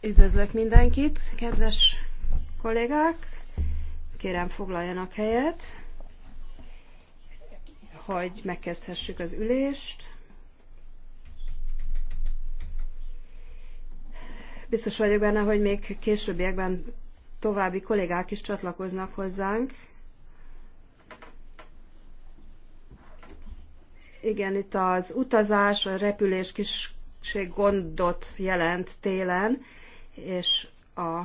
Üdvözlök mindenkit, kedves kollégák! Kérem foglaljanak helyet, hogy megkezdhessük az ülést. Biztos vagyok benne, hogy még későbbiekben további kollégák is csatlakoznak hozzánk, Igen, itt az utazás, a repülés kisség gondot jelent télen, és a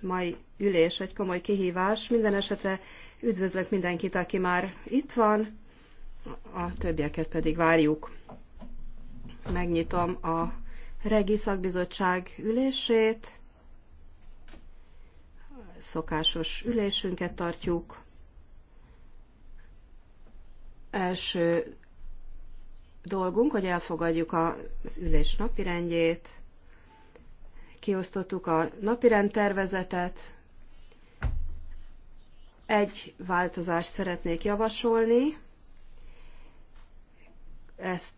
mai ülés egy komoly kihívás. Minden esetre üdvözlök mindenkit, aki már itt van, a többieket pedig várjuk. Megnyitom a Regi Szakbizottság ülését. Szokásos ülésünket tartjuk. Első dolgunk, hogy elfogadjuk az ülés napirendjét. Kiosztottuk a napirend tervezetet. Egy változást szeretnék javasolni. Ezt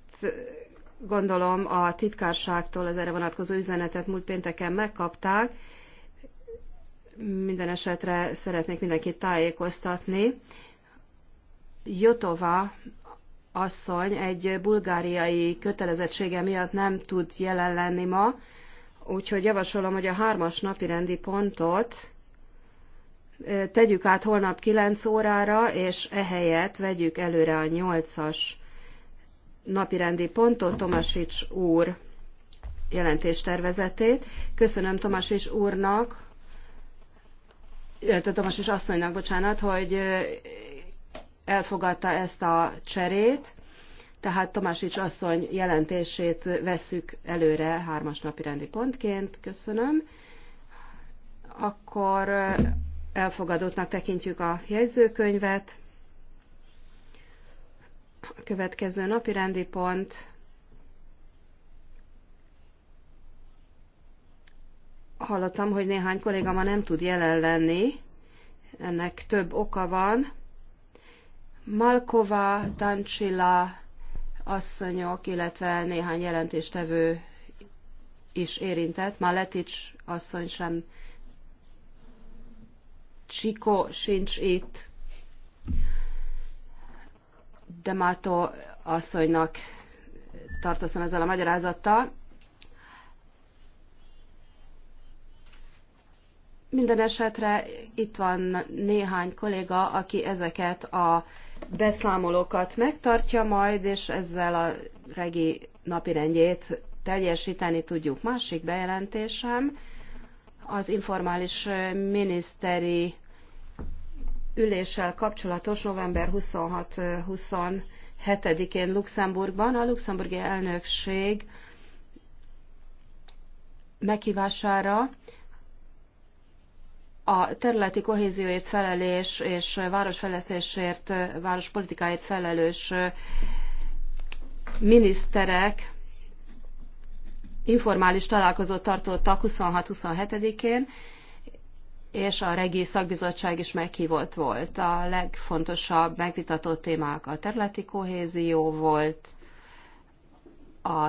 gondolom a titkárságtól az erre vonatkozó üzenetet múlt pénteken megkapták. Minden esetre szeretnék mindenkit tájékoztatni. Jotova asszony egy bulgáriai kötelezettsége miatt nem tud jelen lenni ma, úgyhogy javasolom, hogy a hármas napi rendi pontot tegyük át holnap 9 órára, és ehelyett vegyük előre a 8-as napirendi pontot Tomasics úr jelentéstervezetét. Köszönöm Tomasics úrnak, Tomasics asszonynak, bocsánat, hogy elfogadta ezt a cserét, tehát Tomásics asszony jelentését vesszük előre hármas napi rendi pontként. Köszönöm. Akkor elfogadottnak tekintjük a jegyzőkönyvet. A következő napi rendi pont hallottam, hogy néhány kolléga ma nem tud jelen lenni. Ennek több oka van. Malkova, Tancsila asszonyok, illetve néhány jelentéstevő is érintett. Maletics asszony sem Csiko sincs itt. Demato asszonynak tartoztam ezzel a magyarázattal. Minden esetre itt van néhány kolléga, aki ezeket a beszámolókat megtartja majd, és ezzel a regi napirendjét teljesíteni tudjuk. Másik bejelentésem az informális miniszteri üléssel kapcsolatos november 26-27-én Luxemburgban a luxemburgi elnökség meghívására a területi kohézióért felelés és városfejlesztésért, várospolitikáért felelős miniszterek informális találkozót tartottak 26-27-én, és a regi szakbizottság is meghívott volt. A legfontosabb megvitatott témák a területi kohézió volt, a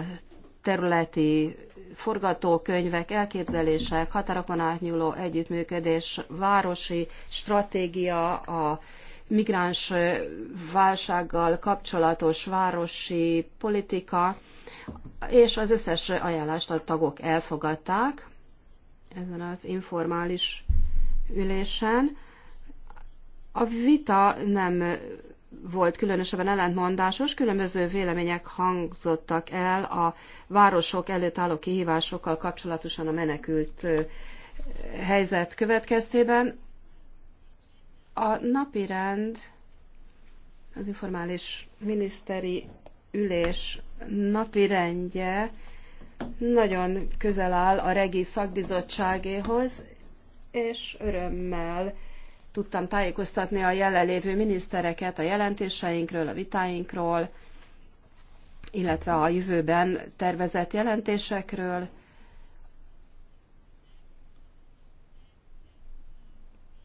területi forgatókönyvek, elképzelések, határokon átnyúló együttműködés, városi stratégia, a migráns válsággal kapcsolatos városi politika, és az összes ajánlást a tagok elfogadták ezen az informális ülésen. A vita nem volt különösebben ellentmondásos, különböző vélemények hangzottak el a városok előtt álló kihívásokkal kapcsolatosan a menekült helyzet következtében. A napirend az informális miniszteri ülés napirendje nagyon közel áll a regi szakbizottságéhoz, és örömmel tudtam tájékoztatni a jelenlévő minisztereket a jelentéseinkről, a vitáinkról, illetve a jövőben tervezett jelentésekről.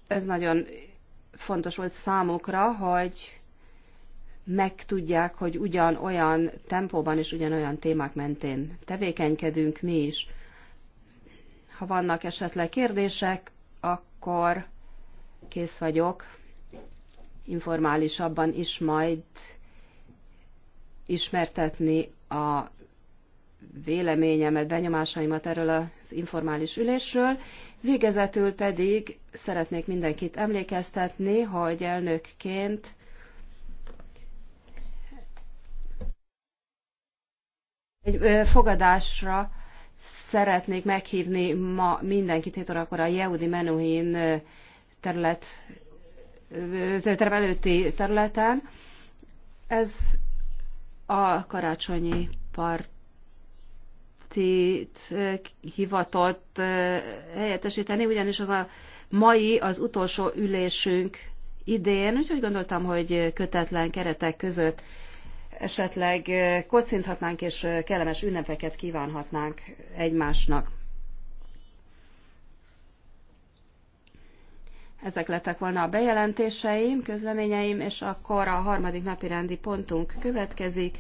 Ez nagyon fontos volt számukra, hogy megtudják, hogy ugyanolyan tempóban és ugyanolyan témák mentén tevékenykedünk mi is. Ha vannak esetleg kérdések, akkor kész vagyok informálisabban is majd ismertetni a véleményemet, benyomásaimat erről az informális ülésről. Végezetül pedig szeretnék mindenkit emlékeztetni, hogy elnökként egy fogadásra szeretnék meghívni ma mindenkit hét órakor a Jehudi Menuhin terület, terem előtti területen. Ez a karácsonyi partit hivatott helyettesíteni, ugyanis az a mai az utolsó ülésünk idén, úgyhogy gondoltam, hogy kötetlen keretek között esetleg kocinthatnánk és kellemes ünnepeket kívánhatnánk egymásnak. Ezek lettek volna a bejelentéseim, közleményeim, és akkor a harmadik napi rendi pontunk következik,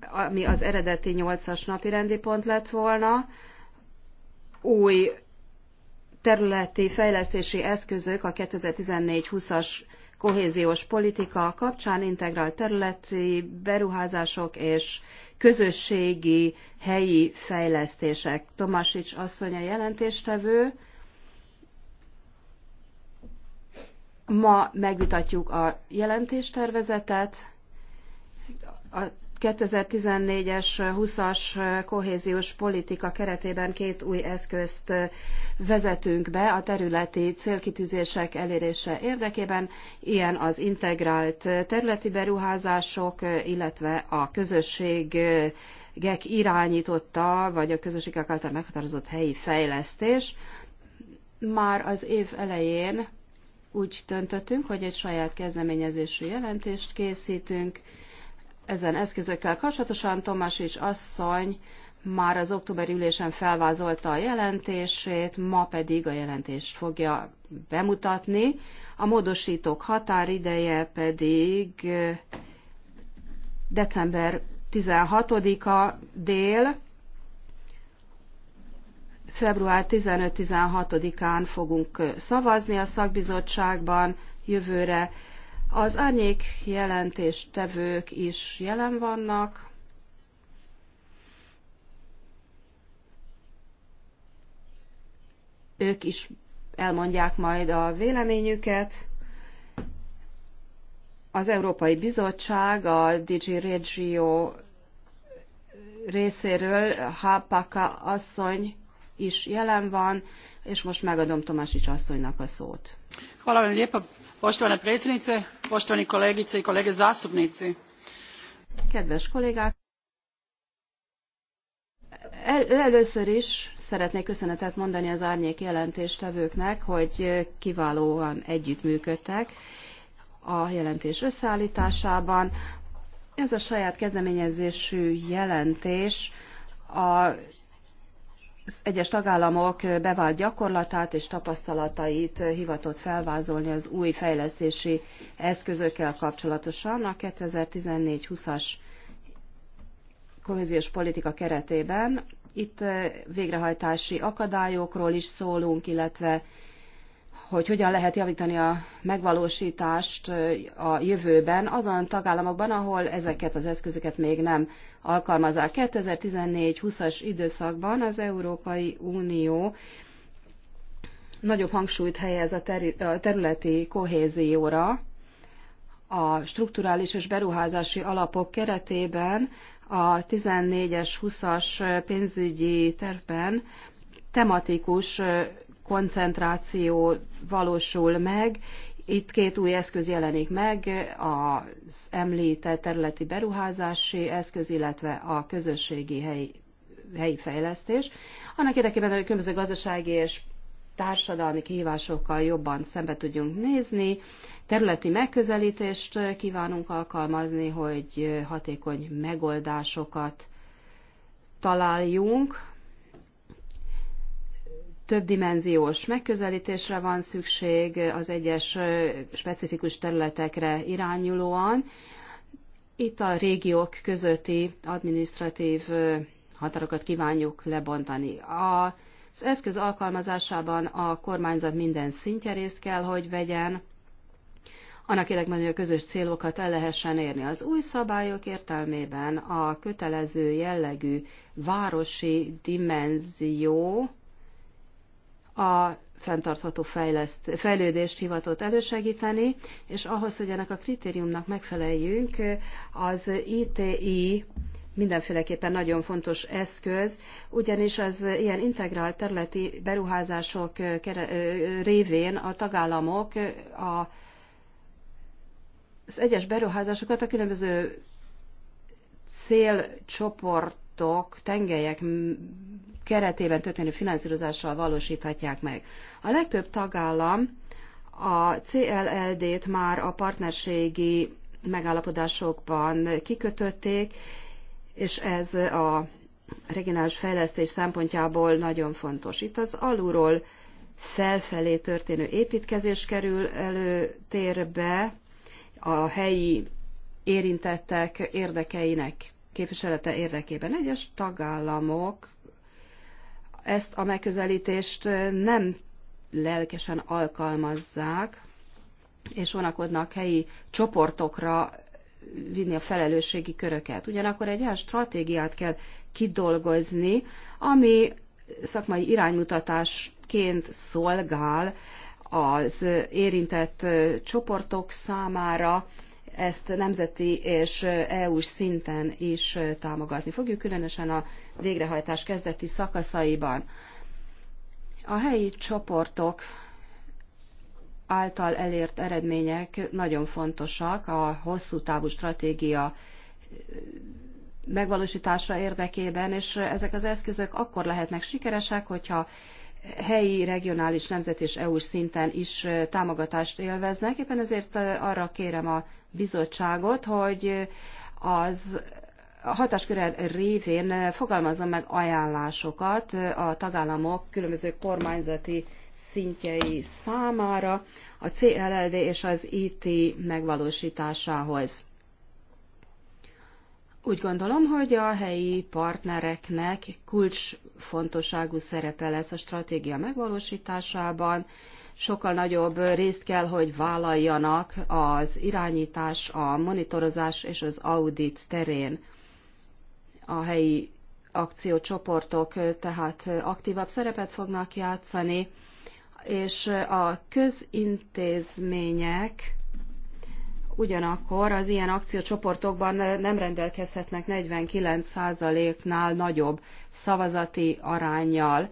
ami az eredeti nyolcas napi rendi pont lett volna. Új területi fejlesztési eszközök a 2014-20-as kohéziós politika kapcsán integrált területi beruházások és közösségi helyi fejlesztések. Tomasics asszony a jelentéstevő. Ma megvitatjuk a jelentéstervezetet, a 2014-es 20-as kohéziós politika keretében két új eszközt vezetünk be a területi célkitűzések elérése érdekében, ilyen az integrált területi beruházások, illetve a közösségek irányította, vagy a közösségek által meghatározott helyi fejlesztés. Már az év elején úgy döntöttünk, hogy egy saját kezdeményezésű jelentést készítünk. Ezen eszközökkel kapcsolatosan Tomás és asszony már az októberi ülésen felvázolta a jelentését, ma pedig a jelentést fogja bemutatni. A módosítók határideje pedig eh, december 16-a dél, február 15-16-án fogunk szavazni a szakbizottságban jövőre. Az árnyék jelentéstevők is jelen vannak. Ők is elmondják majd a véleményüket. Az Európai Bizottság a Digi Regio részéről Hápaka asszony is jelen van, és most megadom Tomásics asszonynak a szót. Hvala vam lijepa, predsjednice, poštovani kolegice i kolege zastupnici. Kedves kollégák, el, először is szeretnék köszönetet mondani az árnyék jelentéstevőknek, hogy kiválóan együttműködtek a jelentés összeállításában. Ez a saját kezdeményezésű jelentés a egyes tagállamok bevált gyakorlatát és tapasztalatait hivatott felvázolni az új fejlesztési eszközökkel kapcsolatosan a 2014-20-as kohéziós politika keretében. Itt eh, végrehajtási akadályokról is szólunk, illetve hogy hogyan lehet javítani a megvalósítást a jövőben azon tagállamokban, ahol ezeket az eszközöket még nem alkalmazzák. 2014-20-as időszakban az Európai Unió nagyobb hangsúlyt helyez a területi kohézióra, a strukturális és beruházási alapok keretében a 14-es, 20-as pénzügyi tervben tematikus koncentráció valósul meg. Itt két új eszköz jelenik meg, az említett területi beruházási eszköz, illetve a közösségi helyi, helyi fejlesztés. Annak érdekében, hogy a különböző gazdasági és társadalmi kihívásokkal jobban szembe tudjunk nézni. Területi megközelítést kívánunk alkalmazni, hogy hatékony megoldásokat találjunk többdimenziós megközelítésre van szükség az egyes specifikus területekre irányulóan. Itt a régiók közötti adminisztratív határokat kívánjuk lebontani. Az eszköz alkalmazásában a kormányzat minden szintje részt kell, hogy vegyen, annak érdekben, hogy a közös célokat el lehessen érni. Az új szabályok értelmében a kötelező jellegű városi dimenzió a fenntartható fejleszt, fejlődést hivatott elősegíteni, és ahhoz, hogy ennek a kritériumnak megfeleljünk, az ITI mindenféleképpen nagyon fontos eszköz, ugyanis az ilyen integrált területi beruházások révén a tagállamok a, az egyes beruházásokat a különböző célcsoportok, tengelyek keretében történő finanszírozással valósíthatják meg. A legtöbb tagállam a CLLD-t már a partnerségi megállapodásokban kikötötték, és ez a regionális fejlesztés szempontjából nagyon fontos. Itt az alulról felfelé történő építkezés kerül előtérbe, a helyi érintettek érdekeinek képviselete érdekében. Egyes tagállamok ezt a megközelítést nem lelkesen alkalmazzák, és vonakodnak helyi csoportokra vinni a felelősségi köröket. Ugyanakkor egy olyan stratégiát kell kidolgozni, ami szakmai iránymutatásként szolgál az érintett csoportok számára, ezt nemzeti és EU-s szinten is támogatni fogjuk, különösen a végrehajtás kezdeti szakaszaiban. A helyi csoportok által elért eredmények nagyon fontosak a hosszú távú stratégia megvalósítása érdekében, és ezek az eszközök akkor lehetnek sikeresek, hogyha helyi, regionális, nemzet és EU-s szinten is támogatást élveznek. Éppen ezért arra kérem a bizottságot, hogy az hatásköre révén fogalmazom meg ajánlásokat a tagállamok különböző kormányzati szintjei számára a CLLD és az IT megvalósításához. Úgy gondolom, hogy a helyi partnereknek kulcsfontosságú szerepe lesz a stratégia megvalósításában, sokkal nagyobb részt kell, hogy vállaljanak az irányítás, a monitorozás és az audit terén. A helyi akciócsoportok tehát aktívabb szerepet fognak játszani, és a közintézmények ugyanakkor az ilyen akciócsoportokban nem rendelkezhetnek 49%-nál nagyobb szavazati arányjal.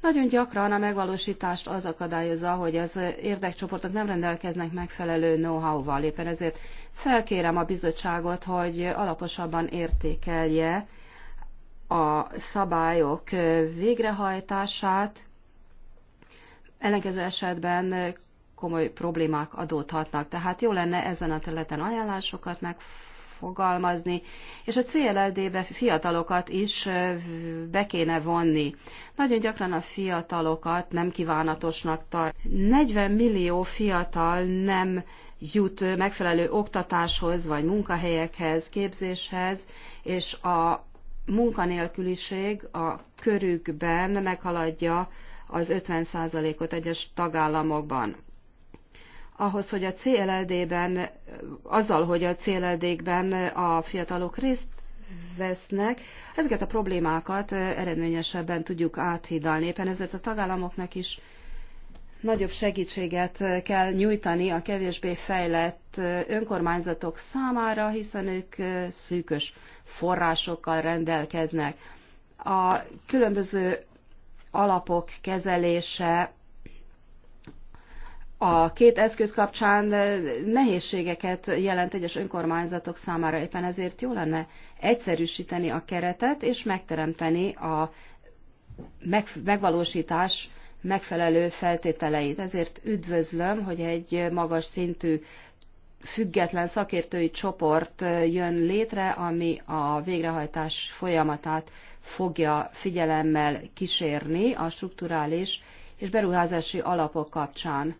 Nagyon gyakran a megvalósítást az akadályozza, hogy az érdekcsoportok nem rendelkeznek megfelelő know-how-val. Éppen ezért felkérem a bizottságot, hogy alaposabban értékelje a szabályok végrehajtását. Ellenkező esetben komoly problémák adódhatnak. Tehát jó lenne ezen a területen ajánlásokat megfogalmazni, és a CLLD-be fiatalokat is be kéne vonni. Nagyon gyakran a fiatalokat nem kívánatosnak tart. 40 millió fiatal nem jut megfelelő oktatáshoz, vagy munkahelyekhez, képzéshez, és a munkanélküliség a körükben meghaladja az 50%-ot egyes tagállamokban ahhoz, hogy a CLLD-ben, azzal, hogy a CLLD-kben a fiatalok részt vesznek, ezeket a problémákat eredményesebben tudjuk áthidalni. Éppen ezért a tagállamoknak is nagyobb segítséget kell nyújtani a kevésbé fejlett önkormányzatok számára, hiszen ők szűkös forrásokkal rendelkeznek. A különböző alapok kezelése a két eszköz kapcsán nehézségeket jelent egyes önkormányzatok számára, éppen ezért jó lenne egyszerűsíteni a keretet és megteremteni a megvalósítás megfelelő feltételeit. Ezért üdvözlöm, hogy egy magas szintű független szakértői csoport jön létre, ami a végrehajtás folyamatát fogja figyelemmel kísérni a strukturális és beruházási alapok kapcsán.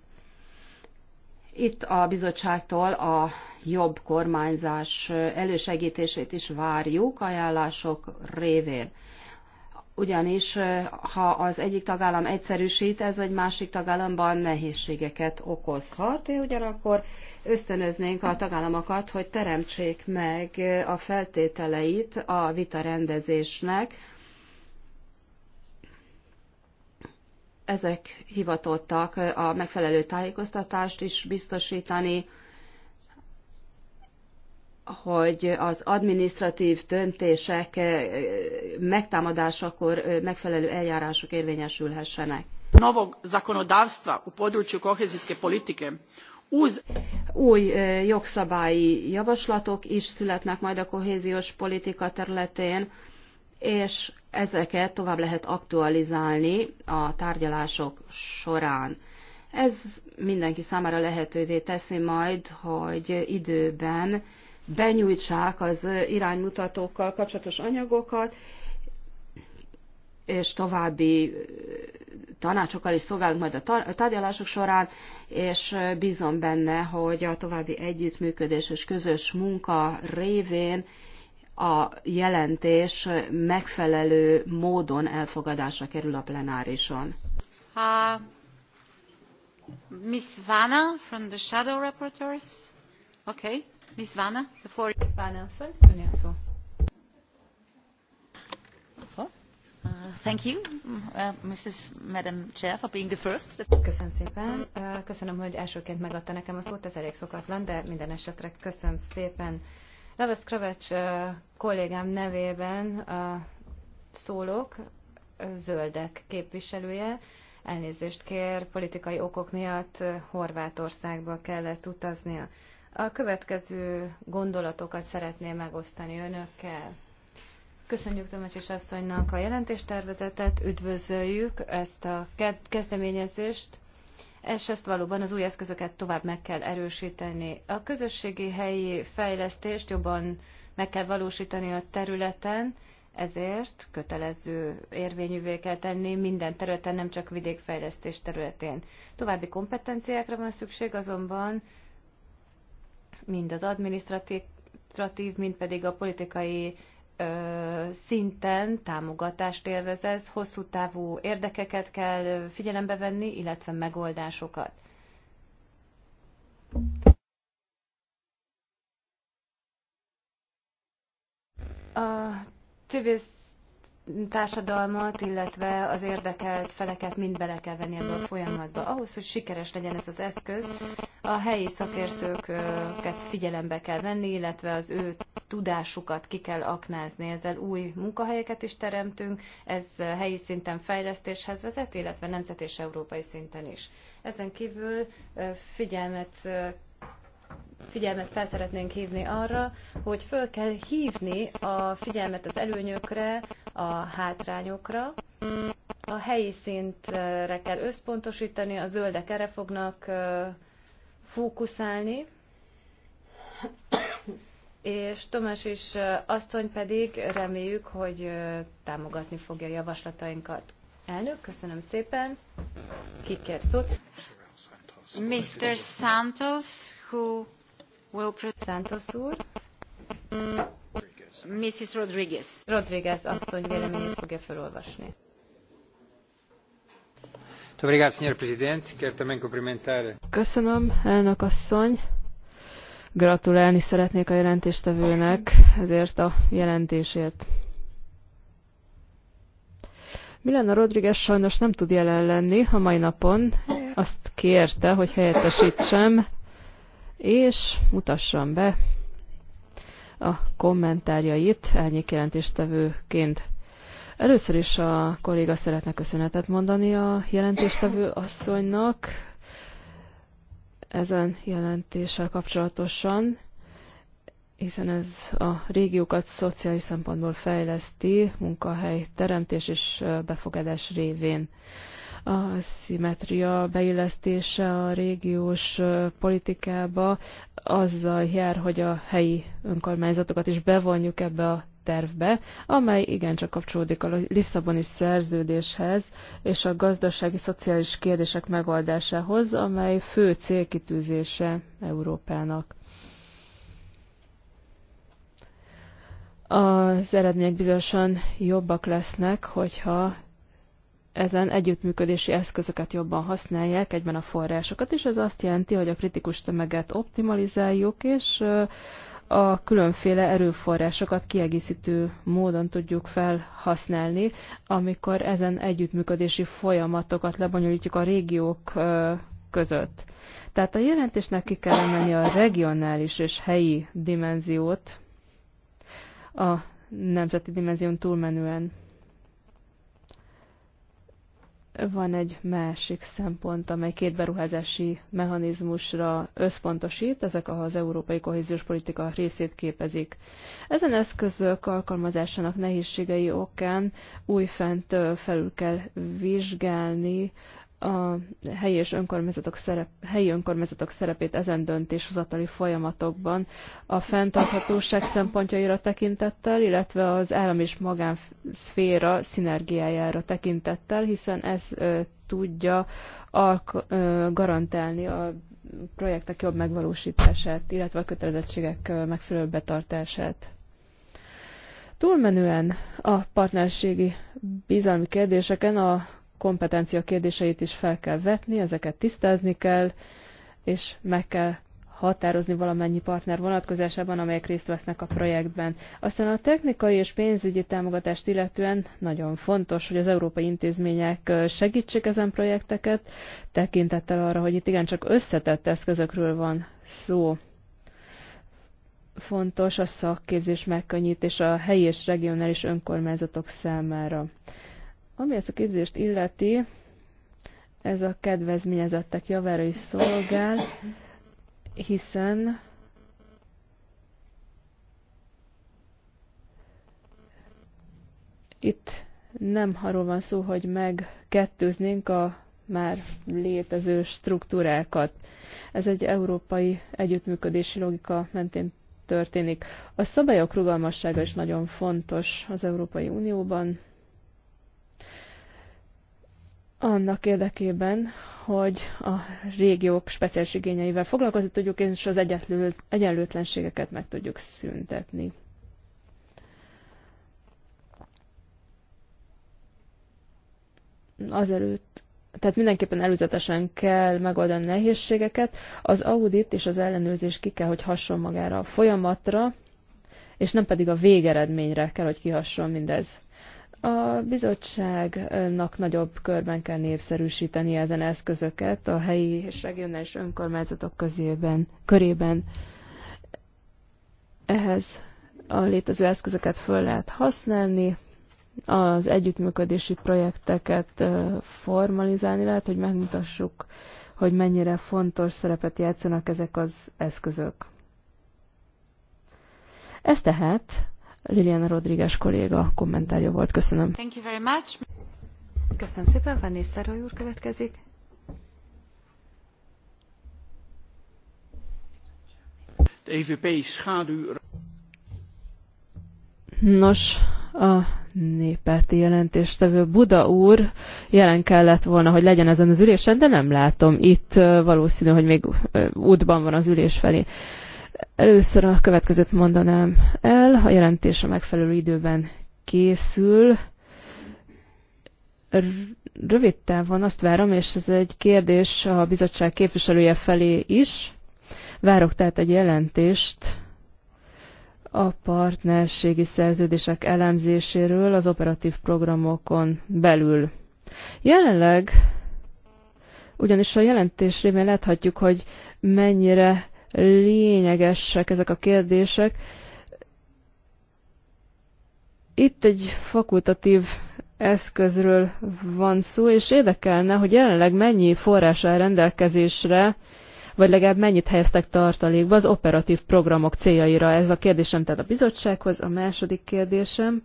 Itt a bizottságtól a jobb kormányzás elősegítését is várjuk ajánlások révén. Ugyanis, ha az egyik tagállam egyszerűsít, ez egy másik tagállamban nehézségeket okozhat. Ugyanakkor ösztönöznénk a tagállamokat, hogy teremtsék meg a feltételeit a vita rendezésnek. ezek hivatottak a megfelelő tájékoztatást is biztosítani, hogy az administratív döntések megtámadásakor megfelelő eljárások érvényesülhessenek. novog zakonodavstva u području kohezijske politike uz új jogszabályi javaslatok is születnek majd a kohéziós politika területén és ezeket tovább lehet aktualizálni a tárgyalások során. Ez mindenki számára lehetővé teszi majd, hogy időben benyújtsák az iránymutatókkal kapcsolatos anyagokat, és további tanácsokkal is szolgálunk majd a tárgyalások során, és bízom benne, hogy a további együttműködés és közös munka révén a jelentés megfelelő módon elfogadásra kerül a plenárison. Uh, Miss Vanna from the Shadow Rapporteurs. Okay. Miss Vanna, the floor. Vanna, szó. Uh, thank you, uh, Mrs. Madam Chair, for being the first. Köszönöm szépen. Uh, köszönöm, hogy elsőként megadta nekem a szót, ez elég szokatlan, de minden esetre köszönöm szépen Levesz Kravecs kollégám nevében szólok, zöldek képviselője. Elnézést kér, politikai okok miatt Horvátországba kellett utaznia. A következő gondolatokat szeretném megosztani önökkel. Köszönjük Tomacsis asszonynak a jelentéstervezetet, üdvözöljük ezt a kezdeményezést, és ezt valóban az új eszközöket tovább meg kell erősíteni. A közösségi helyi fejlesztést jobban meg kell valósítani a területen, ezért kötelező érvényűvé kell tenni minden területen, nem csak vidékfejlesztés területén. További kompetenciákra van szükség azonban, mind az administratív, mind pedig a politikai szinten támogatást élvez ez, hosszú távú érdekeket kell figyelembe venni, illetve megoldásokat. A civil társadalmat, illetve az érdekelt feleket mind bele kell venni ebbe a folyamatba. Ahhoz, hogy sikeres legyen ez az eszköz, a helyi szakértőket figyelembe kell venni, illetve az ő tudásukat ki kell aknázni. Ezzel új munkahelyeket is teremtünk, ez helyi szinten fejlesztéshez vezet, illetve nemzet és európai szinten is. Ezen kívül figyelmet figyelmet fel szeretnénk hívni arra, hogy föl kell hívni a figyelmet az előnyökre, a hátrányokra, a helyi szintre kell összpontosítani, a zöldek erre fognak fókuszálni, és Tomás is asszony pedig reméljük, hogy támogatni fogja javaslatainkat. Elnök, köszönöm szépen. Ki kér szót? Mr. Santos, who Will Santos úr. Mrs. Mm, Rodriguez. Rodriguez asszony véleményét fogja felolvasni. Köszönöm, elnök asszony. Gratulálni szeretnék a jelentéstevőnek ezért a jelentésért. Milena Rodriguez sajnos nem tud jelen lenni a mai napon. Azt kérte, hogy helyettesítsem, és mutassam be a kommentárjait jelentéstevőként. Először is a kolléga szeretne köszönetet mondani a jelentéstevő asszonynak ezen jelentéssel kapcsolatosan, hiszen ez a régiókat szociális szempontból fejleszti, munkahely teremtés és befogadás révén. A szimetria beillesztése a régiós politikába azzal jár, hogy a helyi önkormányzatokat is bevonjuk ebbe a tervbe, amely igencsak kapcsolódik a Lisszaboni szerződéshez és a gazdasági szociális kérdések megoldásához, amely fő célkitűzése Európának. Az eredmények bizonyosan jobbak lesznek, hogyha ezen együttműködési eszközöket jobban használják, egyben a forrásokat, és ez azt jelenti, hogy a kritikus tömeget optimalizáljuk, és a különféle erőforrásokat kiegészítő módon tudjuk felhasználni, amikor ezen együttműködési folyamatokat lebonyolítjuk a régiók között. Tehát a jelentésnek ki kell emelni a regionális és helyi dimenziót a nemzeti dimenzión túlmenően. Van egy másik szempont, amely két beruházási mechanizmusra összpontosít, ezek az európai kohéziós politika részét képezik. Ezen eszközök alkalmazásának nehézségei okán újfent felül kell vizsgálni a helyi és önkormányzatok szerep, helyi önkormányzatok szerepét ezen döntéshozatali folyamatokban a fenntarthatóság szempontjaira tekintettel, illetve az állam és magánszféra szinergiájára tekintettel, hiszen ez ö, tudja alk- ö, garantálni a projektek jobb megvalósítását, illetve a kötelezettségek megfelelő betartását. Túlmenően a partnerségi bizalmi kérdéseken a kompetencia kérdéseit is fel kell vetni, ezeket tisztázni kell, és meg kell határozni valamennyi partner vonatkozásában, amelyek részt vesznek a projektben. Aztán a technikai és pénzügyi támogatást illetően nagyon fontos, hogy az európai intézmények segítsék ezen projekteket, tekintettel arra, hogy itt igencsak összetett eszközökről van szó. Fontos a szakképzés megkönnyítés a helyi és regionális önkormányzatok számára. Ami ezt a képzést illeti, ez a kedvezményezettek javára is szolgál, hiszen itt nem arról van szó, hogy megkettőznénk a már létező struktúrákat. Ez egy európai együttműködési logika mentén történik. A szabályok rugalmassága is nagyon fontos az Európai Unióban, annak érdekében, hogy a régiók speciális igényeivel foglalkozni tudjuk, és az egyetlő, egyenlőtlenségeket meg tudjuk szüntetni. Azelőtt, tehát mindenképpen előzetesen kell megoldani a nehézségeket. Az audit és az ellenőrzés ki kell, hogy hasson magára a folyamatra, és nem pedig a végeredményre kell, hogy kihasson mindez. A bizottságnak nagyobb körben kell népszerűsíteni ezen eszközöket a helyi és regionális önkormányzatok közében, körében. Ehhez a létező eszközöket föl lehet használni, az együttműködési projekteket formalizálni lehet, hogy megmutassuk, hogy mennyire fontos szerepet játszanak ezek az eszközök. Ez tehát Liliana Rodriguez kolléga kommentárja volt. Köszönöm. Thank you very much. Köszönöm szépen, Van Nistelrooy úr következik. De EVP schaduw... Nos, a népáti jelentéstevő Buda úr jelen kellett volna, hogy legyen ezen az ülésen, de nem látom. Itt valószínű, hogy még útban van az ülés felé. Először a következőt mondanám el, a jelentés a megfelelő időben készül. Rövid távon azt várom, és ez egy kérdés a bizottság képviselője felé is. Várok tehát egy jelentést a partnerségi szerződések elemzéséről az operatív programokon belül. Jelenleg ugyanis a jelentés révén láthatjuk, hogy mennyire lényegesek ezek a kérdések. Itt egy fakultatív eszközről van szó, és érdekelne, hogy jelenleg mennyi forrás áll rendelkezésre, vagy legalább mennyit helyeztek tartalékba az operatív programok céljaira. Ez a kérdésem tehát a bizottsághoz, a második kérdésem.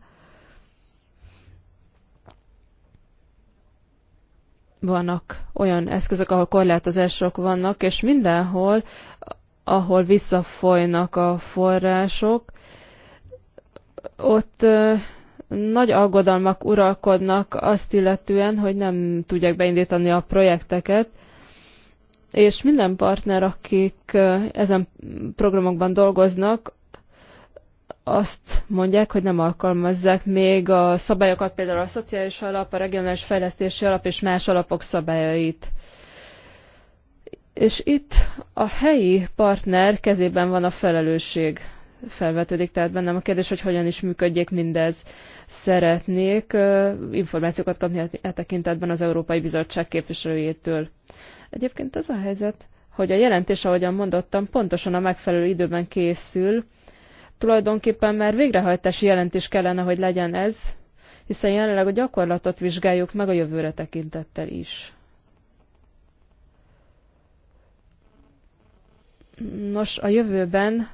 Vannak olyan eszközök, ahol korlátozások vannak, és mindenhol ahol visszafolynak a források, ott nagy aggodalmak uralkodnak azt illetően, hogy nem tudják beindítani a projekteket, és minden partner, akik ezen programokban dolgoznak, azt mondják, hogy nem alkalmazzák még a szabályokat, például a szociális alap, a regionális fejlesztési alap és más alapok szabályait. És itt a helyi partner kezében van a felelősség. Felvetődik tehát bennem a kérdés, hogy hogyan is működjék mindez. Szeretnék információkat kapni e, e tekintetben az Európai Bizottság képviselőjétől. Egyébként az a helyzet, hogy a jelentés, ahogyan mondottam, pontosan a megfelelő időben készül. Tulajdonképpen már végrehajtási jelentés kellene, hogy legyen ez, hiszen jelenleg a gyakorlatot vizsgáljuk meg a jövőre tekintettel is. Nos, a jövőben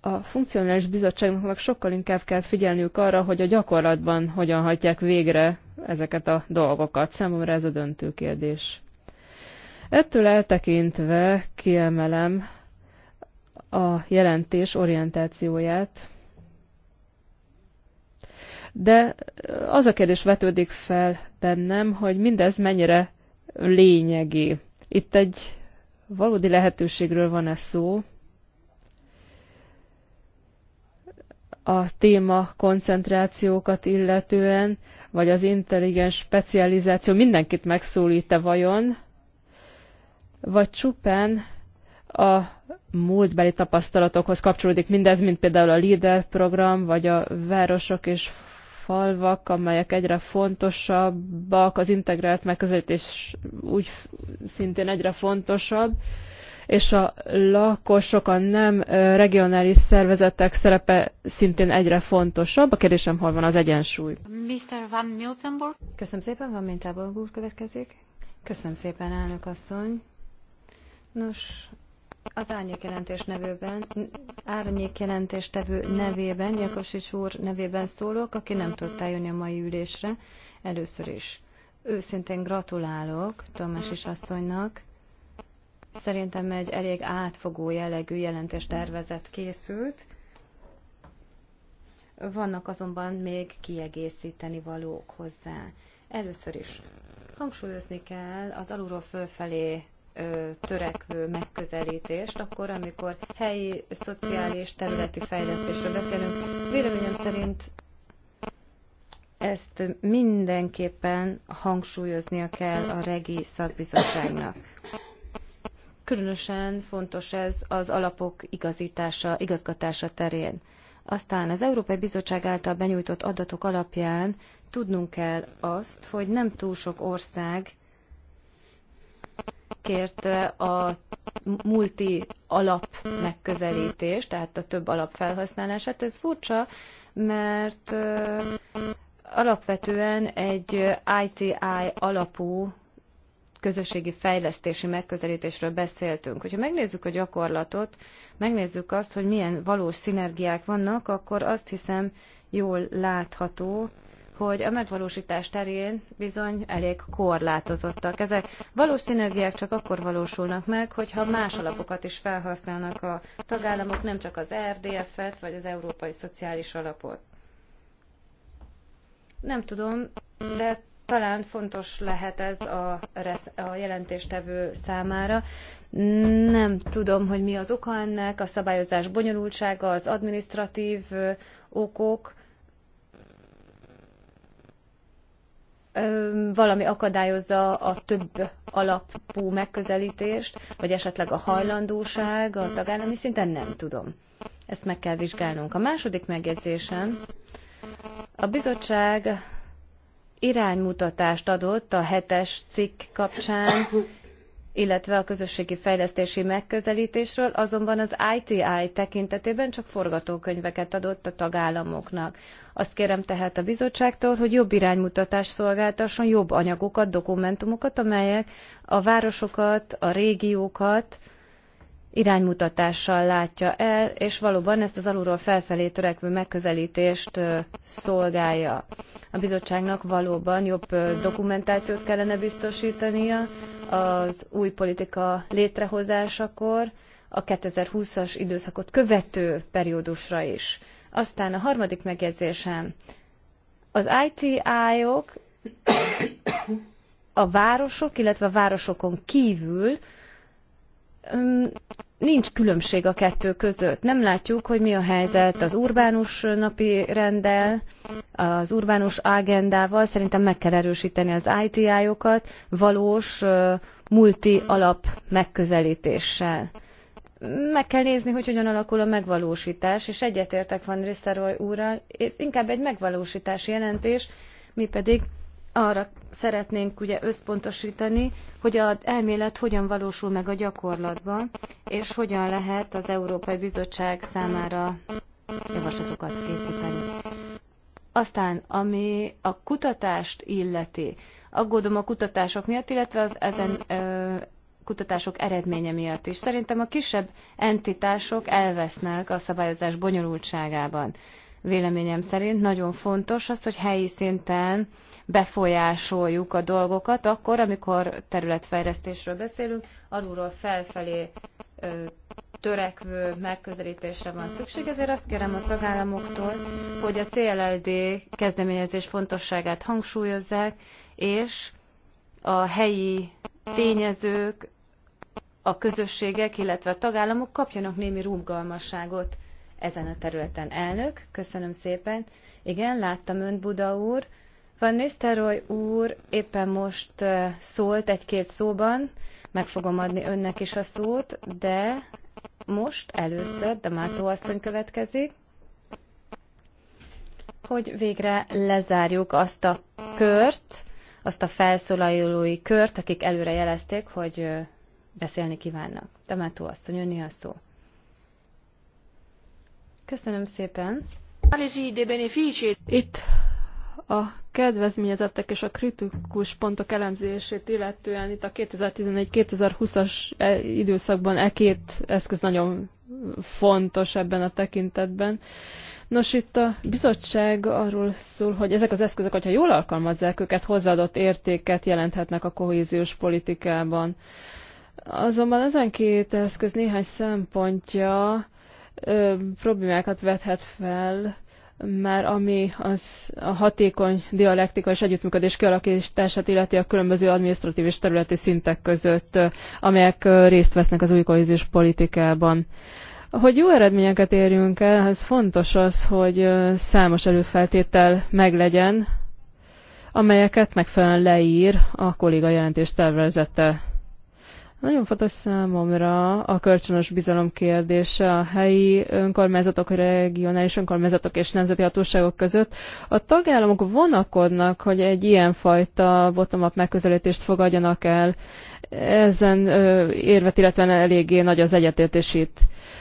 a funkcionális bizottságnak sokkal inkább kell figyelniük arra, hogy a gyakorlatban hogyan hagyják végre ezeket a dolgokat. Számomra ez a döntő kérdés. Ettől eltekintve kiemelem a jelentés orientációját, de az a kérdés vetődik fel bennem, hogy mindez mennyire lényegi. Itt egy Valódi lehetőségről van-e szó? a téma koncentrációkat illetően, vagy az intelligens specializáció mindenkit megszólít-e vajon, vagy csupán a múltbeli tapasztalatokhoz kapcsolódik mindez, mint például a LEADER program, vagy a városok és falvak, amelyek egyre fontosabbak, az integrált megközelítés úgy szintén egyre fontosabb, és a lakosok, a nem regionális szervezetek szerepe szintén egyre fontosabb. A kérdésem, hol van az egyensúly? Mr. Van Miltenburg. Köszönöm szépen, Van Miltenburg úr következik. Köszönöm szépen, elnök asszony. Nos, az árnyékjelentés nevében, árnyékjelentés tevő nevében, Jakobsics úr nevében szólok, aki nem tudta eljönni a mai ülésre először is. Őszintén gratulálok Tomás is asszonynak. Szerintem egy elég átfogó jellegű jelentés tervezet készült. Vannak azonban még kiegészíteni valók hozzá. Először is hangsúlyozni kell az alulról fölfelé törekvő megközelítést, akkor, amikor helyi, szociális, területi fejlesztésről beszélünk, véleményem szerint ezt mindenképpen hangsúlyoznia kell a regi szakbizottságnak. Különösen fontos ez az alapok igazítása, igazgatása terén. Aztán az Európai Bizottság által benyújtott adatok alapján tudnunk kell azt, hogy nem túl sok ország kérte eh, a multi alap megközelítést, tehát a több alap felhasználását. Ez furcsa, mert eh, alapvetően egy ITI alapú közösségi fejlesztési megközelítésről beszéltünk. Hogyha megnézzük a gyakorlatot, megnézzük azt, hogy milyen valós szinergiák vannak, akkor azt hiszem jól látható, hogy a megvalósítás terén bizony elég korlátozottak. Ezek valós szinergiák csak akkor valósulnak meg, hogyha más alapokat is felhasználnak a tagállamok, nem csak az RDF-et vagy az Európai Szociális Alapot. Nem tudom, de talán fontos lehet ez a, a jelentéstevő számára. Nem tudom, hogy mi az oka ennek, a szabályozás bonyolultsága, az administratív okok, valami akadályozza a több alapú megközelítést, vagy esetleg a hajlandóság a tagállami szinten, nem tudom. Ezt meg kell vizsgálnunk. A második megjegyzésem, a bizottság iránymutatást adott a hetes cikk kapcsán, illetve a közösségi fejlesztési megközelítésről, azonban az ITI tekintetében csak forgatókönyveket adott a tagállamoknak. Azt kérem tehát a bizottságtól, hogy jobb iránymutatást szolgáltasson, jobb anyagokat, dokumentumokat, amelyek a városokat, a régiókat, iránymutatással látja el, és valóban ezt az alulról felfelé törekvő megközelítést szolgálja. A bizottságnak valóban jobb dokumentációt kellene biztosítania az új politika létrehozásakor, a 2020-as időszakot követő periódusra is. Aztán a harmadik megjegyzésem, az ITI-ok -ok, a városok, illetve a városokon kívül nincs különbség a kettő között. Nem látjuk, hogy mi a helyzet az urbánus napi rendel, az urbánus agendával. Szerintem meg kell erősíteni az ITI-okat valós multi alap megközelítéssel. Meg kell nézni, hogy hogyan alakul a megvalósítás, és egyetértek Van Risszeroy úrral, ez inkább egy megvalósítási jelentés, mi pedig arra szeretnénk ugye összpontosítani, hogy az elmélet hogyan valósul meg a gyakorlatban, és hogyan lehet az Európai Bizottság számára javaslatokat készíteni. Aztán, ami a kutatást illeti, aggódom a kutatások miatt, illetve az ezen ö, kutatások eredménye miatt is. Szerintem a kisebb entitások elvesznek a szabályozás bonyolultságában. Véleményem szerint nagyon fontos az, hogy helyi szinten befolyásoljuk a dolgokat, akkor, amikor területfejlesztésről beszélünk, alulról felfelé törekvő megközelítésre van szükség, ezért azt kérem a tagállamoktól, hogy a CLLD kezdeményezés fontosságát hangsúlyozzák, és a helyi tényezők, a közösségek, illetve a tagállamok kapjanak némi rugalmasságot ezen a területen. Elnök, köszönöm szépen. Igen, láttam önt, Buda úr. Van Nisztároly úr éppen most szólt egy-két szóban, meg fogom adni önnek is a szót, de most először de már asszony következik, hogy végre lezárjuk azt a kört, azt a felszólalói kört, akik előre jelezték, hogy beszélni kívánnak. De már asszony, önni a szó. Köszönöm szépen. Itt a kedvezményezettek és a kritikus pontok elemzését illetően itt a 2014-2020-as eh, időszakban e két eszköz nagyon fontos ebben a tekintetben. Nos, itt a bizottság arról szól, hogy ezek az eszközök, hogyha jól alkalmazzák őket, hozzáadott értéket jelenthetnek a kohéziós politikában. Azonban ezen két eszköz néhány szempontja ö, problémákat vethet fel, már ami az a hatékony dialektika és együttműködés kialakítását illeti a különböző adminisztratív és területi szintek között, amelyek részt vesznek az új kohéziós politikában. Hogy jó eredményeket érjünk el, az fontos az, hogy számos előfeltétel meglegyen, amelyeket megfelelően leír a kolléga jelentés tervezete. Nagyon fontos számomra a kölcsönös bizalom kérdése a helyi önkormányzatok, a regionális önkormányzatok és nemzeti hatóságok között. A tagállamok vonakodnak, hogy egy ilyenfajta bottom-up megközelítést fogadjanak el. Ezen érvet, illetve eléggé nagy az egyetértés itt.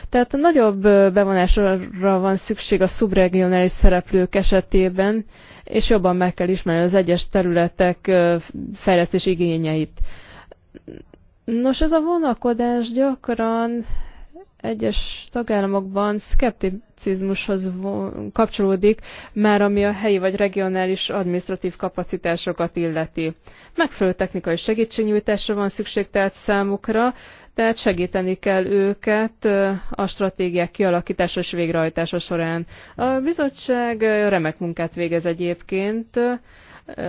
Tehát nagyobb bevonásra van szükség a szubregionális szereplők esetében, és jobban meg kell ismerni az egyes területek fejlesztés igényeit Nos, ez a vonakodás gyakran egyes tagállamokban szkepticizmushoz kapcsolódik, már ami a helyi vagy regionális administratív kapacitásokat illeti. Megfelelő technikai segítségnyújtásra van szükség tehát számukra, tehát segíteni kell őket a stratégiák kialakítása és végrehajtása során. A bizottság remek munkát végez egyébként,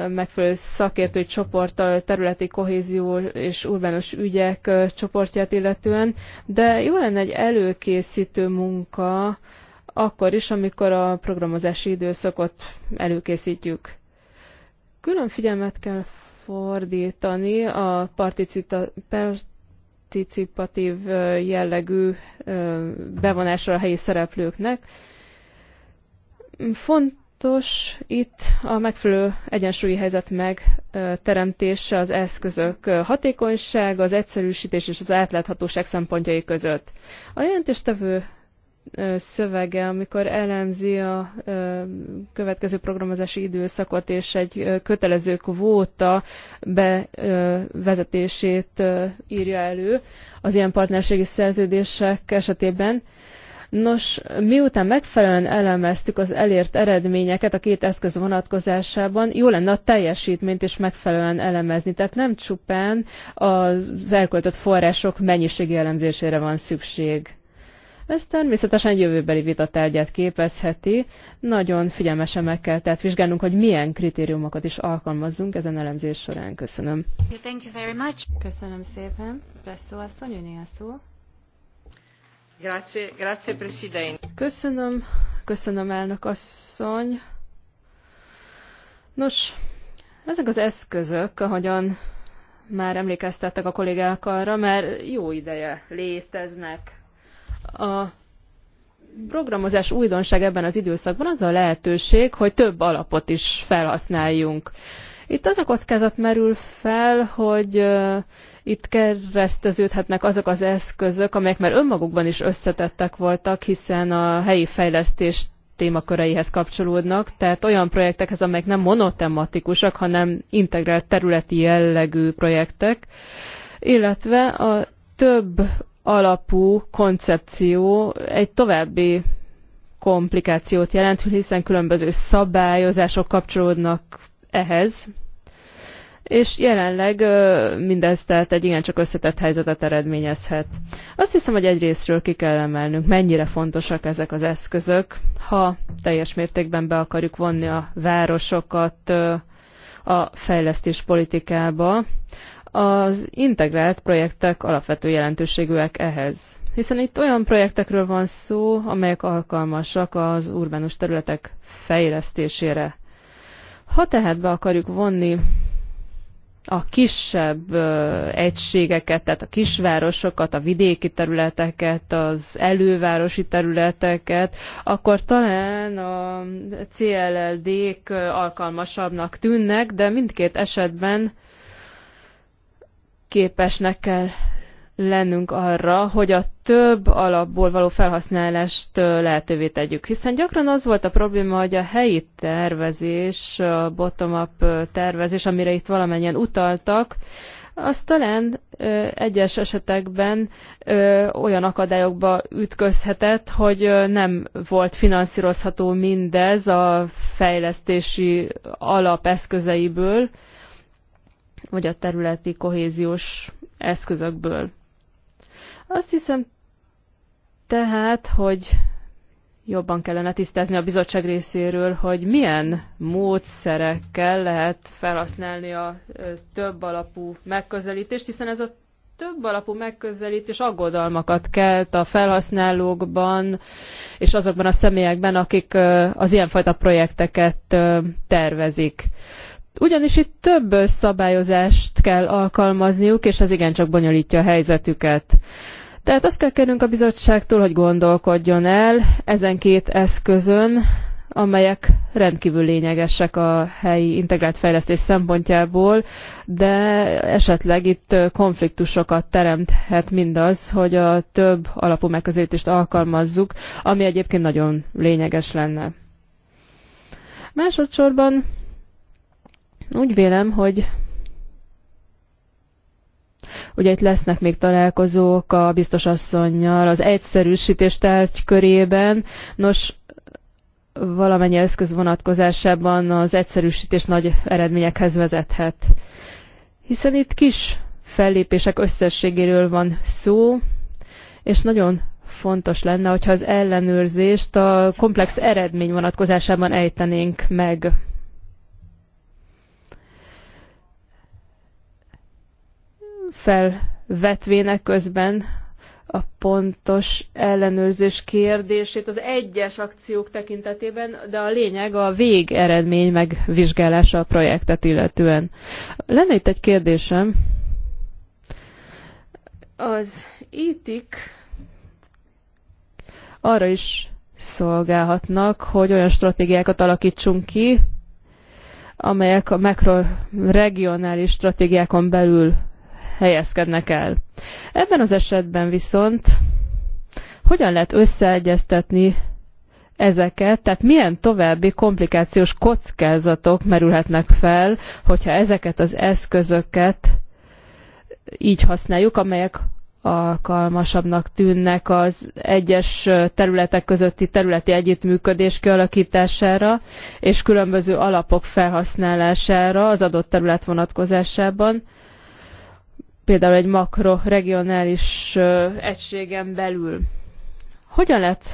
megfelelő szakértői csoporttal, területi kohézió és urbánus ügyek csoportját illetően, de jó lenne egy előkészítő munka akkor is, amikor a programozási időszakot előkészítjük. Külön figyelmet kell fordítani a participatív jellegű bevonásra a helyi szereplőknek. Font fontos itt a megfelelő egyensúlyi helyzet megteremtése, az eszközök hatékonysága, az egyszerűsítés és az átláthatóság szempontjai között. A jelentéstevő szövege, amikor elemzi a következő programozási időszakot és egy kötelező kvóta bevezetését írja elő az ilyen partnerségi szerződések esetében. Nos, miután megfelelően elemeztük az elért eredményeket a két eszköz vonatkozásában, jó lenne a teljesítményt is megfelelően elemezni. Tehát nem csupán az elköltött források mennyiségi elemzésére van szükség. Ez természetesen jövőbeli vitatárgyát képezheti. Nagyon figyelmesen meg kell tehát vizsgálnunk, hogy milyen kritériumokat is alkalmazzunk ezen elemzés során. Köszönöm. Köszönöm szépen. Presszó asszony, a szó. Köszönöm, köszönöm elnök asszony. Nos, ezek az eszközök, ahogyan már emlékeztettek a kollégák arra, mert jó ideje léteznek. A programozás újdonság ebben az időszakban az a lehetőség, hogy több alapot is felhasználjunk. Itt az a kockázat merül fel, hogy itt kereszteződhetnek azok az eszközök, amelyek már önmagukban is összetettek voltak, hiszen a helyi fejlesztés témaköreihez kapcsolódnak, tehát olyan projektekhez, amelyek nem monotematikusak, hanem integrált területi jellegű projektek, illetve a több alapú koncepció egy további komplikációt jelent, hiszen különböző szabályozások kapcsolódnak ehhez, és jelenleg mindez tehát egy igencsak összetett helyzetet eredményezhet. Azt hiszem, hogy egyrésztről ki kell emelnünk, mennyire fontosak ezek az eszközök, ha teljes mértékben be akarjuk vonni a városokat a fejlesztés politikába. Az integrált projektek alapvető jelentőségűek ehhez hiszen itt olyan projektekről van szó, amelyek alkalmasak az urbánus területek fejlesztésére. Ha tehát be akarjuk vonni a kisebb egységeket, tehát a kisvárosokat, a vidéki területeket, az elővárosi területeket, akkor talán a CLLD-k alkalmasabbnak tűnnek, de mindkét esetben képesnek kell lennünk arra, hogy a több alapból való felhasználást lehetővé tegyük. Hiszen gyakran az volt a probléma, hogy a helyi tervezés, a bottom-up tervezés, amire itt valamennyien utaltak, az talán ö, egyes esetekben ö, olyan akadályokba ütközhetett, hogy ö, nem volt finanszírozható mindez a fejlesztési alapeszközeiből, vagy a területi kohéziós eszközökből. Azt hiszem tehát, hogy jobban kellene tisztázni a bizottság részéről, hogy milyen módszerekkel lehet felhasználni a több alapú megközelítést, hiszen ez a több alapú megközelítés aggodalmakat kelt a felhasználókban és azokban a személyekben, akik az ilyenfajta projekteket tervezik ugyanis itt több szabályozást kell alkalmazniuk, és ez igencsak bonyolítja a helyzetüket. Tehát azt kell kérnünk a bizottságtól, hogy gondolkodjon el ezen két eszközön, amelyek rendkívül lényegesek a helyi integrált fejlesztés szempontjából, de esetleg itt konfliktusokat teremthet mindaz, hogy a több alapú megközelítést alkalmazzuk, ami egyébként nagyon lényeges lenne. Másodszorban úgy vélem, hogy Ugye itt lesznek még találkozók a biztos asszonynal az egyszerűsítés tárgy körében. Nos, valamennyi eszköz vonatkozásában az egyszerűsítés nagy eredményekhez vezethet. Hiszen itt kis fellépések összességéről van szó, és nagyon fontos lenne, hogyha az ellenőrzést a komplex eredmény vonatkozásában ejtenénk meg felvetvének közben a pontos ellenőrzés kérdését az egyes akciók tekintetében, de a lényeg a végeredmény megvizsgálása a projektet illetően. Lenne itt egy kérdésem. Az ITIK arra is szolgálhatnak, hogy olyan stratégiákat alakítsunk ki, amelyek a makroregionális stratégiákon belül helyezkednek el. Ebben az esetben viszont hogyan lehet összeegyeztetni ezeket, tehát milyen további komplikációs kockázatok merülhetnek fel, hogyha ezeket az eszközöket így használjuk, amelyek alkalmasabbnak tűnnek az egyes területek közötti területi együttműködés kialakítására és különböző alapok felhasználására az adott terület vonatkozásában például egy makroregionális egységen belül. Hogyan lehet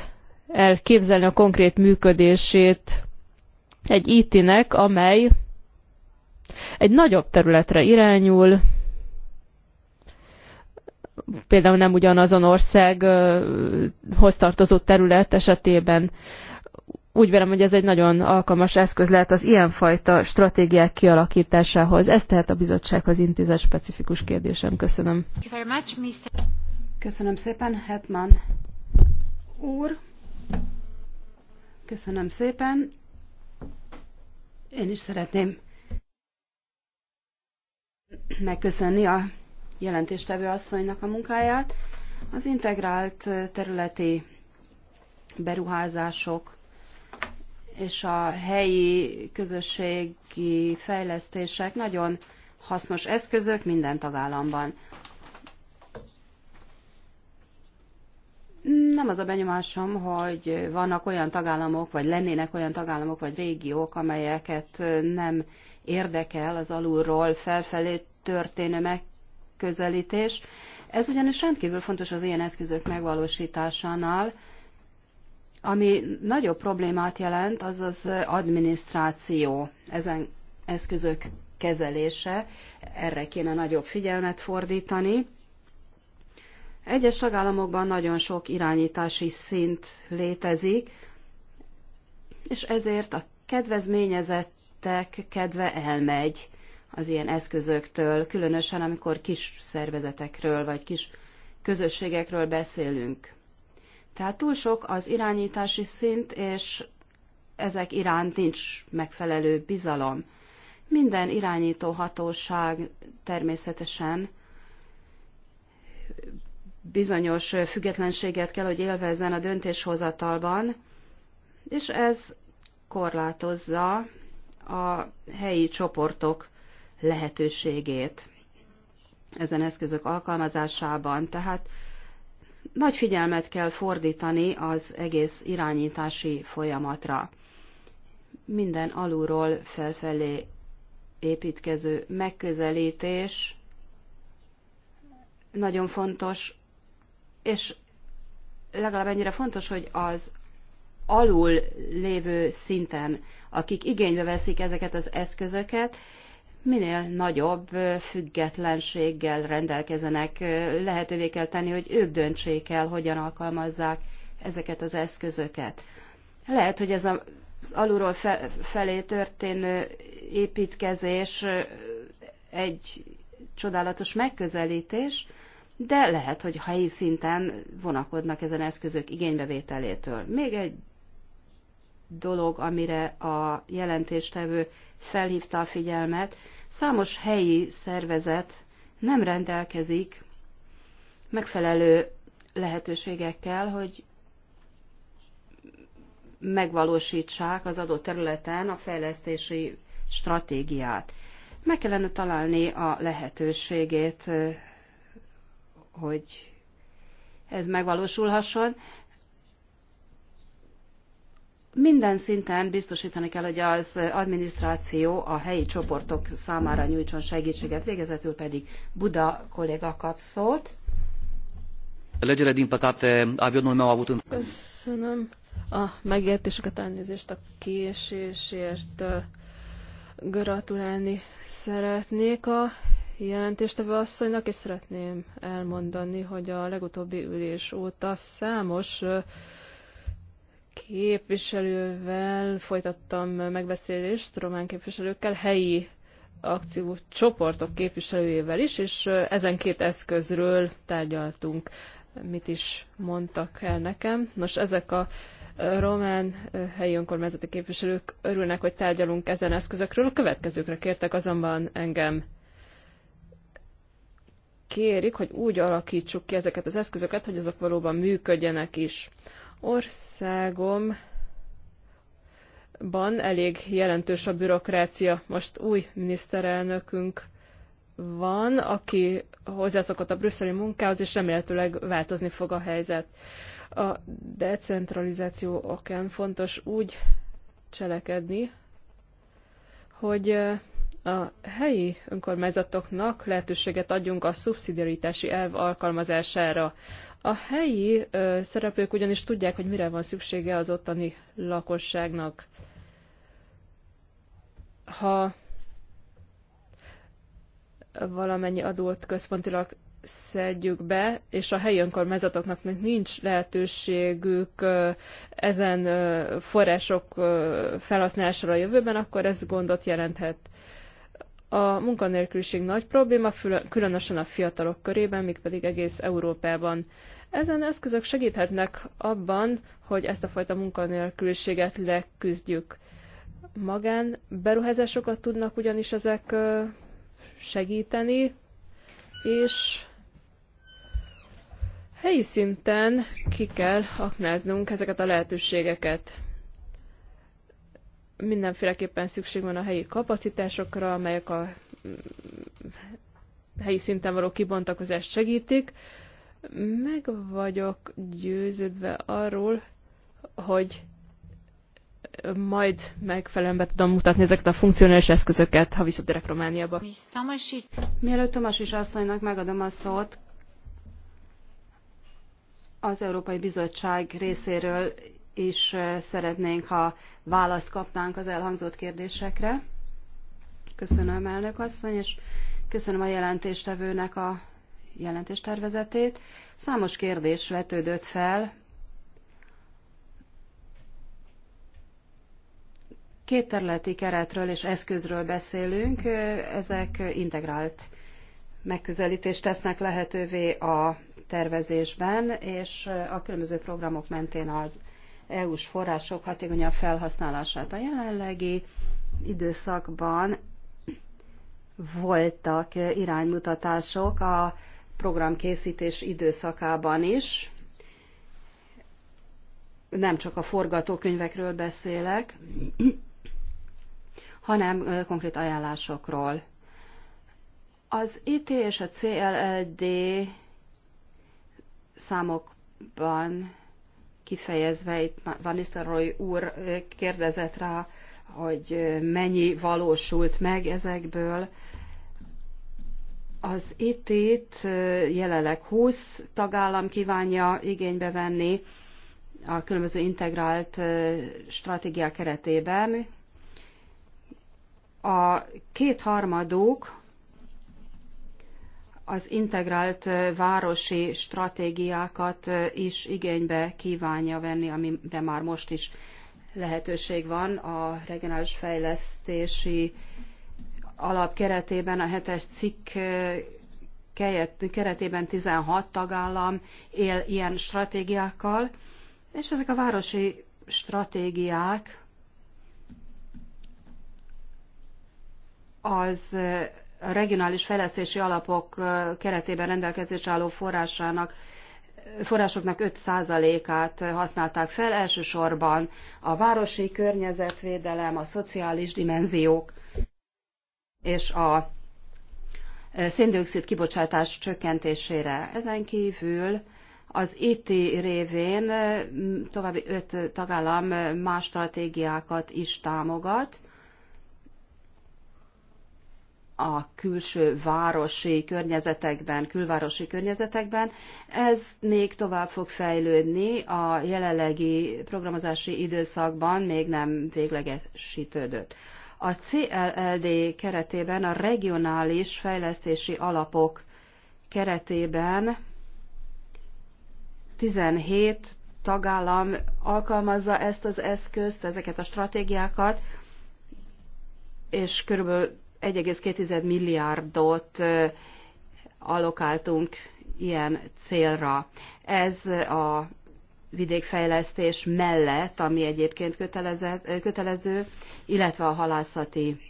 elképzelni a konkrét működését egy IT-nek, amely egy nagyobb területre irányul, például nem ugyanazon országhoz tartozó terület esetében. Úgy vélem, hogy ez egy nagyon alkalmas eszköz lehet az ilyenfajta stratégiák kialakításához. Ez tehát a bizottsághoz intézett specifikus kérdésem. Köszönöm. Köszönöm szépen, Hetman úr. Köszönöm szépen. Én is szeretném megköszönni a jelentéstevő asszonynak a munkáját. Az integrált területi beruházások és a helyi közösségi fejlesztések nagyon hasznos eszközök minden tagállamban. Nem az a benyomásom, hogy vannak olyan tagállamok, vagy lennének olyan tagállamok, vagy régiók, amelyeket nem érdekel az alulról felfelé történő megközelítés. Ez ugyanis rendkívül fontos az ilyen eszközök megvalósításánál, ami nagyobb problémát jelent, az az adminisztráció, ezen eszközök kezelése, erre kéne nagyobb figyelmet fordítani. Egyes tagállamokban nagyon sok irányítási szint létezik, és ezért a kedvezményezettek kedve elmegy az ilyen eszközöktől, különösen amikor kis szervezetekről vagy kis közösségekről beszélünk. Tehát túl sok az irányítási szint, és ezek iránt nincs megfelelő bizalom. Minden irányító hatóság természetesen bizonyos függetlenséget kell, hogy élvezzen a döntéshozatalban, és ez korlátozza a helyi csoportok lehetőségét ezen eszközök alkalmazásában. Tehát nagy figyelmet kell fordítani az egész irányítási folyamatra. Minden alulról felfelé építkező megközelítés nagyon fontos, és legalább ennyire fontos, hogy az alul lévő szinten, akik igénybe veszik ezeket az eszközöket, minél nagyobb függetlenséggel rendelkezenek, lehetővé kell tenni, hogy ők döntsék el, hogyan alkalmazzák ezeket az eszközöket. Lehet, hogy ez az alulról felé történő építkezés egy csodálatos megközelítés, de lehet, hogy helyi szinten vonakodnak ezen eszközök igénybevételétől. Még egy dolog, amire a jelentéstevő felhívta a figyelmet, Számos helyi szervezet nem rendelkezik megfelelő lehetőségekkel, hogy megvalósítsák az adott területen a fejlesztési stratégiát. Meg kellene találni a lehetőségét, hogy ez megvalósulhasson. Minden szinten biztosítani kell, hogy az adminisztráció a helyi csoportok számára nyújtson segítséget, végezetül pedig Buda kolléga kap szót. Legyen, din păcate, avionul meu a avut în... Köszönöm a megértéseket, elnézést a késésért gratulálni szeretnék a jelentéstevő asszonynak, és szeretném elmondani, hogy a legutóbbi ülés óta számos képviselővel folytattam megbeszélést, román képviselőkkel, helyi akciócsoportok képviselőjével is, és ezen két eszközről tárgyaltunk, mit is mondtak el nekem. Nos, ezek a román helyi önkormányzati képviselők örülnek, hogy tárgyalunk ezen eszközökről. A következőkre kértek azonban engem kérik, hogy úgy alakítsuk ki ezeket az eszközöket, hogy azok valóban működjenek is. Országom elég jelentős a bürokrácia. Most új miniszterelnökünk van, aki hozzászokott a brüsszeli munkához, és remélhetőleg változni fog a helyzet. A decentralizáció okán fontos úgy cselekedni, hogy eh, a helyi önkormányzatoknak lehetőséget adjunk a szubszidiaritási elv alkalmazására. A helyi ö, szereplők ugyanis tudják, hogy mire van szüksége az ottani lakosságnak. Ha valamennyi adót központilag szedjük be, és a helyi önkormányzatoknak nincs lehetőségük ezen források felhasználására a jövőben, akkor ez gondot jelenthet. A munkanélküliség nagy probléma, különösen a fiatalok körében, mégpedig egész Európában. Ezen eszközök segíthetnek abban, hogy ezt a fajta munkanélküliséget leküzdjük. Magán beruházásokat tudnak ugyanis ezek segíteni, és helyi szinten ki kell aknáznunk ezeket a lehetőségeket mindenféleképpen szükség van a helyi kapacitásokra, amelyek a mm, helyi szinten való kibontakozást segítik. Meg vagyok győződve arról, hogy majd megfelelően be tudom mutatni ezeket a funkcionális eszközöket, ha visszatérek Romániába. Mielőtt Tomas is asszonynak megadom a szót, az Európai Bizottság részéről is szeretnénk, ha választ kapnánk az elhangzott kérdésekre. Köszönöm, elnök asszony, és köszönöm a jelentéstevőnek a jelentéstervezetét. Számos kérdés vetődött fel. Két területi keretről és eszközről beszélünk, ezek integrált megközelítést tesznek lehetővé a tervezésben, és a különböző programok mentén az EU-s források hatékonyabb felhasználását. A jelenlegi időszakban voltak iránymutatások a programkészítés időszakában is. Nem csak a forgatókönyvekről beszélek, hanem konkrét ajánlásokról. Az IT és a CLLD számokban kifejezve, itt Van Nistelrooy úr kérdezett rá, hogy mennyi valósult meg ezekből. Az itt jelenleg 20 tagállam kívánja igénybe venni a különböző integrált stratégia keretében. A kétharmaduk az integrált városi stratégiákat is igénybe kívánja venni, amire már most is lehetőség van a regionális fejlesztési alap keretében, a hetes cikk keretében 16 tagállam él ilyen stratégiákkal, és ezek a városi stratégiák az a regionális fejlesztési alapok keretében rendelkezésre álló forrásának forrásoknak 5%-át használták fel, elsősorban a városi környezetvédelem, a szociális dimenziók és a széndiokszid kibocsátás csökkentésére. Ezen kívül az IT révén további öt tagállam más stratégiákat is támogat, a külső városi környezetekben, külvárosi környezetekben. Ez még tovább fog fejlődni, a jelenlegi programozási időszakban még nem véglegesítődött. A CLLD keretében a regionális fejlesztési alapok keretében 17 tagállam alkalmazza ezt az eszközt, ezeket a stratégiákat, és körülbelül 1,2 milliárdot alokáltunk ilyen célra. Ez a vidékfejlesztés mellett, ami egyébként kötelező, illetve a halászati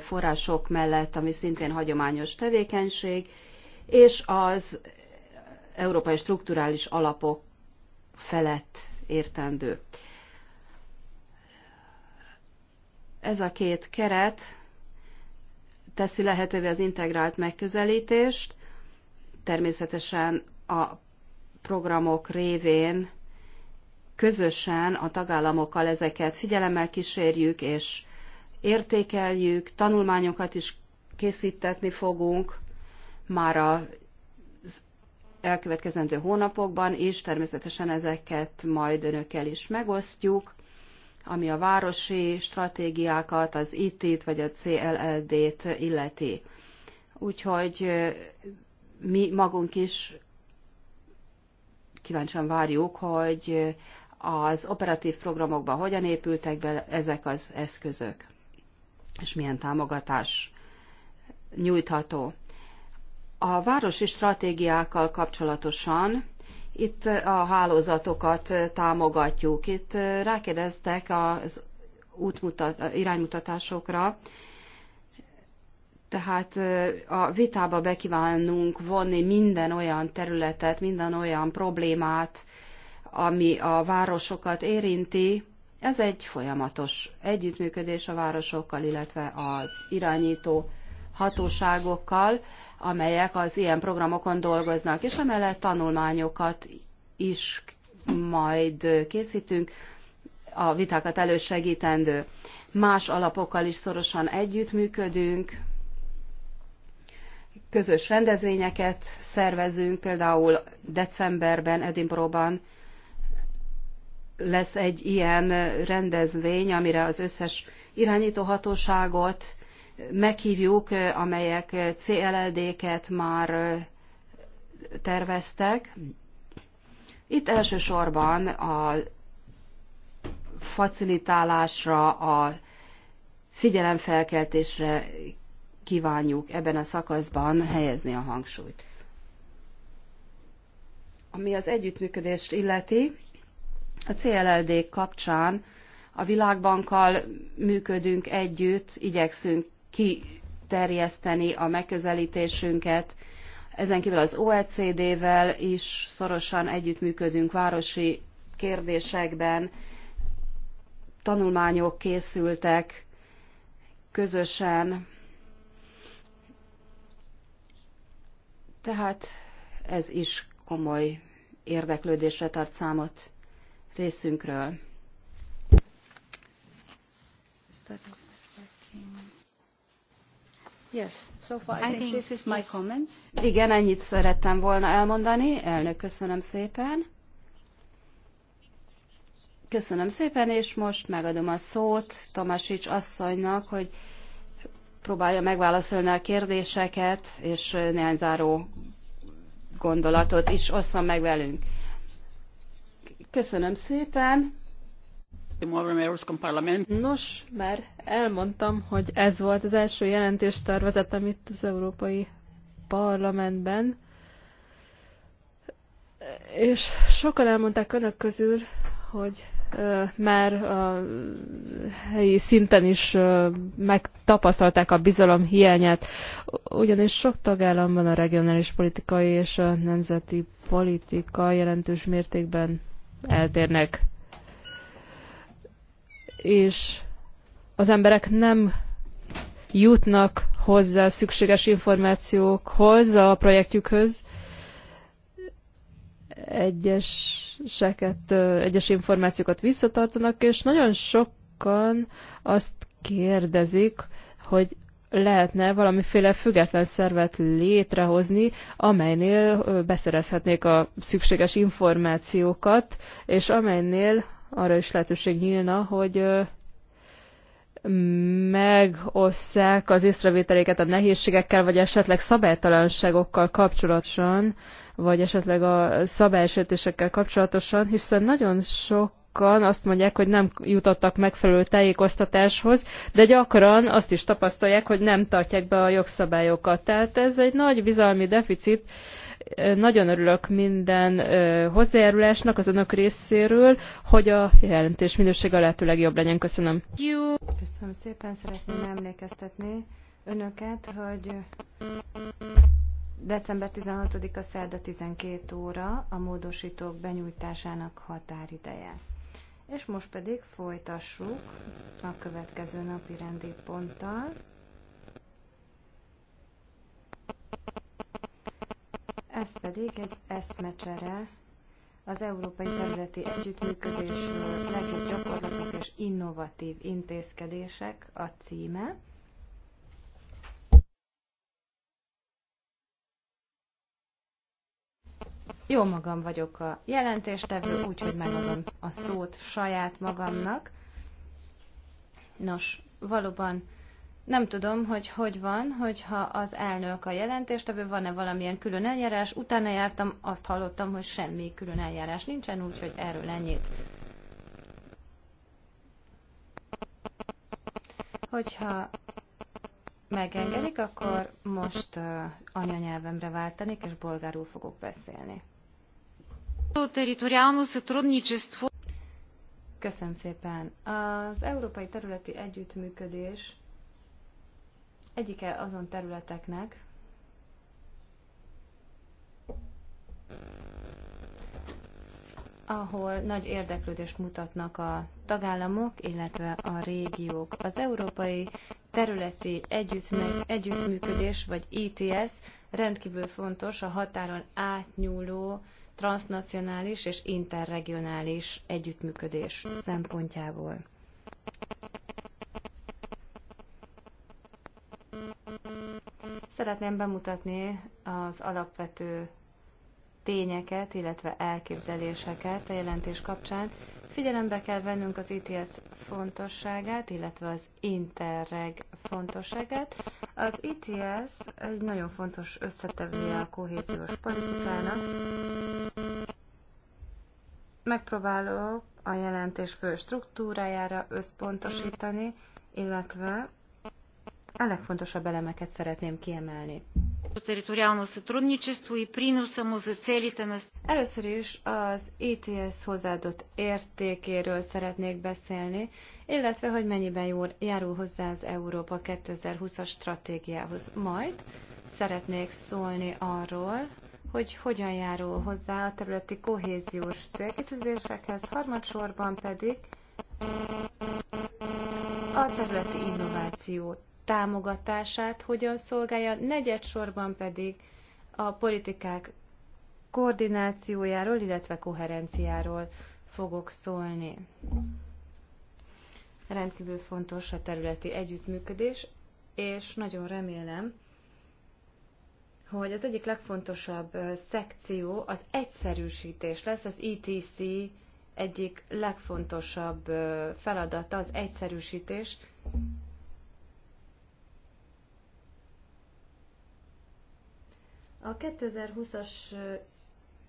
források mellett, ami szintén hagyományos tevékenység, és az európai strukturális alapok felett értendő. Ez a két keret teszi lehetővé az integrált megközelítést, természetesen a programok révén közösen a tagállamokkal ezeket figyelemmel kísérjük és értékeljük, tanulmányokat is készítetni fogunk már a elkövetkezendő hónapokban is, természetesen ezeket majd önökkel is megosztjuk ami a városi stratégiákat, az IT-t vagy a CLLD-t illeti. Úgyhogy mi magunk is kíváncsian várjuk, hogy az operatív programokban hogyan épültek be ezek az eszközök, és milyen támogatás nyújtható. A városi stratégiákkal kapcsolatosan itt a hálózatokat támogatjuk. Itt rákérdeztek az útmutat, iránymutatásokra, tehát a vitába bekívánunk vonni minden olyan területet, minden olyan problémát, ami a városokat érinti. Ez egy folyamatos együttműködés a városokkal, illetve az irányító hatóságokkal, amelyek az ilyen programokon dolgoznak, és emellett tanulmányokat is majd készítünk, a vitákat elősegítendő. Más alapokkal is szorosan együttműködünk, közös rendezvényeket szervezünk, például decemberben Edinburghban lesz egy ilyen rendezvény, amire az összes irányítóhatóságot meghívjuk, amelyek CLLD-ket már terveztek. Itt elsősorban a facilitálásra, a figyelemfelkeltésre kívánjuk ebben a szakaszban helyezni a hangsúlyt. Ami az együttműködést illeti, a CLLD kapcsán a világbankkal működünk együtt, igyekszünk kiterjeszteni a megközelítésünket. Ezen kívül az OECD-vel is szorosan együttműködünk városi kérdésekben. Tanulmányok készültek közösen. Tehát ez is komoly érdeklődésre tart számot részünkről. Started Yes, so far I, I think, think this is my yes. comments. Igen, ennyit szerettem volna elmondani. Elnök, köszönöm szépen. Köszönöm szépen, és most megadom a szót Tamasics asszonynak, hogy próbálja megválaszolni a kérdéseket, és néhány záró gondolatot is osszon meg velünk. Köszönöm szépen. Nos, már elmondtam, hogy ez volt az első jelentéstervezetem itt az Európai Parlamentben, és sokan elmondták önök közül, hogy már a helyi szinten is megtapasztalták a bizalom hiányát, ugyanis sok tagállamban a regionális politikai és a nemzeti politika jelentős mértékben eltérnek és az emberek nem jutnak hozzá szükséges információkhoz, a projektjükhöz. Egyeseket, egyes információkat visszatartanak, és nagyon sokan azt kérdezik, hogy lehetne valamiféle független szervet létrehozni, amelynél beszerezhetnék a szükséges információkat, és amelynél arra is lehetőség nyílna, hogy megosszák az észrevételéket a nehézségekkel, vagy esetleg szabálytalanságokkal kapcsolatosan, vagy esetleg a szabálysértésekkel kapcsolatosan, hiszen nagyon sok sokan azt mondják, hogy nem jutottak megfelelő tájékoztatáshoz, de gyakran azt is tapasztalják, hogy nem tartják be a jogszabályokat. Tehát ez egy nagy bizalmi deficit, nagyon örülök minden hozzájárulásnak az önök részéről, hogy a jelentés minősége a lehető legjobb legyen. Köszönöm. Köszönöm szépen, szeretném emlékeztetni önöket, hogy december 16-a szerda 12 óra a módosítók benyújtásának határideje. És most pedig folytassuk a következő napi rendi ponttal. Ez pedig egy eszmecsere az európai területi együttműködésről, legjobb gyakorlatok és innovatív intézkedések a címe. Jó magam vagyok a jelentéstevő, úgyhogy megadom a szót saját magamnak. Nos, valóban nem tudom, hogy hogy van, hogyha az elnök a jelentést, ebből van-e valamilyen külön eljárás. Utána jártam, azt hallottam, hogy semmi külön eljárás nincsen, úgyhogy erről ennyit. Hogyha megengedik, akkor most uh, anyanyelvemre váltanék, és bolgárul fogok beszélni. Köszönöm szépen. Az európai területi együttműködés egyike azon területeknek, ahol nagy érdeklődést mutatnak a tagállamok, illetve a régiók. Az Európai Területi Együttme- Együttműködés, vagy ETS rendkívül fontos a határon átnyúló transnacionális és interregionális együttműködés szempontjából. Szeretném bemutatni az alapvető tényeket, illetve elképzeléseket a jelentés kapcsán. Figyelembe kell vennünk az ITS e fontosságát, illetve az Interreg fontosságát. Az ITS e egy nagyon fontos összetevője a kohéziós politikának. Megpróbálok a jelentés fő struktúrájára összpontosítani, illetve a legfontosabb elemeket szeretném kiemelni. Először is az ETS hozzáadott értékéről szeretnék beszélni, illetve hogy mennyiben járul hozzá az Európa 2020-as stratégiához. Majd szeretnék szólni arról, hogy hogyan járul hozzá a területi kohéziós célkitűzésekhez, harmadsorban pedig a területi innovációt támogatását hogyan szolgálja, negyedsorban pedig a politikák koordinációjáról, illetve koherenciáról fogok szólni. Rendkívül fontos a területi együttműködés, és nagyon remélem, hogy az egyik legfontosabb szekció az egyszerűsítés lesz, az ETC egyik legfontosabb feladata az egyszerűsítés, A 2020-as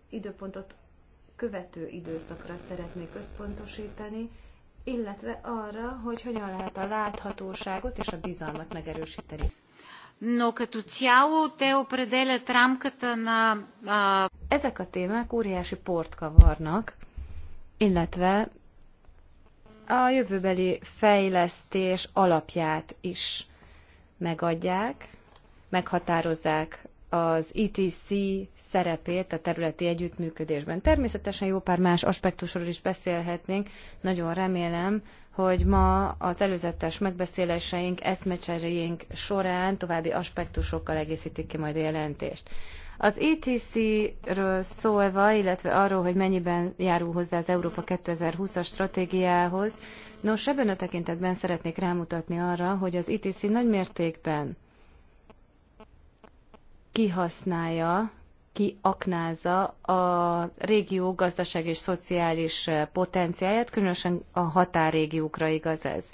időpontot követő időszakra szeretnék összpontosítani, illetve arra, hogy hogyan lehet a láthatóságot és a bizalmat megerősíteni. Но като цяло те определят рамката на... Ezek a témák óriási port kavarnak, illetve a jövőbeli fejlesztés alapját is megadják, meghatározzák az ETC szerepét a területi együttműködésben. Természetesen jó pár más aspektusról is beszélhetnénk. Nagyon remélem, hogy ma az előzetes megbeszéléseink, eszmecseréink során további aspektusokkal egészítik ki majd a jelentést. Az ETC-ről szólva, illetve arról, hogy mennyiben járul hozzá az Európa 2020-as stratégiához, nos, ebben a tekintetben szeretnék rámutatni arra, hogy az ETC nagymértékben mértékben kihasználja, kiaknázza a régió gazdaság és szociális eh, potenciáját, különösen a határrégiókra igaz ez.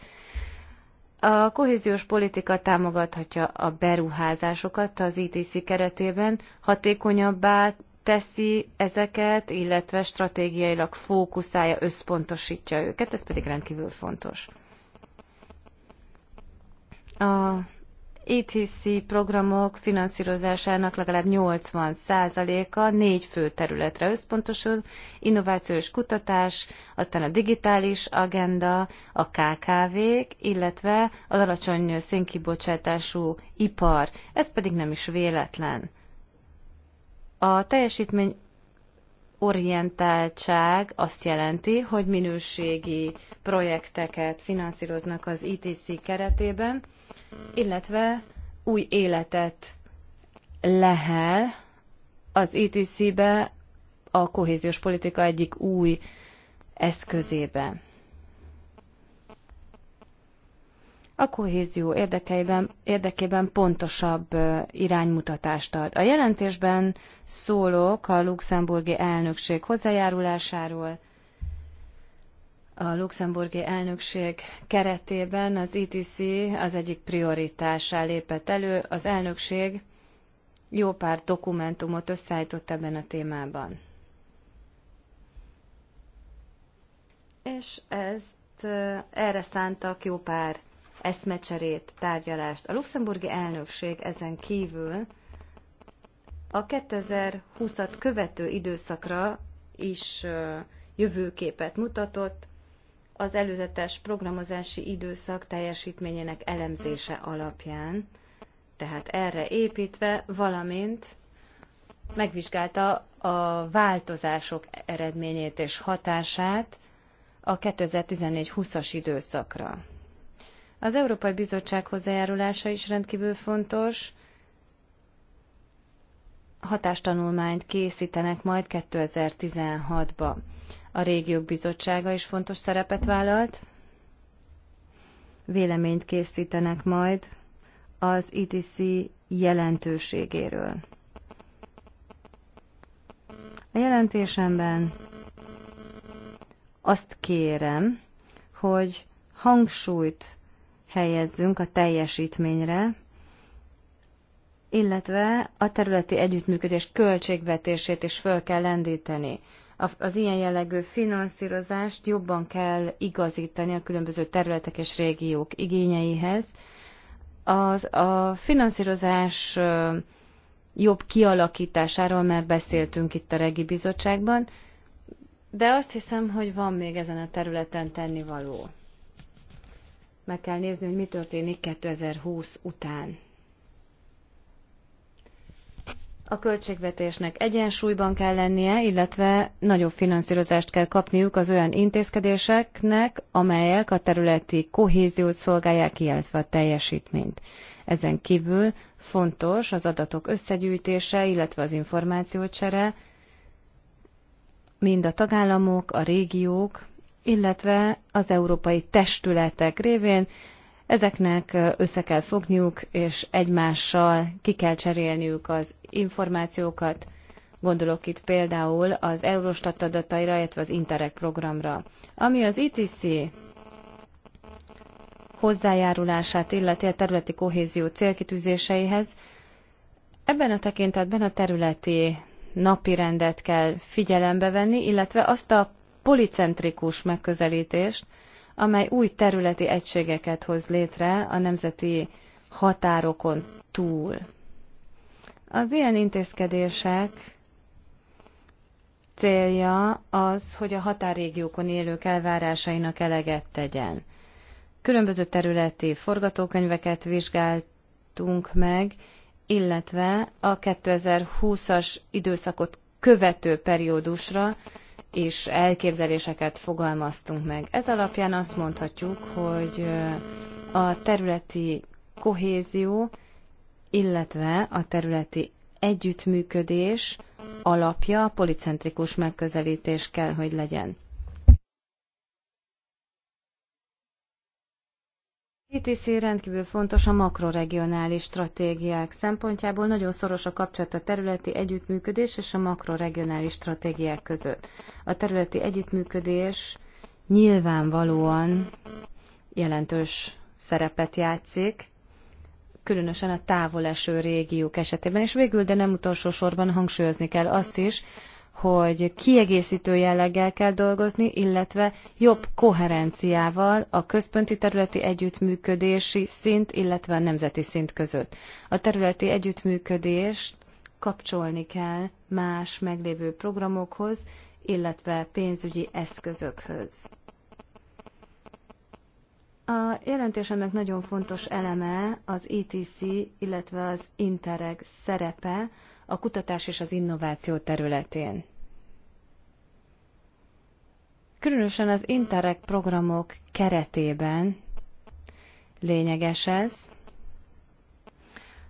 A kohéziós politika támogathatja a beruházásokat az ITC keretében, hatékonyabbá teszi ezeket, illetve stratégiailag fókuszálja, összpontosítja őket, ez pedig rendkívül fontos. A ETC programok finanszírozásának legalább 80%-a négy fő területre összpontosul, innovációs kutatás, aztán a digitális agenda, a KKV-k, illetve az alacsony szénkibocsátású ipar. Ez pedig nem is véletlen. A teljesítmény orientáltság azt jelenti, hogy minőségi projekteket finanszíroznak az ITC e keretében, illetve új életet lehel az ETC-be, a kohéziós politika egyik új eszközébe. a kohézió érdekeiben, érdekében pontosabb iránymutatást ad. A jelentésben szólok a luxemburgi elnökség hozzájárulásáról, a luxemburgi elnökség keretében az ITC az egyik prioritásá lépett elő. Az elnökség jó pár dokumentumot összeállított ebben a témában. És ezt erre szántak jó pár eszmecserét, tárgyalást. A luxemburgi elnökség ezen kívül a 2020-at követő időszakra is jövőképet mutatott, az előzetes programozási időszak teljesítményének elemzése alapján, tehát erre építve, valamint megvizsgálta a változások eredményét és hatását a 2014-20-as időszakra. Az Európai Bizottság hozzájárulása is rendkívül fontos. Hatástanulmányt készítenek majd 2016-ba a régiók bizottsága is fontos szerepet vállalt. Véleményt készítenek majd az ITC jelentőségéről. A jelentésemben azt kérem, hogy hangsúlyt helyezzünk a teljesítményre, illetve a területi együttműködés költségvetését is föl kell lendíteni az ilyen jellegű finanszírozást jobban kell igazítani a különböző területek és régiók igényeihez. Az a finanszírozás jobb kialakításáról már beszéltünk itt a Regi Bizottságban, de azt hiszem, hogy van még ezen a területen tennivaló. Meg kell nézni, hogy mi történik 2020 után. A költségvetésnek egyensúlyban kell lennie, illetve nagyobb finanszírozást kell kapniuk az olyan intézkedéseknek, amelyek a területi kohéziót szolgálják, illetve a teljesítményt. Ezen kívül fontos az adatok összegyűjtése, illetve az információcsere, mind a tagállamok, a régiók, illetve az európai testületek révén, Ezeknek össze kell fogniuk, és egymással ki kell cserélniük az információkat, Gondolok itt például az Eurostat adataira, illetve az Interreg programra. Ami az ITC hozzájárulását illeti a területi kohézió célkitűzéseihez, ebben a tekintetben a területi napirendet kell figyelembe venni, illetve azt a policentrikus megközelítést, amely új területi egységeket hoz létre a nemzeti határokon túl. Az ilyen intézkedések célja az, hogy a határrégiókon élők elvárásainak eleget tegyen. Különböző területi forgatókönyveket vizsgáltunk meg, illetve a 2020-as időszakot követő periódusra és elképzeléseket fogalmaztunk meg. Ez alapján azt mondhatjuk, hogy a területi kohézió, illetve a területi együttműködés alapja a policentrikus megközelítés kell, hogy legyen. ITC rendkívül fontos a makroregionális stratégiák szempontjából, nagyon szoros a kapcsolat a területi együttműködés és a makroregionális stratégiák között. A területi együttműködés nyilvánvalóan jelentős szerepet játszik, különösen a távoleső régiók esetében. És végül, de nem utolsó sorban hangsúlyozni kell azt is, hogy kiegészítő jelleggel kell dolgozni, illetve jobb koherenciával a központi területi együttműködési szint, illetve a nemzeti szint között. A területi együttműködést kapcsolni kell más meglévő programokhoz, illetve pénzügyi eszközökhöz. A jelentésemnek nagyon fontos eleme az ETC, illetve az Interreg szerepe, a kutatás és az innováció területén. Különösen az Interreg programok keretében lényeges ez.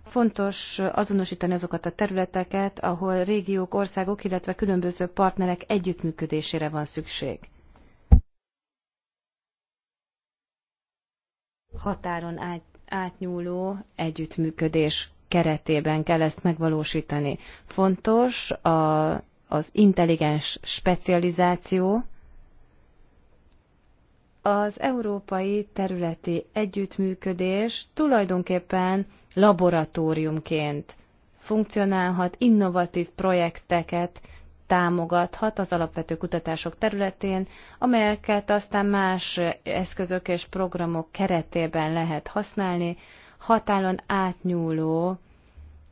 Fontos azonosítani azokat a területeket, ahol régiók, országok, illetve különböző partnerek együttműködésére van szükség. Határon át, átnyúló együttműködés keretében kell ezt megvalósítani. Fontos a, az intelligens specializáció, az európai területi együttműködés tulajdonképpen laboratóriumként funkcionálhat, innovatív projekteket támogathat az alapvető kutatások területén, amelyeket aztán más eszközök és programok keretében lehet használni, határon átnyúló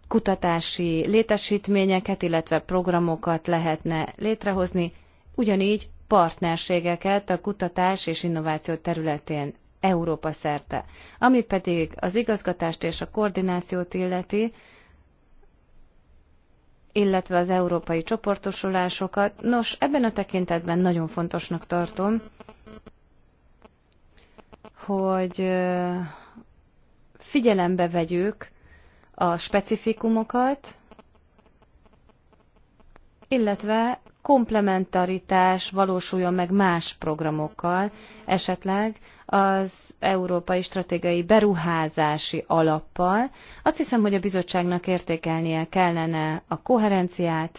kutatási létesítményeket, illetve programokat lehetne létrehozni, ugyanígy partnerségeket a kutatás és innováció területén Európa szerte. Ami pedig az igazgatást és a koordinációt illeti, illetve az európai csoportosulásokat. Nos, ebben a tekintetben nagyon fontosnak tartom, hogy figyelembe vegyük a specifikumokat, illetve komplementaritás valósuljon meg más programokkal, esetleg az Európai Stratégiai Beruházási Alappal. Azt hiszem, hogy a bizottságnak értékelnie kellene a koherenciát,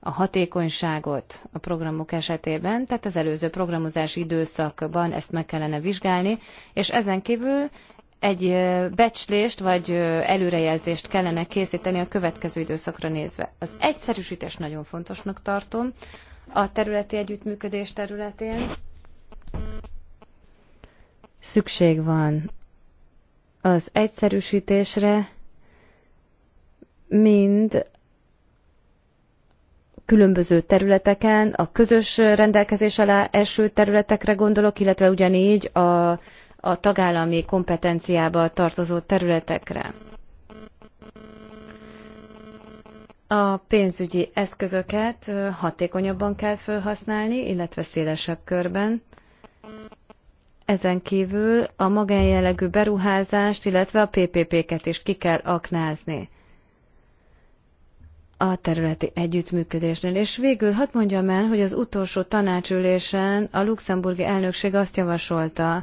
a hatékonyságot a programok esetében, tehát az előző programozási időszakban ezt meg kellene vizsgálni, és ezen kívül egy becslést vagy előrejelzést kellene készíteni a következő időszakra nézve. Az egyszerűsítés nagyon fontosnak tartom a területi együttműködés területén. Szükség van az egyszerűsítésre, mind különböző területeken, a közös rendelkezés alá eső területekre gondolok, illetve ugyanígy a a tagállami kompetenciába tartozó területekre. A pénzügyi eszközöket hatékonyabban kell felhasználni, illetve szélesebb körben. Ezen kívül a magánjellegű beruházást, illetve a PPP-ket is ki kell aknázni a területi együttműködésnél. És végül hadd mondjam el, hogy az utolsó tanácsülésen a luxemburgi elnökség azt javasolta,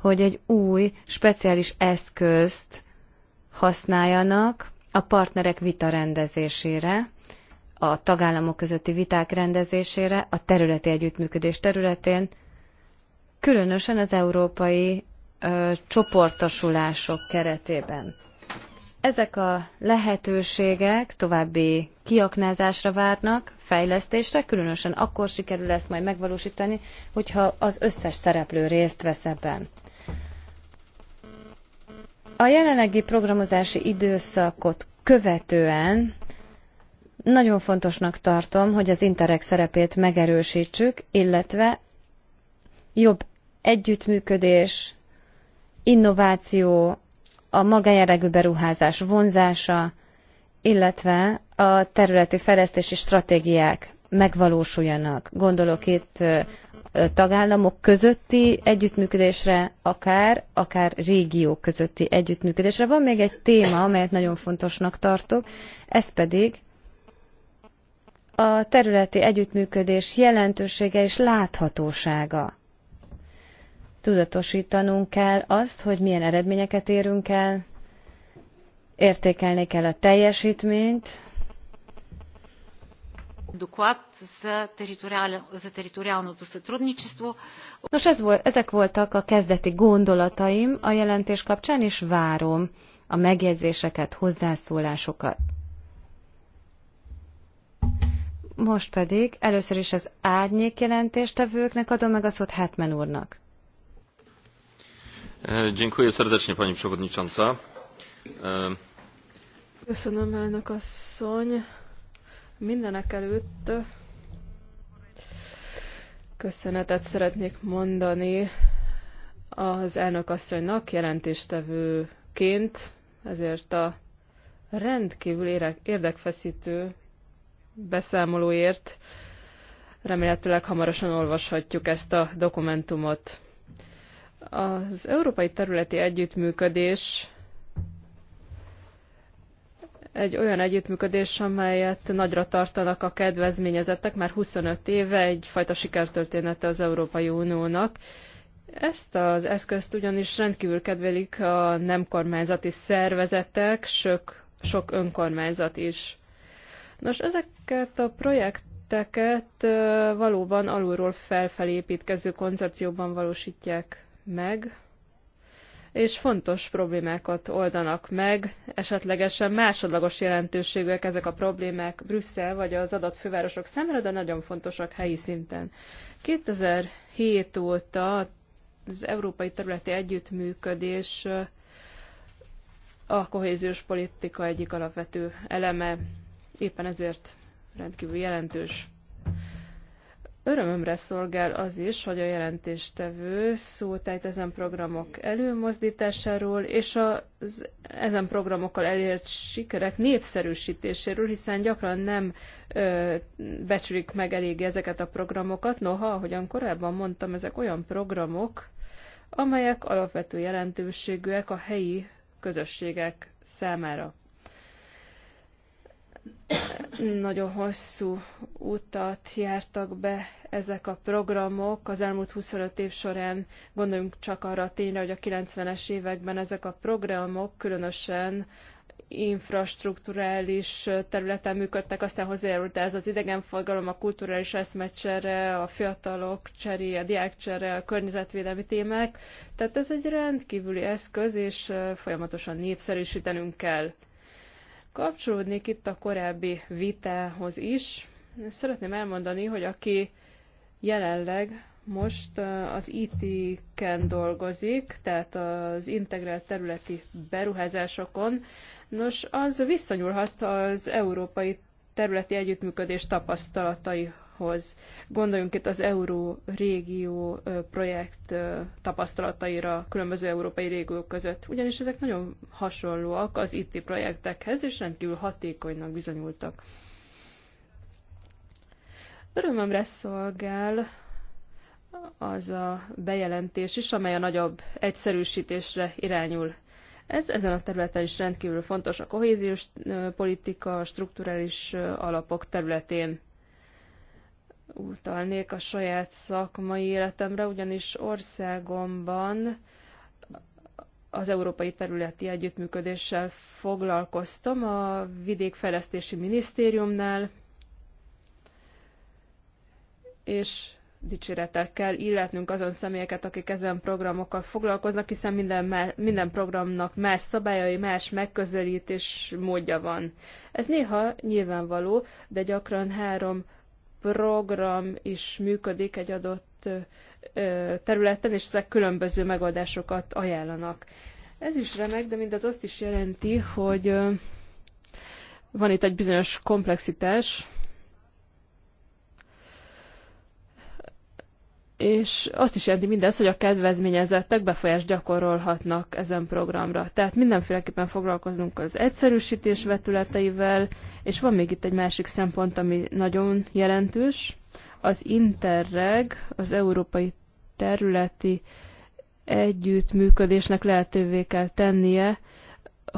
hogy egy új, speciális eszközt használjanak a partnerek vita rendezésére, a tagállamok közötti viták rendezésére, a területi együttműködés területén, különösen az európai ö, csoportosulások keretében. Ezek a lehetőségek további kiaknázásra várnak, fejlesztésre, különösen akkor sikerül ezt majd megvalósítani, hogyha az összes szereplő részt vesz ebben. A jelenlegi programozási időszakot követően nagyon fontosnak tartom, hogy az interek szerepét megerősítsük, illetve jobb együttműködés, innováció, a magájáregű beruházás vonzása, illetve a területi fejlesztési stratégiák megvalósuljanak. Gondolok itt tagállamok közötti együttműködésre, akár, akár régiók közötti együttműködésre. Van még egy téma, amelyet nagyon fontosnak tartok, ez pedig a területi együttműködés jelentősége és láthatósága. Tudatosítanunk kell azt, hogy milyen eredményeket érünk el, értékelni kell a teljesítményt, Доклад за, за териториалното сътрудничество. Nos, ez volt, ezek voltak a kezdeti gondolataim a jelentés kapcsán, és várom a megjegyzéseket, hozzászólásokat. Most pedig először is az árnyék jelentéstevőknek adom meg a szót Hetmen úrnak. E, dziękuję serdecznie Pani Przewodnicząca. E, Köszönöm elnök asszony. Mindenek előtt köszönetet szeretnék mondani az elnökasszonynak jelentéstevőként ezért a rendkívül érdekfeszítő beszámolóért. Remélhetőleg hamarosan olvashatjuk ezt a dokumentumot. Az európai területi együttműködés egy olyan együttműködés, amelyet nagyra tartanak a kedvezményezettek, már 25 éve egyfajta sikertörténete az Európai Uniónak. Ezt az eszközt ugyanis rendkívül kedvelik a nem kormányzati szervezetek, sok, sok önkormányzat is. Nos, ezeket a projekteket valóban alulról felfelépítkező koncepcióban valósítják meg, és fontos problémákat oldanak meg, esetlegesen másodlagos jelentőségűek ezek a problémák Brüsszel vagy az adott fővárosok számára, de nagyon fontosak helyi szinten. 2007 óta az Európai Területi Együttműködés a kohéziós politika egyik alapvető eleme, éppen ezért rendkívül jelentős. Örömömre szolgál az is, hogy a jelentéstevő szólt ezen programok előmozdításáról és az ezen programokkal elért sikerek népszerűsítéséről, hiszen gyakran nem ö, becsülik meg eléggé ezeket a programokat. Noha, ahogyan korábban mondtam, ezek olyan programok, amelyek alapvető jelentőségűek a helyi közösségek számára nagyon hosszú utat jártak be ezek a programok az elmúlt 25 év során. Gondoljunk csak arra a tényre, hogy a 90-es években ezek a programok különösen infrastruktúrális területen működtek, aztán hozzájárult ez az idegenforgalom, a kulturális eszmecsere, a fiatalok cseréje, a diákcsere, a környezetvédelmi témák. Tehát ez egy rendkívüli eszköz, és folyamatosan népszerűsítenünk kell. Kapcsolódnék itt a korábbi vitához is. Szeretném elmondani, hogy aki jelenleg most az IT-ken dolgozik, tehát az integrált területi beruházásokon, nos, az visszanyúlhat az európai területi együttműködés tapasztalatai Hoz Gondoljunk itt az Euró régió projekt tapasztalataira különböző európai régiók között, ugyanis ezek nagyon hasonlóak az IT projektekhez, és rendkívül hatékonynak bizonyultak. Örömömre szolgál az a bejelentés is, amely a nagyobb egyszerűsítésre irányul. Ez ezen a területen is rendkívül fontos a kohéziós politika, a strukturális alapok területén utalnék a saját szakmai életemre, ugyanis országomban az európai területi együttműködéssel foglalkoztam a vidékfejlesztési minisztériumnál, és dicséretel kell illetnünk azon személyeket, akik ezen programokkal foglalkoznak, hiszen minden, minden programnak más szabályai, más megközelítés módja van. Ez néha nyilvánvaló, de gyakran három program is működik egy adott területen, és ezek különböző megoldásokat ajánlanak. Ez is remek, de mindez azt is jelenti, hogy van itt egy bizonyos komplexitás, és azt is jelenti mindez, hogy a kedvezményezettek befolyást gyakorolhatnak ezen programra. Tehát mindenféleképpen foglalkoznunk az egyszerűsítés vetületeivel, és van még itt egy másik szempont, ami nagyon jelentős, az Interreg, az Európai Területi Együttműködésnek lehetővé kell tennie,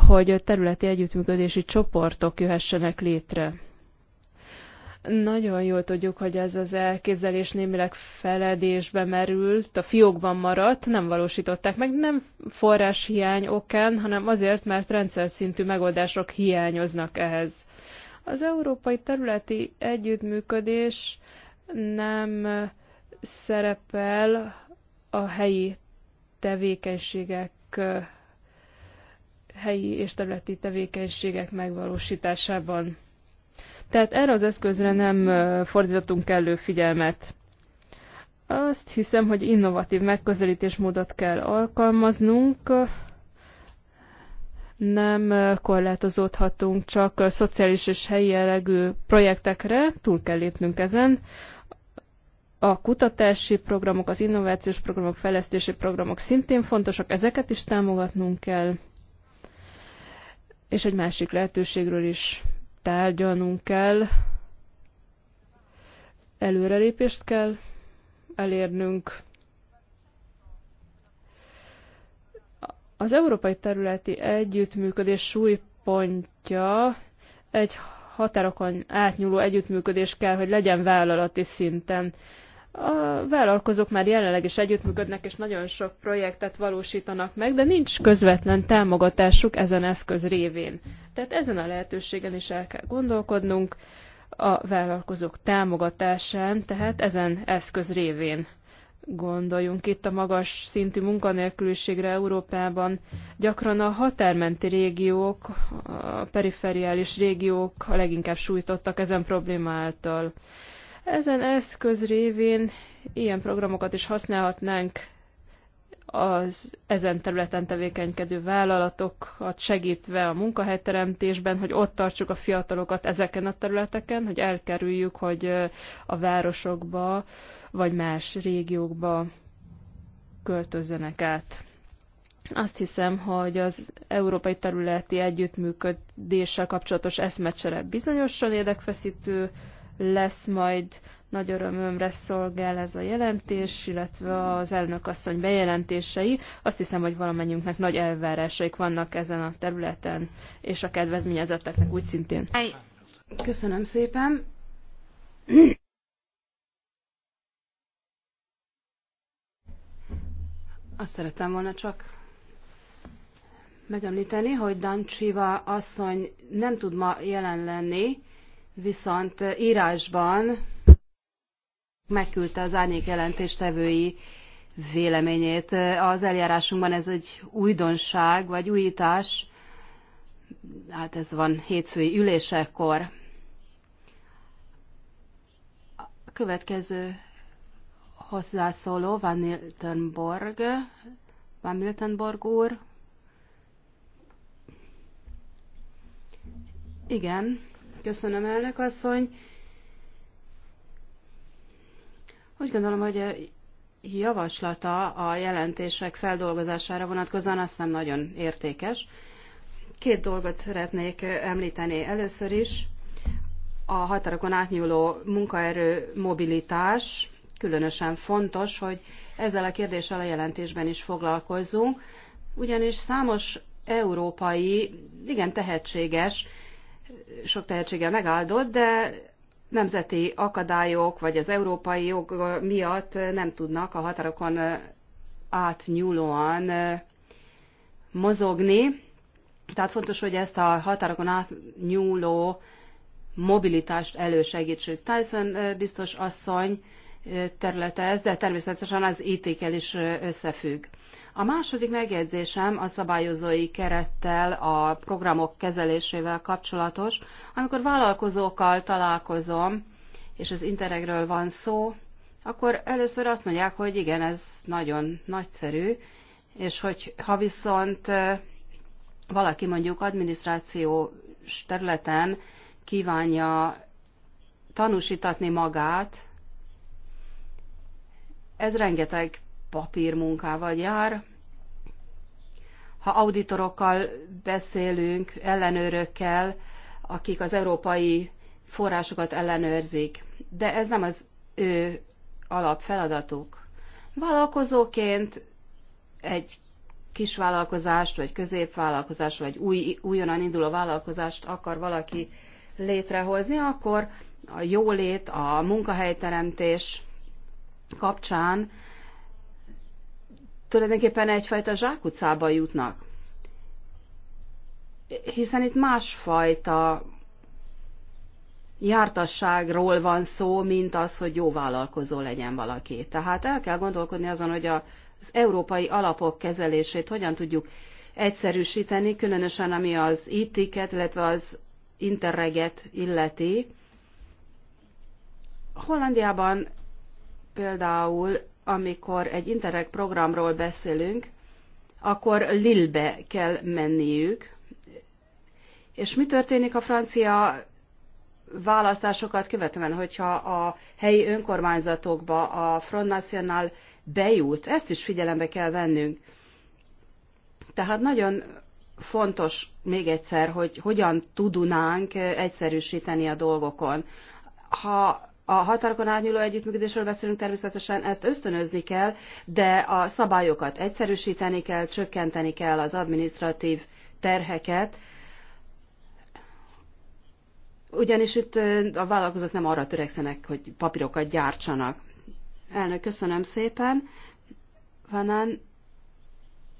hogy területi együttműködési csoportok jöhessenek létre. Nagyon jól tudjuk, hogy ez az elképzelés némileg feledésbe merült, a fiókban maradt, nem valósították meg, nem forráshiány okán, hanem azért, mert rendszer szintű megoldások hiányoznak ehhez. Az európai területi együttműködés nem szerepel a helyi tevékenységek helyi és területi tevékenységek megvalósításában. Tehát erre az eszközre nem fordítottunk elő figyelmet. Azt hiszem, hogy innovatív megközelítésmódot kell alkalmaznunk, nem korlátozódhatunk csak szociális és helyi jellegű projektekre, túl kell lépnünk ezen. A kutatási programok, az innovációs programok, fejlesztési programok szintén fontosak, ezeket is támogatnunk kell. És egy másik lehetőségről is tárgyalnunk kell, előrelépést kell elérnünk. Az európai területi együttműködés súlypontja egy határokon átnyúló együttműködés kell, hogy legyen vállalati szinten. A vállalkozók már jelenleg is együttműködnek, és nagyon sok projektet valósítanak meg, de nincs közvetlen támogatásuk ezen eszköz révén. Tehát ezen a lehetőségen is el kell gondolkodnunk, a vállalkozók támogatásán, tehát ezen eszköz révén. Gondoljunk itt a magas szintű munkanélküliségre Európában. Gyakran a határmenti régiók, a perifériális régiók a leginkább sújtottak ezen problémáltal. által. Ezen eszköz révén ilyen programokat is használhatnánk az ezen területen tevékenykedő vállalatokat segítve a munkahelyteremtésben, hogy ott tartsuk a fiatalokat ezeken a területeken, hogy elkerüljük, hogy a városokba vagy más régiókba költözzenek át. Azt hiszem, hogy az európai területi együttműködéssel kapcsolatos eszmecsere bizonyosan érdekfeszítő lesz majd nagy örömömre szolgál ez a jelentés, illetve az elnök asszony bejelentései. Azt hiszem, hogy valamennyünknek nagy elvárásaik vannak ezen a területen, és a kedvezményezetteknek úgy szintén. Köszönöm szépen. Azt szerettem volna csak megemlíteni, hogy Dancsiva asszony nem tud ma jelen lenni, viszont írásban megküldte az árnyék jelentéstevői véleményét. Az eljárásunkban ez egy újdonság, vagy újítás, hát ez van hétfői ülésekor. A következő hozzászóló Van Miltenborg, Van Miltenborg úr. Igen. Köszönöm, elnök asszony. Úgy gondolom, hogy a javaslata a jelentések feldolgozására vonatkozóan azt hiszem nagyon értékes. Két dolgot szeretnék említeni. Először is a határokon átnyúló munkaerő mobilitás. Különösen fontos, hogy ezzel a kérdéssel a jelentésben is foglalkozzunk, ugyanis számos európai, igen tehetséges sok tehetséggel megáldott, de nemzeti akadályok vagy az európai jog miatt nem tudnak a határokon átnyúlóan mozogni. Tehát fontos, hogy ezt a határokon átnyúló mobilitást elősegítsük. Tyson biztos asszony területe ez, de természetesen az ítékel is összefügg. A második megjegyzésem a szabályozói kerettel, a programok kezelésével kapcsolatos. Amikor vállalkozókkal találkozom, és az Interregről van szó, akkor először azt mondják, hogy igen, ez nagyon nagyszerű, és hogy ha viszont valaki mondjuk adminisztrációs területen kívánja tanúsítatni magát, ez rengeteg papírmunkával jár. Ha auditorokkal beszélünk, ellenőrökkel, akik az európai forrásokat ellenőrzik, de ez nem az ő alapfeladatuk. Vállalkozóként egy kis vállalkozást, vagy középvállalkozást, vagy új, újonnan induló vállalkozást akar valaki létrehozni, akkor a jólét, a munkahelyteremtés kapcsán tulajdonképpen egyfajta zsákutcába jutnak. Hiszen itt másfajta jártasságról van szó, mint az, hogy jó vállalkozó legyen valaki. Tehát el kell gondolkodni azon, hogy az európai alapok kezelését hogyan tudjuk egyszerűsíteni, különösen ami az ittiket, illetve az interreget illeti. Hollandiában például amikor egy Interreg programról beszélünk, akkor Lille-be kell menniük. És mi történik a francia választásokat követően, hogyha a helyi önkormányzatokba a Front National bejut? Ezt is figyelembe kell vennünk. Tehát nagyon fontos még egyszer, hogy hogyan tudnánk egyszerűsíteni a dolgokon. Ha a határokon átnyúló együttműködésről beszélünk természetesen, ezt ösztönözni kell, de a szabályokat egyszerűsíteni kell, csökkenteni kell az administratív terheket, ugyanis itt a vállalkozók nem arra törekszenek, hogy papírokat gyártsanak. Elnök, köszönöm szépen. Vanán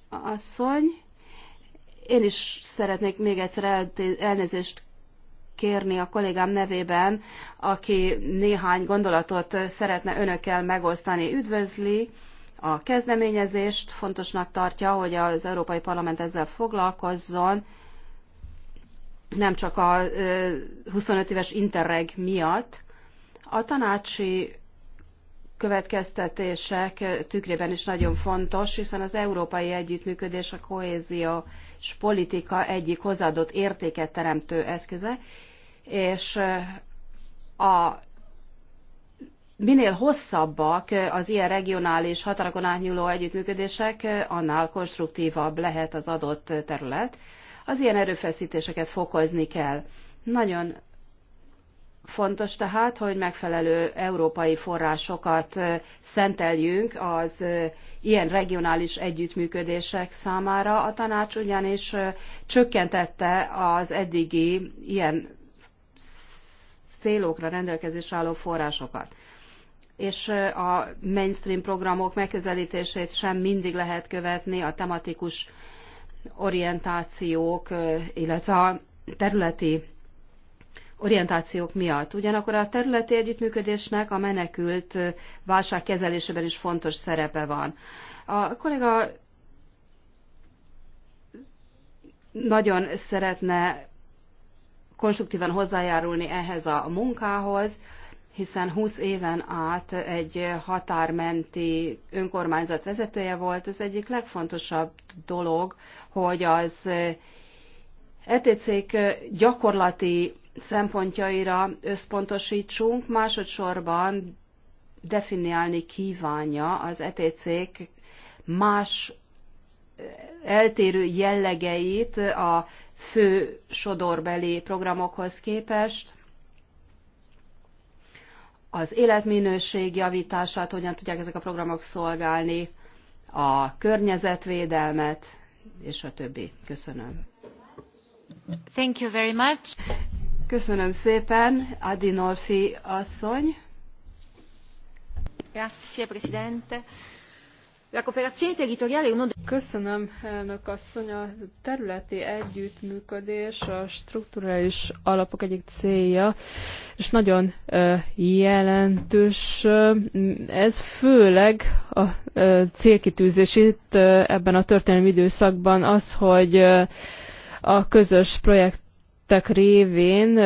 asszony, én is szeretnék még egyszer elnézést kérni a kollégám nevében, aki néhány gondolatot szeretne önökkel megosztani. Üdvözli a kezdeményezést, fontosnak tartja, hogy az Európai Parlament ezzel foglalkozzon, nem csak a 25 éves interreg miatt. A tanácsi következtetések tükrében is nagyon fontos, hiszen az európai együttműködés a kohézió és politika egyik hozzáadott értéket teremtő eszköze, és a minél hosszabbak az ilyen regionális határokon átnyúló együttműködések, annál konstruktívabb lehet az adott terület. Az ilyen erőfeszítéseket fokozni kell. Nagyon Fontos tehát, hogy megfelelő európai forrásokat szenteljünk az ilyen regionális együttműködések számára. A tanács ugyanis csökkentette az eddigi ilyen célokra rendelkezés álló forrásokat és a mainstream programok megközelítését sem mindig lehet követni, a tematikus orientációk, illetve a területi orientációk miatt. Ugyanakkor a területi együttműködésnek a menekült válság kezelésében is fontos szerepe van. A kollega nagyon szeretne konstruktívan hozzájárulni ehhez a munkához, hiszen 20 éven át egy határmenti önkormányzat vezetője volt. Ez egyik legfontosabb dolog, hogy az ETC-k gyakorlati szempontjaira összpontosítsunk, másodszorban definiálni kívánja az ETC-k más eh, eltérő jellegeit a fő sodorbeli programokhoz képest, az életminőség javítását hogyan tudják ezek a programok szolgálni, a környezetvédelmet, és a többi. Köszönöm. Thank you very much. Köszönöm szépen, Adinolfi asszony. Grazie, Presidente. Köszönöm, elnök asszony. A területi együttműködés a strukturális alapok egyik célja, és nagyon jelentős. Ez főleg a célkitűzés itt ebben a történelmi időszakban az, hogy a közös projekt projektek révén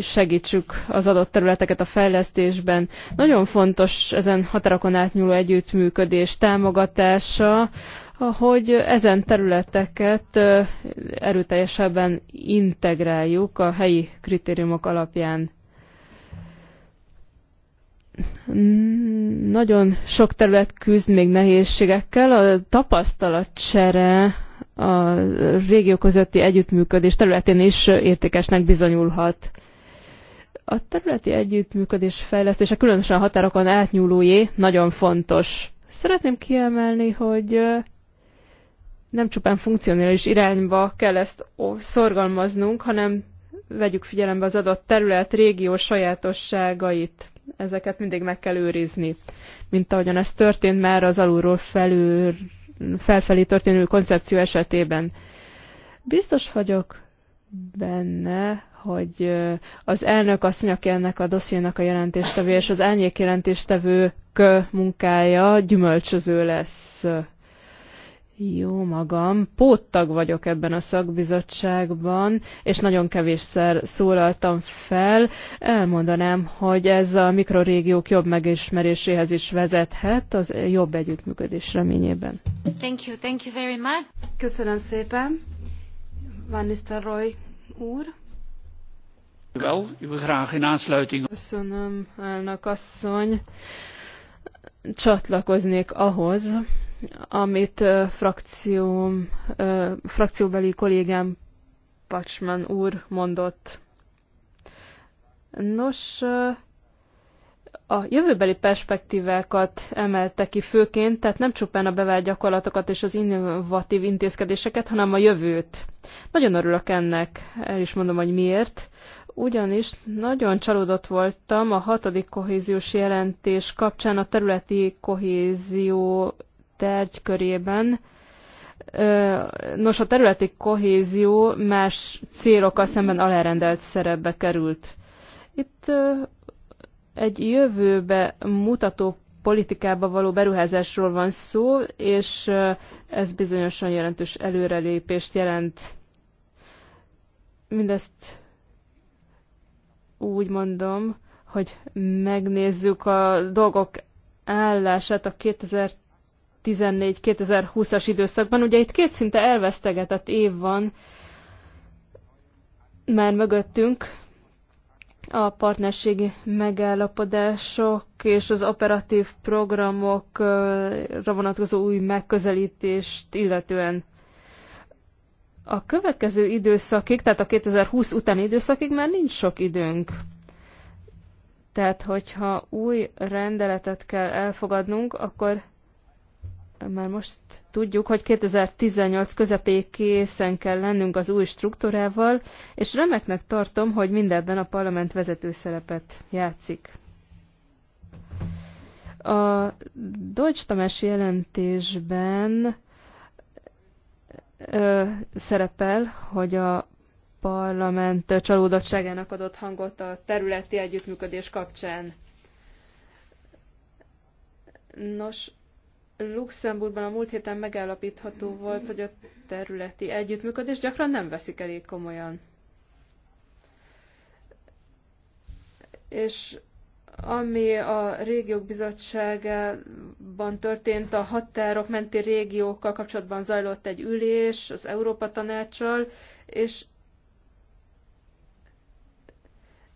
segítsük az adott területeket a fejlesztésben. Nagyon fontos ezen határokon átnyúló együttműködés támogatása, hogy ezen területeket erőteljesebben integráljuk a helyi kritériumok alapján. Nagyon sok terület küzd még nehézségekkel, a tapasztalatcsere a régió közötti együttműködés területén is értékesnek bizonyulhat. A területi együttműködés fejlesztése különösen a határokon átnyúlójé nagyon fontos. Szeretném kiemelni, hogy nem csupán funkcionális irányba kell ezt szorgalmaznunk, hanem vegyük figyelembe az adott terület régió sajátosságait. Ezeket mindig meg kell őrizni. Mint ahogyan ez történt már az alulról felül felfelé történő koncepció esetében. Biztos vagyok benne, hogy az elnök asszony, aki ennek a dossziénak a jelentéstevő, és az elnyék jelentéstevők munkája gyümölcsöző lesz. Jó magam, póttag vagyok ebben a szakbizottságban, és nagyon kevésszer szólaltam fel. Elmondanám, hogy ez a mikrorégiók jobb megismeréséhez is vezethet, az jobb együttműködés reményében. Thank you, thank you very much. Köszönöm szépen. Van Roy úr. Köszönöm, elnök asszony. Csatlakoznék ahhoz, amit frakcióm, frakcióbeli kollégám Pacsman úr mondott. Nos, a jövőbeli perspektívákat emelte ki főként, tehát nem csupán a bevált gyakorlatokat és az innovatív intézkedéseket, hanem a jövőt. Nagyon örülök ennek, el is mondom, hogy miért. Ugyanis nagyon csalódott voltam a hatodik kohéziós jelentés kapcsán a területi kohézió körében. Nos, a területi kohézió más célokkal szemben alárendelt szerepbe került. Itt egy jövőbe mutató politikába való beruházásról van szó, és ez bizonyosan jelentős előrelépést jelent. Mindezt úgy mondom, hogy megnézzük a dolgok állását a 2000 2014-2020-as időszakban. Ugye itt két szinte elvesztegetett év van már mögöttünk, a partnerségi megállapodások és az operatív programokra vonatkozó új megközelítést illetően. A következő időszakig, tehát a 2020 utáni időszakig már nincs sok időnk. Tehát, hogyha új rendeletet kell elfogadnunk, akkor már most tudjuk, hogy 2018 közepéig készen kell lennünk az új struktúrával, és remeknek tartom, hogy mindebben a parlament vezető szerepet játszik. A Deutsch Tamás jelentésben ö, szerepel, hogy a parlament csalódottságának adott hangot a területi együttműködés kapcsán. Nos, Luxemburgban a múlt héten megállapítható volt, hogy a területi együttműködés gyakran nem veszik elég komolyan. És ami a régiók bizottságában történt, a határok menti régiókkal kapcsolatban zajlott egy ülés az Európa Tanácssal, és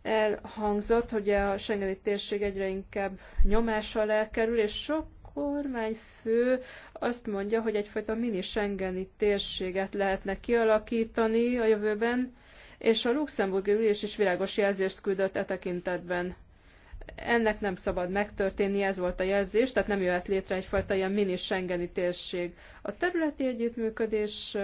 elhangzott, hogy a Schengeni térség egyre inkább nyomás alá kerül, és sok kormányfő azt mondja, hogy egyfajta mini Schengeni térséget lehetne kialakítani a jövőben, és a luxemburgi ülés is világos jelzést küldött e tekintetben. Ennek nem szabad megtörténni, ez volt a jelzés, tehát nem jöhet létre egyfajta ilyen mini Schengeni térség. A területi együttműködés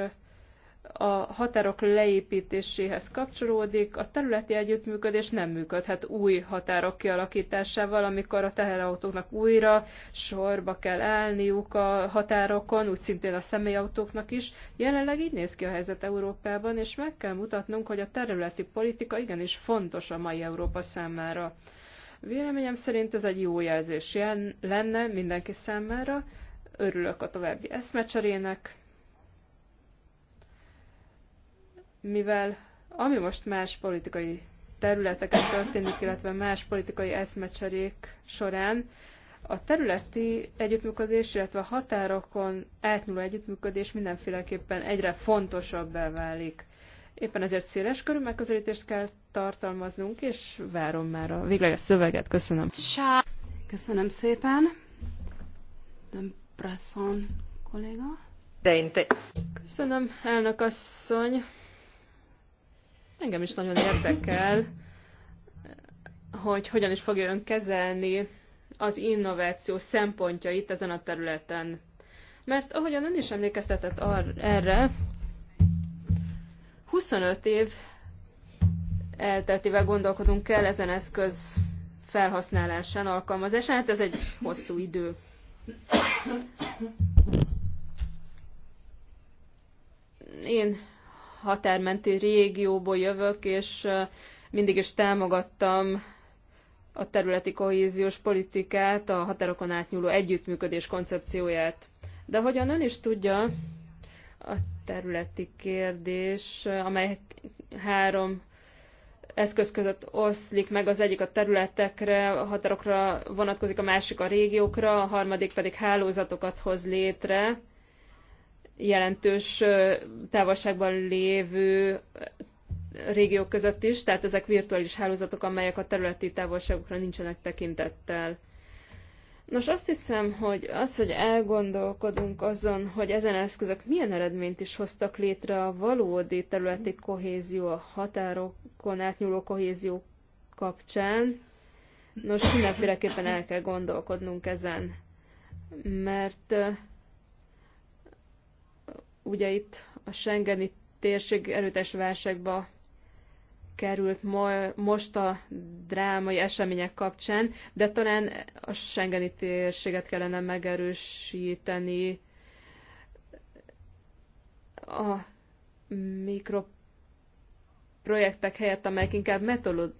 a határok leépítéséhez kapcsolódik, a területi együttműködés nem működhet új határok kialakításával, amikor a teherautóknak újra sorba kell állniuk a határokon, úgy szintén a személyautóknak is. Jelenleg így néz ki a helyzet Európában, és meg kell mutatnunk, hogy a területi politika igenis fontos a mai Európa számára. Véleményem szerint ez egy jó jelzés lenne mindenki számára. Örülök a további eszmecserének mivel ami most más politikai területeken történik, illetve más politikai eszmecserék során, a területi együttműködés, illetve a határokon átnyúló együttműködés mindenféleképpen egyre fontosabbá válik. Éppen ezért széles körű megközelítést kell tartalmaznunk, és várom már a végleges szöveget. Köszönöm. Köszönöm szépen. Brasson kolléga. Köszönöm, elnök asszony. Engem is nagyon érdekel, hogy hogyan is fogja ön kezelni az innováció szempontjait ezen a területen. Mert ahogyan ön is emlékeztetett ar- erre, 25 év elteltével gondolkodunk el ezen eszköz felhasználásán, alkalmazásán, hát ez egy hosszú idő. Én határmenti régióból jövök, és mindig is támogattam a területi kohéziós politikát, a határokon átnyúló együttműködés koncepcióját. De hogyan ön is tudja, a területi kérdés, amely három eszköz között oszlik meg, az egyik a területekre, a határokra vonatkozik, a másik a régiókra, a harmadik pedig hálózatokat hoz létre, jelentős távolságban lévő régiók között is, tehát ezek virtuális hálózatok, amelyek a területi távolságokra nincsenek tekintettel. Nos, azt hiszem, hogy az, hogy elgondolkodunk azon, hogy ezen eszközök milyen eredményt is hoztak létre a valódi területi kohézió, a határokon átnyúló kohézió kapcsán, nos, mindenféleképpen el kell gondolkodnunk ezen. Mert Ugye itt a Schengeni térség erőtes válságba került most a drámai események kapcsán, de talán a Schengeni térséget kellene megerősíteni a mikroprojektek helyett, amelyek inkább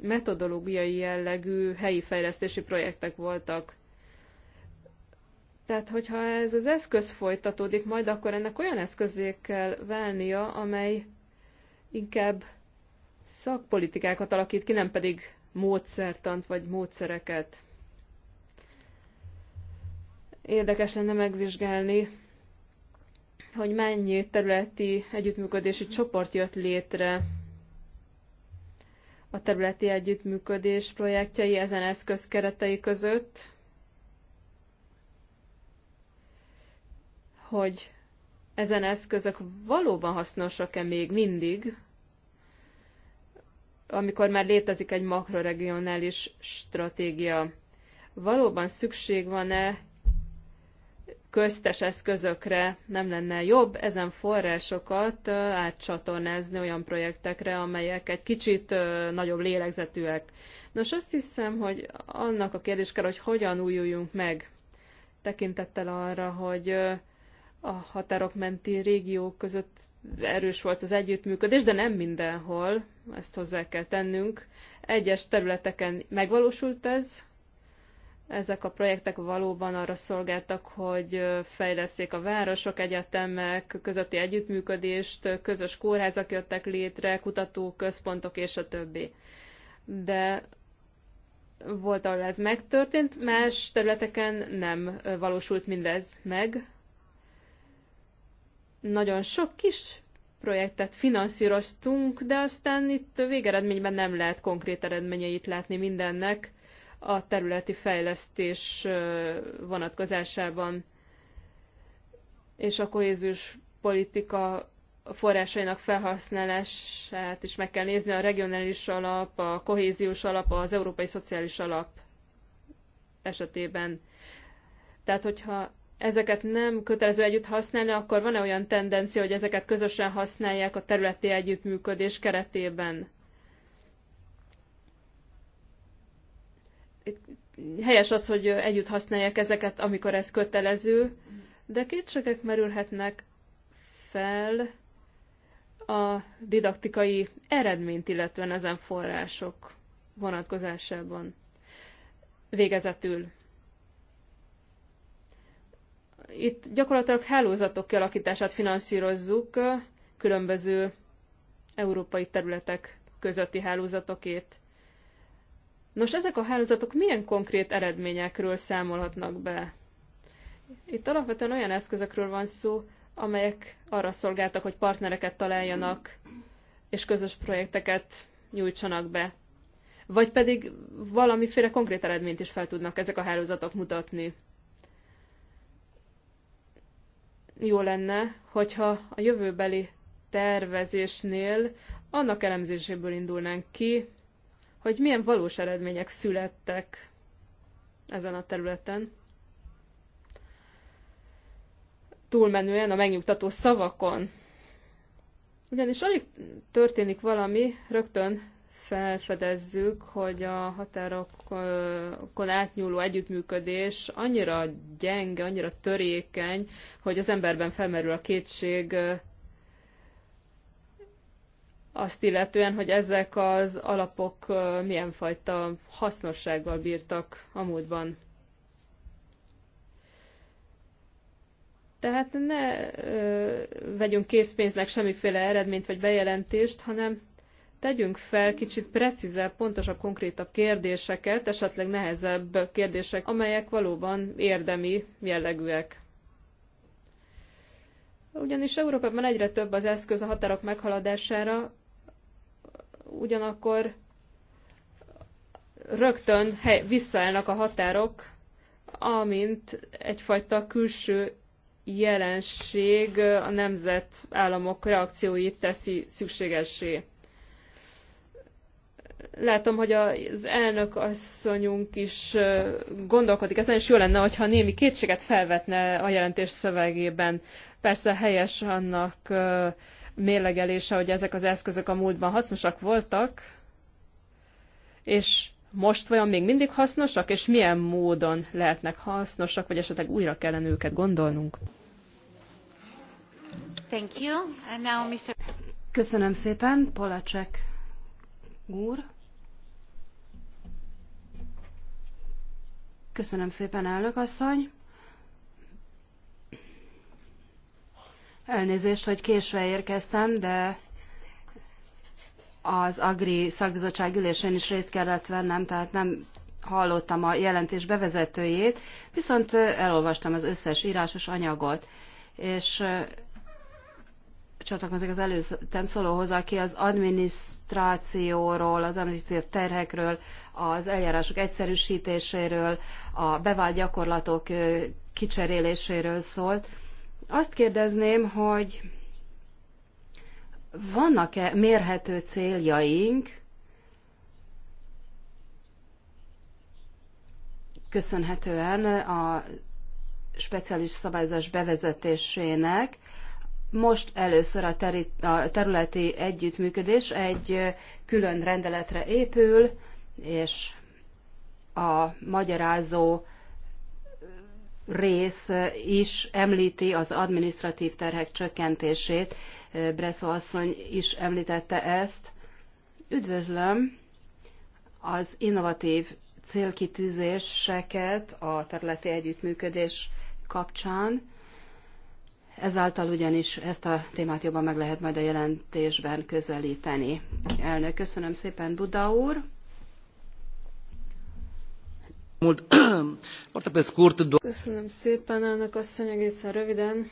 metodológiai jellegű helyi fejlesztési projektek voltak. Tehát, hogyha ez az eszköz folytatódik majd, akkor ennek olyan eszközé kell válnia, amely inkább szakpolitikákat alakít ki, nem pedig módszertant vagy módszereket. Érdekes lenne megvizsgálni, hogy mennyi területi együttműködési csoport jött létre a területi együttműködés projektjei ezen eszköz keretei között, hogy ezen eszközök valóban hasznosak-e még mindig, amikor már létezik egy makroregionális stratégia. Valóban szükség van-e köztes eszközökre nem lenne jobb ezen forrásokat átcsatornázni olyan projektekre, amelyek egy kicsit nagyobb lélegzetűek. Nos, azt hiszem, hogy annak a kérdés kell, hogy hogyan újuljunk meg tekintettel arra, hogy a határok menti régiók között erős volt az együttműködés, de nem mindenhol, ezt hozzá kell tennünk. Egyes területeken megvalósult ez, ezek a projektek valóban arra szolgáltak, hogy fejleszték a városok, egyetemek közötti együttműködést, közös kórházak jöttek létre, kutatóközpontok és a többi. De volt, ahol ez megtörtént, más területeken nem valósult mindez meg, nagyon sok kis projektet finanszíroztunk, de aztán itt végeredményben nem lehet konkrét eredményeit látni mindennek a területi fejlesztés vonatkozásában. És a kohéziós politika forrásainak felhasználását is meg kell nézni, a regionális alap, a kohéziós alap, az európai szociális alap esetében. Tehát, hogyha ezeket nem kötelező együtt használni, akkor van-e olyan tendencia, hogy ezeket közösen használják a területi együttműködés keretében? Helyes az, hogy együtt használják ezeket, amikor ez kötelező, de kétségek merülhetnek fel a didaktikai eredményt, illetve ezen források vonatkozásában. Végezetül itt gyakorlatilag hálózatok kialakítását finanszírozzuk különböző európai területek közötti hálózatokét. Nos, ezek a hálózatok milyen konkrét eredményekről számolhatnak be? Itt alapvetően olyan eszközökről van szó, amelyek arra szolgáltak, hogy partnereket találjanak, és közös projekteket nyújtsanak be. Vagy pedig valamiféle konkrét eredményt is fel tudnak ezek a hálózatok mutatni. jó lenne, hogyha a jövőbeli tervezésnél annak elemzéséből indulnánk ki, hogy milyen valós eredmények születtek ezen a területen. Túlmenően a megnyugtató szavakon. Ugyanis alig történik valami, rögtön felfedezzük, hogy a határokon átnyúló együttműködés annyira gyenge, annyira törékeny, hogy az emberben felmerül a kétség azt illetően, hogy ezek az alapok milyen fajta hasznossággal bírtak a múltban. Tehát ne ö, vegyünk készpénznek semmiféle eredményt vagy bejelentést, hanem tegyünk fel kicsit precízebb, pontosabb, konkrétabb kérdéseket, esetleg nehezebb kérdések, amelyek valóban érdemi jellegűek. Ugyanis Európában egyre több az eszköz a határok meghaladására, ugyanakkor rögtön hely, visszaállnak a határok, amint egyfajta külső jelenség a nemzetállamok reakcióit teszi szükségessé látom, hogy az elnök asszonyunk is gondolkodik ezen, és jó lenne, hogyha némi kétséget felvetne a jelentés szövegében. Persze helyes annak mérlegelése, hogy ezek az eszközök a múltban hasznosak voltak, és most vajon még mindig hasznosak, és milyen módon lehetnek hasznosak, vagy esetleg újra kellene őket gondolnunk? Thank you. And now Mr. Köszönöm szépen, Polacek úr. Köszönöm szépen, elnök asszony. Elnézést, hogy késve érkeztem, de az Agri szakbizottság ülésén is részt kellett vennem, tehát nem hallottam a jelentés bevezetőjét, viszont elolvastam az összes írásos anyagot, és csatlakozik az előttem szólóhoz, aki az adminisztrációról, az adminisztráció terhekről, az eljárások egyszerűsítéséről, a bevált gyakorlatok kicseréléséről szólt. Azt kérdezném, hogy vannak-e mérhető céljaink, köszönhetően a speciális szabályozás bevezetésének, most először a, teri, a területi együttműködés egy külön rendeletre épül, és a magyarázó rész is említi az administratív terhek csökkentését. Bresso asszony is említette ezt. Üdvözlöm az innovatív célkitűzéseket a területi együttműködés kapcsán Ezáltal ugyanis ezt a témát jobban meg lehet majd a jelentésben közelíteni. Elnök, köszönöm szépen, Buda úr. Köszönöm szépen, elnök asszony, egészen röviden.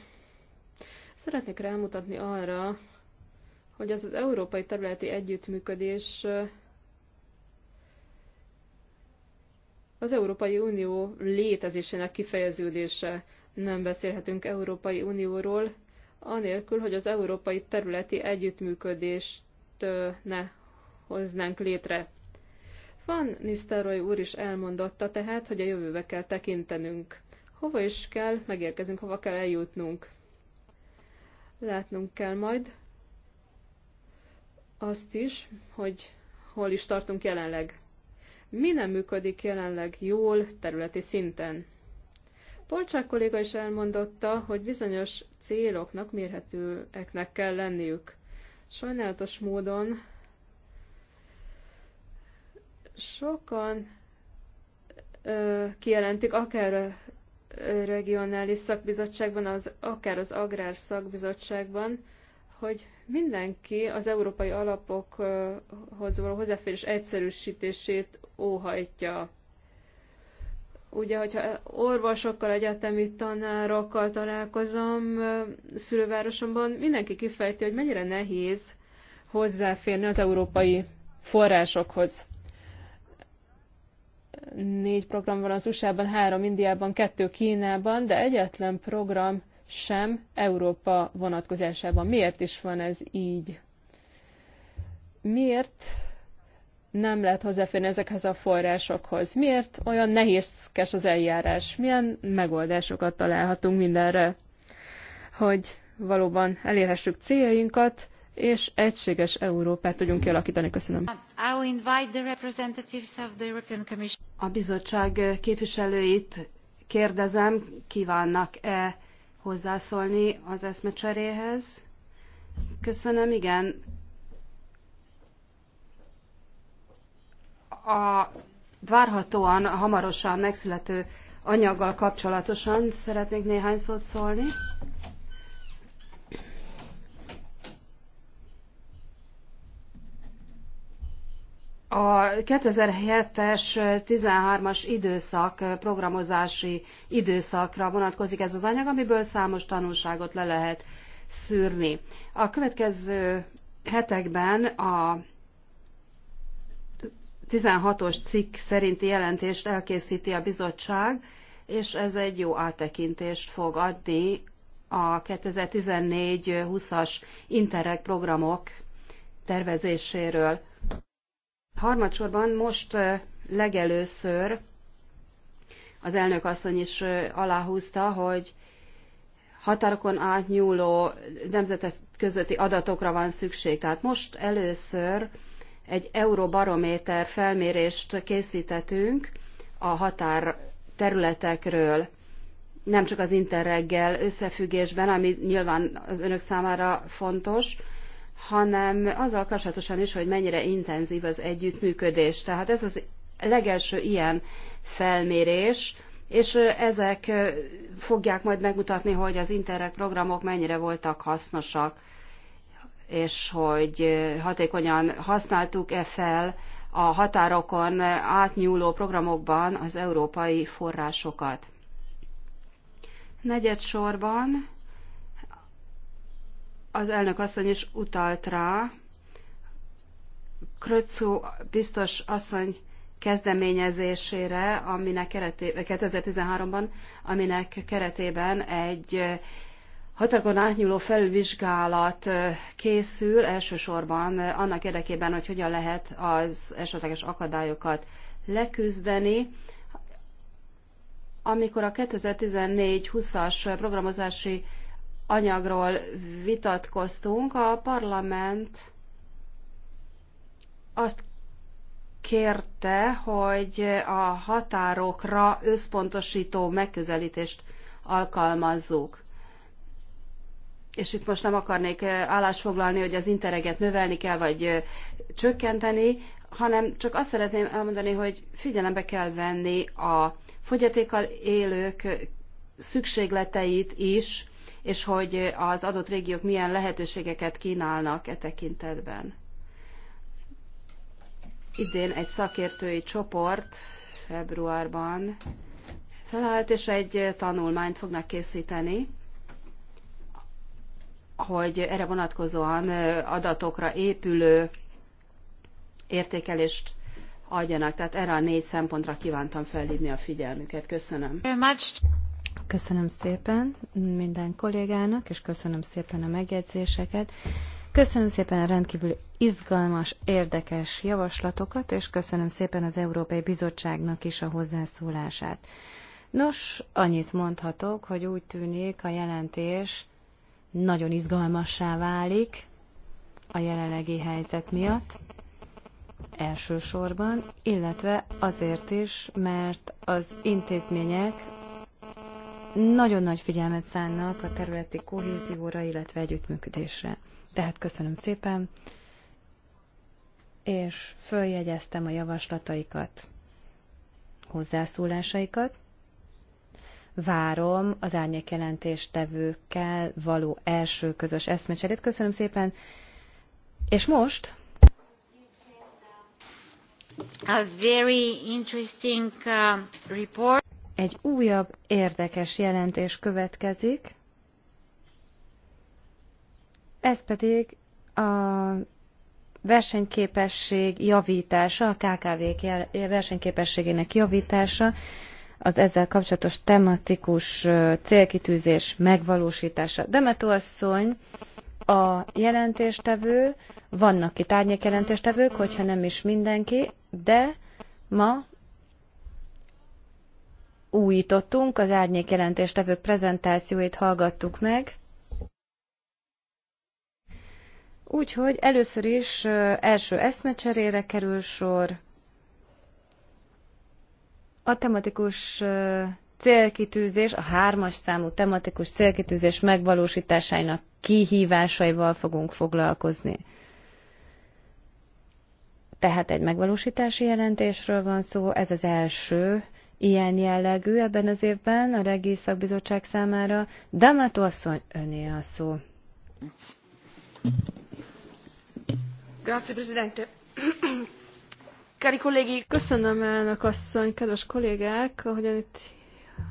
Szeretnék rámutatni arra, hogy az az európai területi együttműködés az Európai Unió létezésének kifejeződése nem beszélhetünk Európai Unióról, anélkül, hogy az európai területi együttműködést ne hoznánk létre. Van Nisztároly úr is elmondotta tehát, hogy a jövőbe kell tekintenünk. Hova is kell, megérkezünk, hova kell eljutnunk. Látnunk kell majd azt is, hogy hol is tartunk jelenleg. Mi nem működik jelenleg jól területi szinten? Polcsák kolléga is elmondotta, hogy bizonyos céloknak mérhetőeknek kell lenniük. Sajnálatos módon sokan ö, kijelentik, akár a regionális szakbizottságban, az, akár az agrár szakbizottságban, hogy mindenki az európai alapokhoz való hozzáférés egyszerűsítését óhajtja. Ugye, hogyha orvosokkal, egyetemi tanárokkal találkozom szülővárosomban, mindenki kifejti, hogy mennyire nehéz hozzáférni az európai forrásokhoz. Négy program van az USA-ban, három Indiában, kettő Kínában, de egyetlen program sem Európa vonatkozásában. Miért is van ez így? Miért nem lehet hozzáférni ezekhez a forrásokhoz. Miért olyan nehézkes az eljárás? Milyen megoldásokat találhatunk mindenre, hogy valóban elérhessük céljainkat, és egységes Európát tudjunk kialakítani. Köszönöm. A bizottság képviselőit kérdezem, kívánnak-e hozzászólni az eszmecseréhez? Köszönöm, igen. a várhatóan hamarosan megszülető anyaggal kapcsolatosan szeretnék néhány szót szólni. A 2007-es 13-as időszak programozási időszakra vonatkozik ez az anyag, amiből számos tanulságot le lehet szűrni. A következő hetekben a 16-os cikk szerinti jelentést elkészíti a bizottság, és ez egy jó áttekintést fog adni a 2014-20-as Interreg programok tervezéséről. Harmadsorban most legelőször az elnök asszony is aláhúzta, hogy határokon átnyúló nemzetek közötti adatokra van szükség. Tehát most először egy euróbarométer felmérést készítettünk a határ területekről, nem csak az interreggel összefüggésben, ami nyilván az önök számára fontos, hanem azzal kapcsolatosan is, hogy mennyire intenzív az együttműködés. Tehát ez az legelső ilyen felmérés, és ezek fogják majd megmutatni, hogy az interreg programok mennyire voltak hasznosak és hogy hatékonyan használtuk-e fel a határokon átnyúló programokban az európai forrásokat. Negyed sorban az elnök asszony is utalt rá, Kröcu biztos asszony kezdeményezésére, aminek kereté, 2013-ban, aminek keretében egy Hatalkon átnyúló felülvizsgálat készül, elsősorban annak érdekében, hogy hogyan lehet az esetleges akadályokat leküzdeni. Amikor a 2014-20-as programozási anyagról vitatkoztunk, a parlament azt kérte, hogy a határokra összpontosító megközelítést alkalmazzuk és itt most nem akarnék állásfoglalni, hogy az intereget növelni kell, vagy csökkenteni, hanem csak azt szeretném elmondani, hogy figyelembe kell venni a fogyatékkal élők szükségleteit is, és hogy az adott régiók milyen lehetőségeket kínálnak e tekintetben. Idén egy szakértői csoport februárban felállt, és egy tanulmányt fognak készíteni hogy erre vonatkozóan adatokra épülő értékelést adjanak. Tehát erre a négy szempontra kívántam felhívni a figyelmüket. Köszönöm. Köszönöm szépen minden kollégának, és köszönöm szépen a megjegyzéseket. Köszönöm szépen a rendkívül izgalmas, érdekes javaslatokat, és köszönöm szépen az Európai Bizottságnak is a hozzászólását. Nos, annyit mondhatok, hogy úgy tűnik a jelentés nagyon izgalmassá válik a jelenlegi helyzet miatt elsősorban, illetve azért is, mert az intézmények nagyon nagy figyelmet szánnak a területi kohézióra, illetve együttműködésre. Tehát köszönöm szépen, és följegyeztem a javaslataikat, hozzászólásaikat, várom az árnyék jelentéstevőkkel való első közös eszmecserét. Köszönöm szépen. És most a very interesting uh, report. Egy újabb érdekes jelentés következik. Ez pedig a versenyképesség javítása, a KKV versenyképességének javítása az ezzel kapcsolatos tematikus célkitűzés megvalósítása. Demetó asszony a jelentéstevő, vannak itt árnyék jelentéstevők, hogyha nem is mindenki, de ma újítottunk, az árnyék jelentéstevők prezentációit hallgattuk meg, Úgyhogy először is első eszmecserére kerül sor, a tematikus célkitűzés, a hármas számú tematikus célkitűzés megvalósításainak kihívásaival fogunk foglalkozni. Tehát egy megvalósítási jelentésről van szó, ez az első ilyen jellegű ebben az évben a Regi Szakbizottság számára. Damato asszony, öné a szó. Grazie, Presidente. Cari colleghi. Köszönöm, elnök asszony, kedves kollégák, ahogyan itt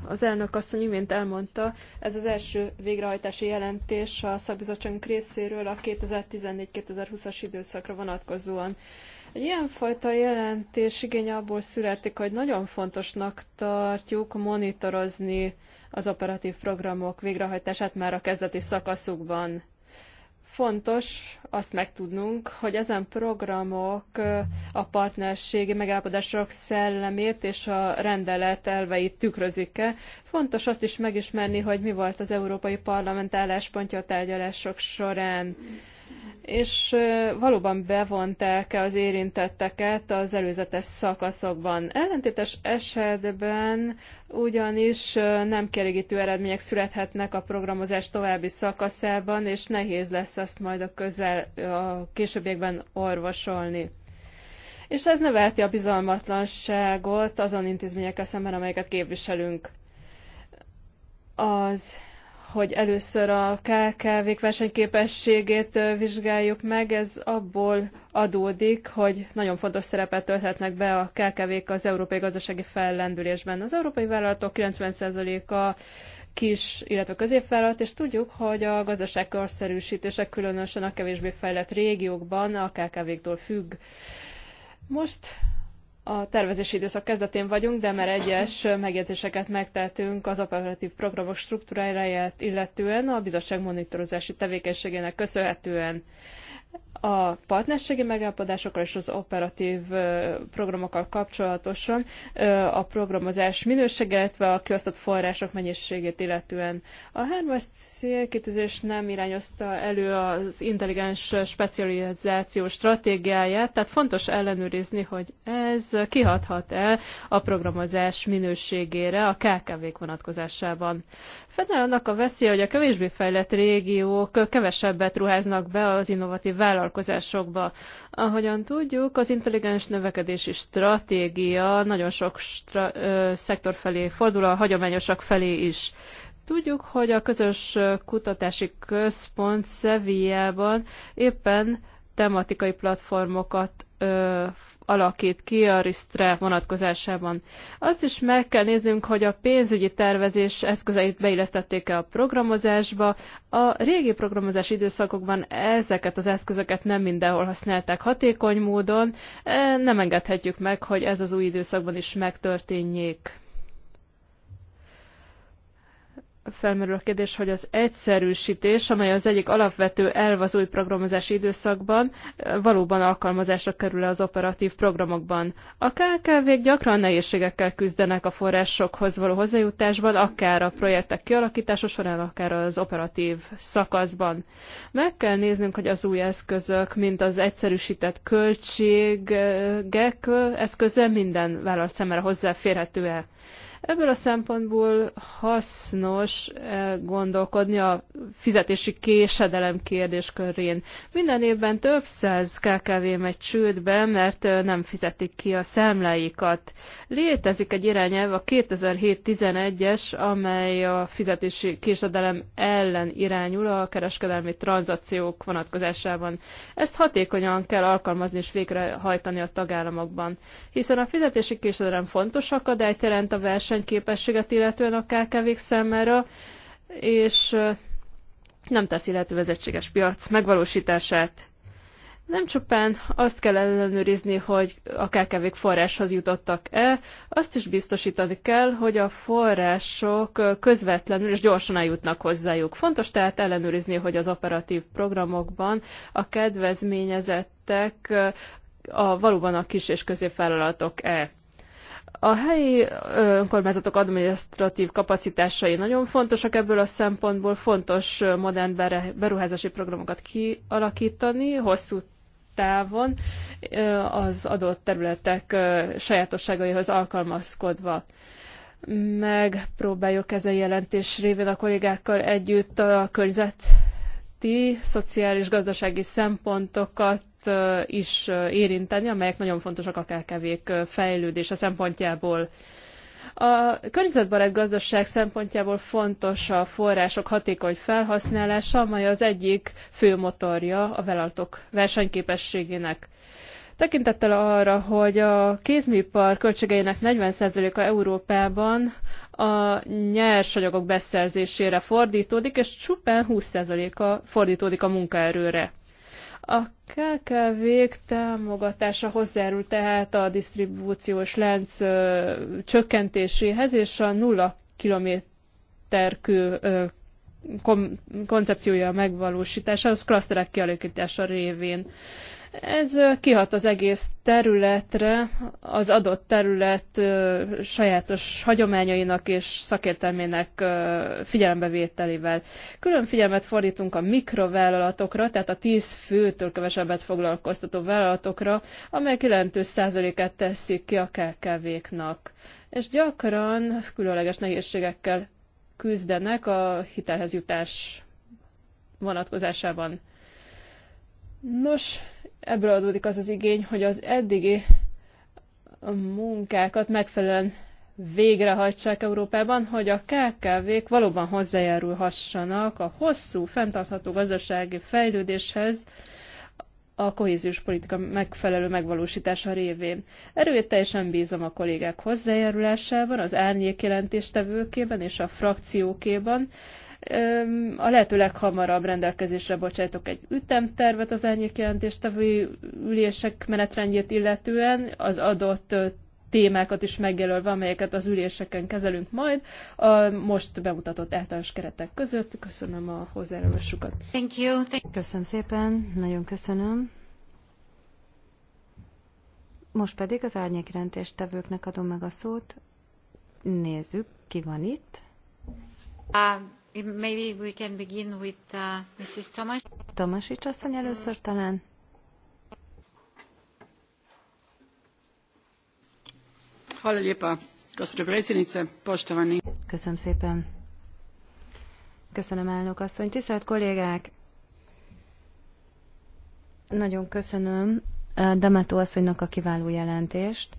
az elnök asszony imént elmondta, ez az első végrehajtási jelentés a szakbizottságunk részéről a 2014-2020-as időszakra vonatkozóan. Egy ilyenfajta jelentés igény abból születik, hogy nagyon fontosnak tartjuk monitorozni az operatív programok végrehajtását már a kezdeti szakaszukban Fontos azt megtudnunk, hogy ezen programok a partnerségi megállapodások szellemét és a rendelet elveit tükrözik-e. Fontos azt is megismerni, hogy mi volt az Európai Parlament álláspontja a tárgyalások során. Mm és valóban bevonták-e az érintetteket az előzetes szakaszokban. Ellentétes esetben ugyanis nem kielégítő eredmények születhetnek a programozás további szakaszában, és nehéz lesz azt majd a, közel, a későbbiekben orvosolni. És ez növelti a bizalmatlanságot azon intézményekkel szemben, amelyeket képviselünk. Az hogy először a KKV-k versenyképességét vizsgáljuk meg. Ez abból adódik, hogy nagyon fontos szerepet tölthetnek be a KKV-k az európai gazdasági fellendülésben. Az európai vállalatok 90%-a kis, illetve középvállalat, és tudjuk, hogy a gazdaság korszerűsítése különösen a kevésbé fejlett régiókban a KKV-któl függ. Most a tervezési időszak kezdetén vagyunk, de már egyes megjegyzéseket megtettünk az operatív programok struktúráját illetően a bizottság monitorozási tevékenységének köszönhetően a partnerségi megállapodásokkal és az operatív programokkal kapcsolatosan a programozás minősége, illetve a kiosztott források mennyiségét illetően. A hármas célkitűzés nem irányozta elő az intelligens specializáció stratégiáját, tehát fontos ellenőrizni, hogy ez kihathat-e a programozás minőségére a KKV-k vonatkozásában. Fennáll annak a veszélye, hogy a kevésbé fejlett régiók kevesebbet ruháznak be az innovatív vállalkozásokba. Ahogyan tudjuk, az intelligens növekedési stratégia nagyon sok stra szektor felé fordul, a hagyományosak felé is. Tudjuk, hogy a közös kutatási központ Szevijában éppen tematikai platformokat ö, alakít ki a RISZTRE vonatkozásában. Azt is meg kell néznünk, hogy a pénzügyi tervezés eszközeit beillesztették-e a programozásba. A régi programozás időszakokban ezeket az eszközöket nem mindenhol használták hatékony módon. E, nem engedhetjük meg, hogy ez az új időszakban is megtörténjék felmerül a kérdés, hogy az egyszerűsítés, amely az egyik alapvető elv az új programozási időszakban, valóban alkalmazásra kerül az operatív programokban. A kkv gyakran nehézségekkel küzdenek a forrásokhoz való hozzájutásban, akár a projektek kialakítása során, akár az operatív szakaszban. Meg kell néznünk, hogy az új eszközök, mint az egyszerűsített költségek eszköze minden vállalat szemére hozzáférhető-e. Ebből a szempontból hasznos eh, gondolkodni a fizetési késedelem kérdéskörén. Minden évben több száz KKV megy csődbe, mert eh, nem fizetik ki a számláikat. Létezik egy irányelv, a 2007-11-es, amely a fizetési késedelem ellen irányul a kereskedelmi tranzakciók vonatkozásában. Ezt hatékonyan kell alkalmazni és végrehajtani a tagállamokban, hiszen a fizetési késedelem fontos akadályt jelent a verseny versenyképességet illetően a kkv számára, és nem teszi lehető vezetséges piac megvalósítását. Nem csupán azt kell ellenőrizni, hogy a kkv forráshoz jutottak-e, azt is biztosítani kell, hogy a források közvetlenül és gyorsan eljutnak hozzájuk. Fontos tehát ellenőrizni, hogy az operatív programokban a kedvezményezettek a, valóban a kis és középvállalatok-e. A helyi önkormányzatok adminisztratív kapacitásai nagyon fontosak ebből a szempontból, fontos modern beruházási programokat kialakítani, hosszú távon az adott területek sajátosságaihoz alkalmazkodva. Megpróbáljuk ezen jelentés révén a kollégákkal együtt a környezeti, szociális, gazdasági szempontokat is érinteni, amelyek nagyon fontosak a KKV-k fejlődése szempontjából. A környezetbarát gazdaság szempontjából fontos a források hatékony felhasználása, amely az egyik fő motorja a vállalatok versenyképességének. Tekintettel arra, hogy a kézműipar költségeinek 40%-a Európában a nyersanyagok beszerzésére fordítódik, és csupán 20%-a fordítódik a munkaerőre. A KKV-k támogatása hozzájárul tehát a disztribúciós lánc csökkentéséhez és a nulla kilométerkő koncepciója megvalósításához, klaszterek kialakítása révén. Ez kihat az egész területre, az adott terület sajátos hagyományainak és szakértelmének figyelembevételével. Külön figyelmet fordítunk a mikrovállalatokra, tehát a 10 főtől kevesebbet foglalkoztató vállalatokra, amelyek jelentős százalékát teszik ki a KKV-knak. És gyakran különleges nehézségekkel küzdenek a hitelhez jutás vonatkozásában. Nos, Ebből adódik az az igény, hogy az eddigi munkákat megfelelően végrehajtsák Európában, hogy a KKV-k valóban hozzájárulhassanak a hosszú, fenntartható gazdasági fejlődéshez, a kohéziós politika megfelelő megvalósítása révén. Erőteljesen bízom a kollégák hozzájárulásában, az árnyék jelentéstevőkében és a frakciókében a lehető leghamarabb rendelkezésre bocsájtok egy ütemtervet az elnyék jelentéstevői ülések menetrendjét illetően, az adott témákat is megjelölve, amelyeket az üléseken kezelünk majd. A most bemutatott általános keretek között köszönöm a hozzájárulásukat. Thank you. Thank köszönöm szépen, nagyon köszönöm. Most pedig az árnyékrendéstevőknek adom meg a szót. Nézzük, ki van itt. Um. Maybe we can begin with uh, Mrs. Tomas. Tomasics asszony először talán. Hvala lijepa, gospođo predsjednice, poštovani. Köszönöm szépen. Köszönöm, elnök asszony. Tisztelt kollégák! Nagyon köszönöm uh, Damató asszonynak a kiváló jelentést.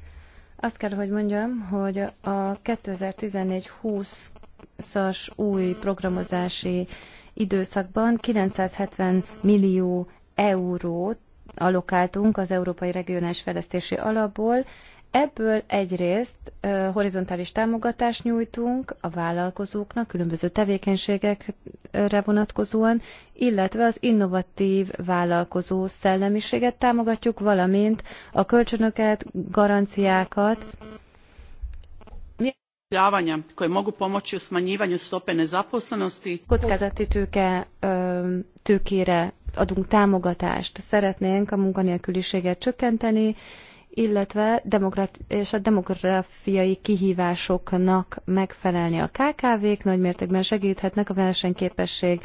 Azt kell, hogy mondjam, hogy a 2014-20 2020-as új programozási időszakban 970 millió eurót alokáltunk az Európai Regionális Fejlesztési Alapból. Ebből egyrészt uh, horizontális támogatást nyújtunk a vállalkozóknak különböző tevékenységekre vonatkozóan, illetve az innovatív vállalkozó szellemiséget támogatjuk, valamint a kölcsönöket, garanciákat zapošljavanja koje mogu pomoći u smanjivanju stope nezaposlenosti. Kockázati tőke, tőkére adunk támogatást. Szeretnénk a munkanélküliséget csökkenteni, illetve és a demografiai kihívásoknak megfelelni. A KKV-k nagymértékben segíthetnek a versenyképesség,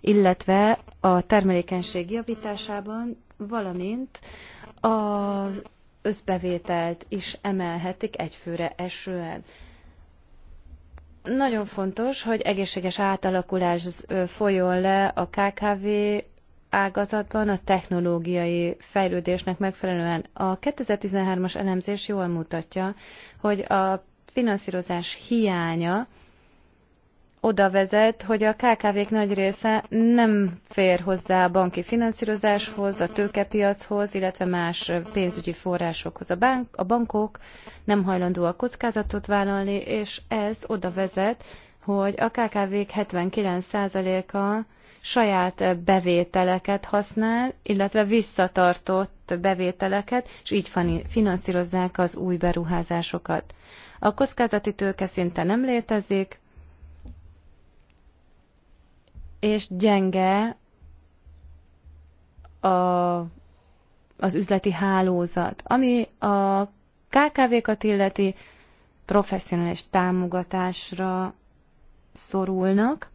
illetve a termelékenység javításában, valamint az összbevételt is emelhetik egyfőre esően. Nagyon fontos, hogy egészséges átalakulás folyjon le a KKV ágazatban a technológiai fejlődésnek megfelelően. A 2013-as elemzés jól mutatja, hogy a finanszírozás hiánya oda vezet, hogy a KKV-k nagy része nem fér hozzá a banki finanszírozáshoz, a tőkepiachoz, illetve más pénzügyi forrásokhoz. A, bank, a bankok nem hajlandóak kockázatot vállalni, és ez oda vezet, hogy a KKV-k 79%-a saját bevételeket használ, illetve visszatartott bevételeket, és így finanszírozzák az új beruházásokat. A kockázati tőke szinte nem létezik, és gyenge a, az üzleti hálózat. Ami a KKV-kat illeti, professzionális támogatásra szorulnak.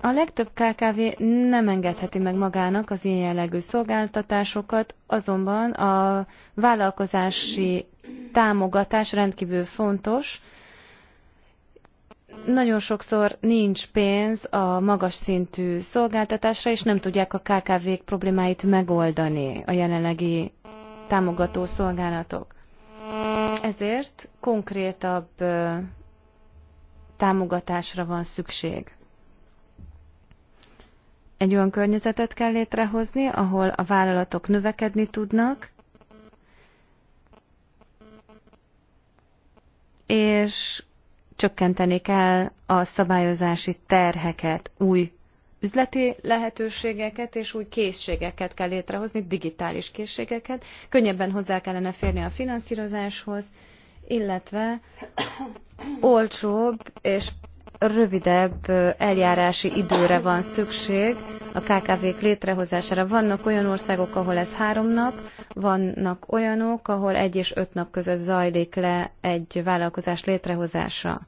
A legtöbb KKV nem engedheti meg magának az ilyen jellegű szolgáltatásokat, azonban a vállalkozási támogatás rendkívül fontos, nagyon sokszor nincs pénz a magas szintű szolgáltatásra, és nem tudják a KKV-k problémáit megoldani a jelenlegi támogató szolgálatok. Ezért konkrétabb támogatásra van szükség. Egy olyan környezetet kell létrehozni, ahol a vállalatok növekedni tudnak, és csökkenteni kell a szabályozási terheket, új üzleti lehetőségeket és új készségeket kell létrehozni, digitális készségeket. Könnyebben hozzá kellene férni a finanszírozáshoz, illetve olcsóbb és rövidebb eljárási időre van szükség a KKV-k létrehozására. Vannak olyan országok, ahol ez három nap, vannak olyanok, ahol egy és öt nap között zajlik le egy vállalkozás létrehozása.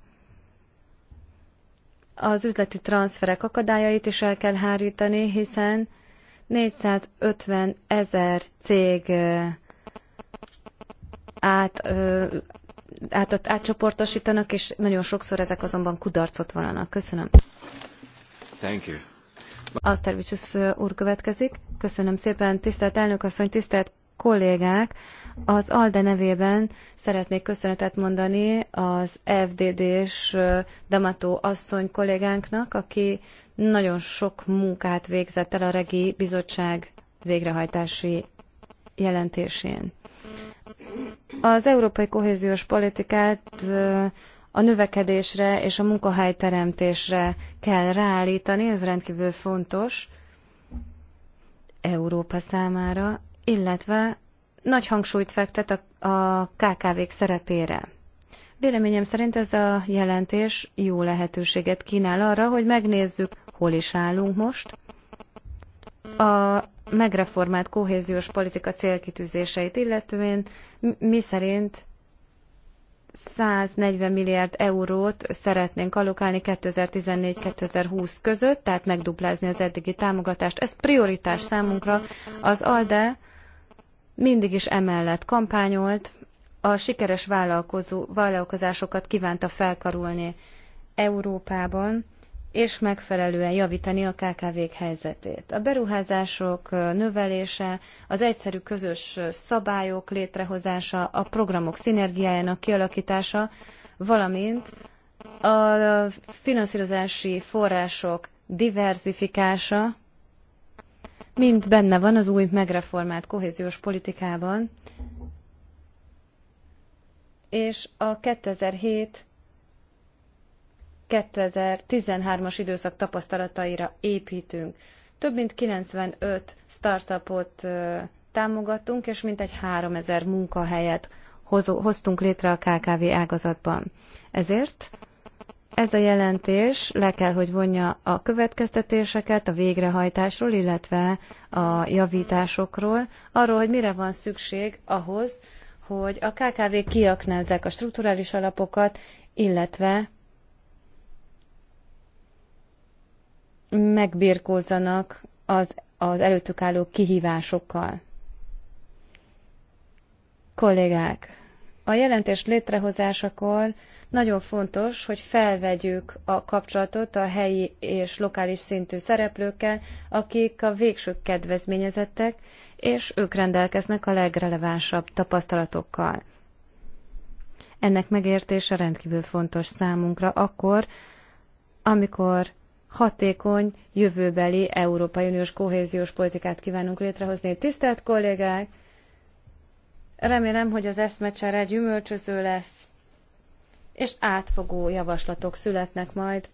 Az üzleti transferek akadályait is el kell hárítani, hiszen 450 ezer cég át, át, átcsoportosítanak, és nagyon sokszor ezek azonban kudarcot vallanak. Köszönöm. Thank you. Asztervicsus úr következik. Köszönöm szépen, tisztelt elnök asszony, tisztelt kollégák! Az ALDE nevében szeretnék köszönetet mondani az FDD-s Damató asszony kollégánknak, aki nagyon sok munkát végzett el a Regi Bizottság végrehajtási jelentésén. Az európai kohéziós politikát a növekedésre és a munkahelyteremtésre kell ráállítani, ez rendkívül fontos Európa számára, illetve nagy hangsúlyt fektet a, a KKV-k szerepére. Véleményem szerint ez a jelentés jó lehetőséget kínál arra, hogy megnézzük, hol is állunk most. A megreformált kohéziós politika célkitűzéseit illetően, mi szerint 140 milliárd eurót szeretnénk alokálni 2014-2020 között, tehát megduplázni az eddigi támogatást. Ez prioritás számunkra. Az ALDE mindig is emellett kampányolt, a sikeres vállalkozó, vállalkozásokat kívánta felkarolni Európában és megfelelően javítani a KKV-k helyzetét. A beruházások növelése, az egyszerű közös szabályok létrehozása, a programok szinergiájának kialakítása, valamint a finanszírozási források diverzifikása mind benne van az új megreformált kohéziós politikában, és a 2007 2013-as időszak tapasztalataira építünk. Több mint 95 startupot támogattunk, és mintegy 3000 munkahelyet hoztunk létre a KKV ágazatban. Ezért ez a jelentés le kell, hogy vonja a következtetéseket a végrehajtásról, illetve a javításokról, arról, hogy mire van szükség ahhoz, hogy a KKV kiaknázzák a strukturális alapokat, illetve megbirkózzanak az, az előttük álló kihívásokkal. Kollégák, a jelentés létrehozásakor nagyon fontos, hogy felvegyük a kapcsolatot a helyi és lokális szintű szereplőkkel, akik a végső kedvezményezettek, és ők rendelkeznek a legrelevánsabb tapasztalatokkal. Ennek megértése rendkívül fontos számunkra akkor, amikor hatékony jövőbeli Európai Uniós kohéziós politikát kívánunk létrehozni. Tisztelt kollégák! Remélem, hogy az eszmecsere gyümölcsöző lesz, és átfogó javaslatok születnek majd.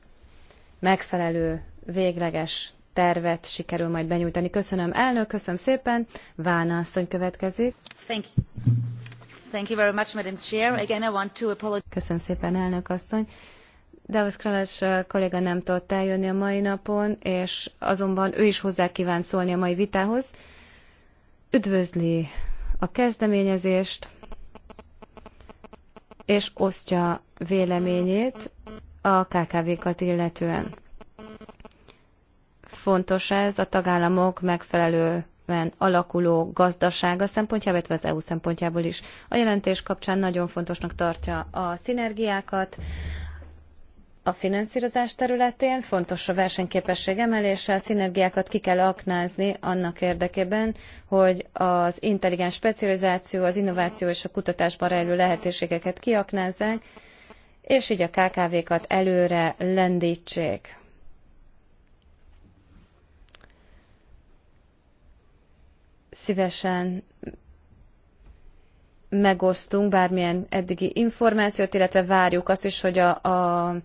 Megfelelő, végleges tervet sikerül majd benyújtani. Köszönöm elnök, köszönöm szépen. Vána asszony következik. Thank you. Thank you very much, Madam Chair. Again, I want to apologize. Köszönöm szépen elnök asszony. Davos Kralacs kolléga nem tudott eljönni a mai napon, és azonban ő is hozzá kíván szólni a mai vitához. Üdvözli a kezdeményezést, és osztja véleményét a KKV-kat illetően. Fontos ez a tagállamok megfelelően alakuló gazdasága szempontjából, illetve az EU szempontjából is. A jelentés kapcsán nagyon fontosnak tartja a szinergiákat, a finanszírozás területén fontos a versenyképesség emelése, a szinergiákat ki kell aknázni annak érdekében, hogy az intelligens specializáció, az innováció és a kutatásban rejlő lehetőségeket kiaknázzák, és így a KKV-kat előre lendítsék. Szívesen megosztunk bármilyen eddigi információt, illetve várjuk azt is, hogy a, a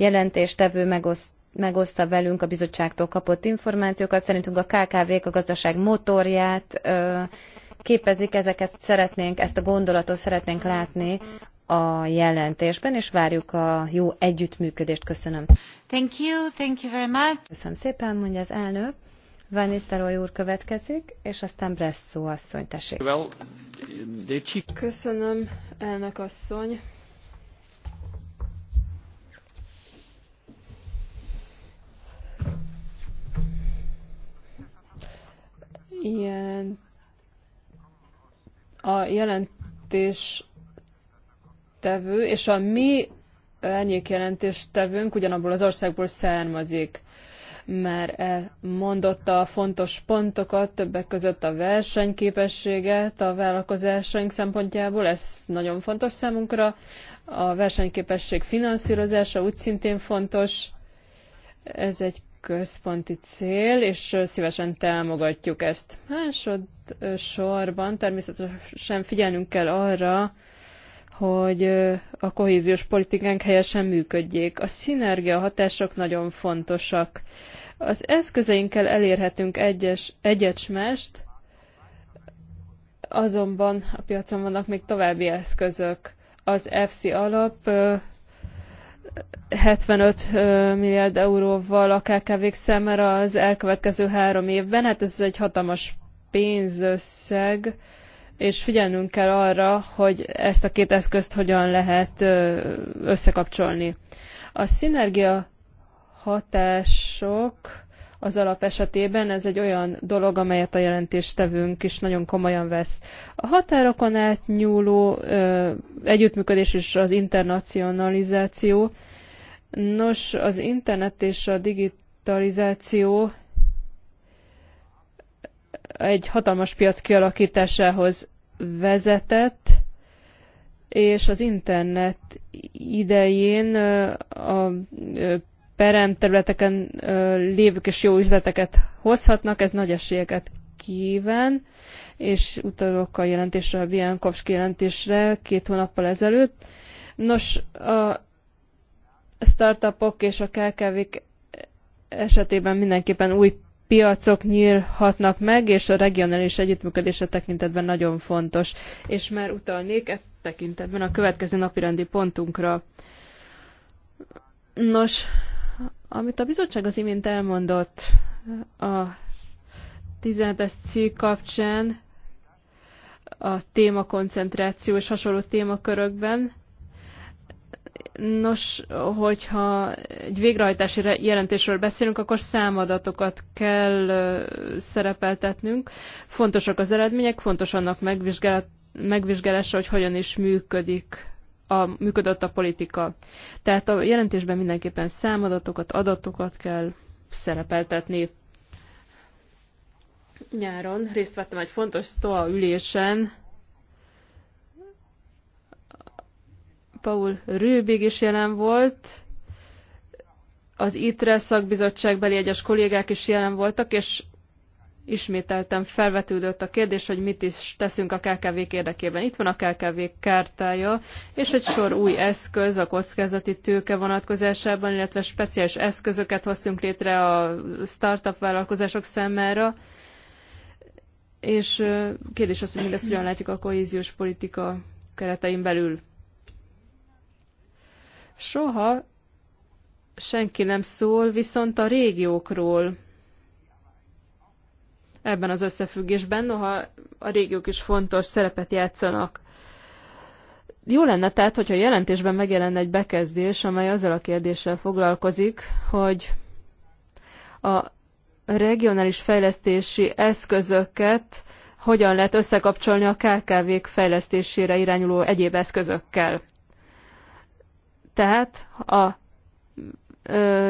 jelentéstevő megoszt megoszta velünk a bizottságtól kapott információkat. Szerintünk a KKV-k a gazdaság motorját ö, képezik, ezeket szeretnénk, ezt a gondolatot szeretnénk látni a jelentésben, és várjuk a jó együttműködést. Köszönöm. Thank you, thank you very much. Köszönöm szépen, mondja az elnök. Van Nisztelói úr következik, és aztán Bresszó asszony, tessék. Köszönöm, elnök asszony. ilyen a jelentés tevő, és a mi jelentés tevőnk ugyanabból az országból származik mert elmondotta a fontos pontokat, többek között a versenyképességet a vállalkozásaink szempontjából, ez nagyon fontos számunkra. A versenyképesség finanszírozása úgy szintén fontos. Ez egy központi cél, és szívesen támogatjuk ezt. Másodszorban természetesen figyelnünk kell arra, hogy a kohéziós politikánk helyesen működjék. A szinergia hatások nagyon fontosak. Az eszközeinkkel elérhetünk egyes, egyecsmest, azonban a piacon vannak még további eszközök. Az FC alap 75 milliárd euróval a KKV-k számára az elkövetkező három évben. Hát ez egy hatalmas pénzösszeg, és figyelnünk kell arra, hogy ezt a két eszközt hogyan lehet összekapcsolni. A szinergia hatások az alap esetében. Ez egy olyan dolog, amelyet a jelentéstevünk is nagyon komolyan vesz. A határokon átnyúló ö, együttműködés és az internacionalizáció. Nos, az internet és a digitalizáció egy hatalmas piac kialakításához vezetett, és az internet idején a peremterületeken lévők és jó üzleteket hozhatnak, ez nagy esélyeket kíván, és utalok a jelentésre, a Biankovski jelentésre két hónappal ezelőtt. Nos, a startupok és a kkv esetében mindenképpen új piacok nyílhatnak meg, és a regionális együttműködése tekintetben nagyon fontos. És már utalnék ezt tekintetben a következő napirendi pontunkra. Nos, amit a bizottság az imént elmondott a 17-es cikk kapcsán, a témakoncentráció és hasonló témakörökben, Nos, hogyha egy végrehajtási jelentésről beszélünk, akkor számadatokat kell szerepeltetnünk. Fontosak az eredmények, fontos annak megvizsgálása, hogy hogyan is működik a, működött a politika. Tehát a jelentésben mindenképpen számadatokat, adatokat kell szerepeltetni. Nyáron részt vettem egy fontos STOA ülésen, Paul Rübig is jelen volt, az ITRE szakbizottságbeli egyes kollégák is jelen voltak, és ismételten felvetődött a kérdés, hogy mit is teszünk a kkv érdekében. Itt van a KKV kártája, és egy sor új eszköz a kockázati tőke vonatkozásában, illetve speciális eszközöket hoztunk létre a startup vállalkozások számára. És kérdés az, hogy mindezt hogyan látjuk a kohéziós politika keretein belül. Soha senki nem szól viszont a régiókról, ebben az összefüggésben, noha a régiók is fontos szerepet játszanak. Jó lenne tehát, hogyha a jelentésben megjelenne egy bekezdés, amely azzal a kérdéssel foglalkozik, hogy a regionális fejlesztési eszközöket hogyan lehet összekapcsolni a KKV-k fejlesztésére irányuló egyéb eszközökkel. Tehát a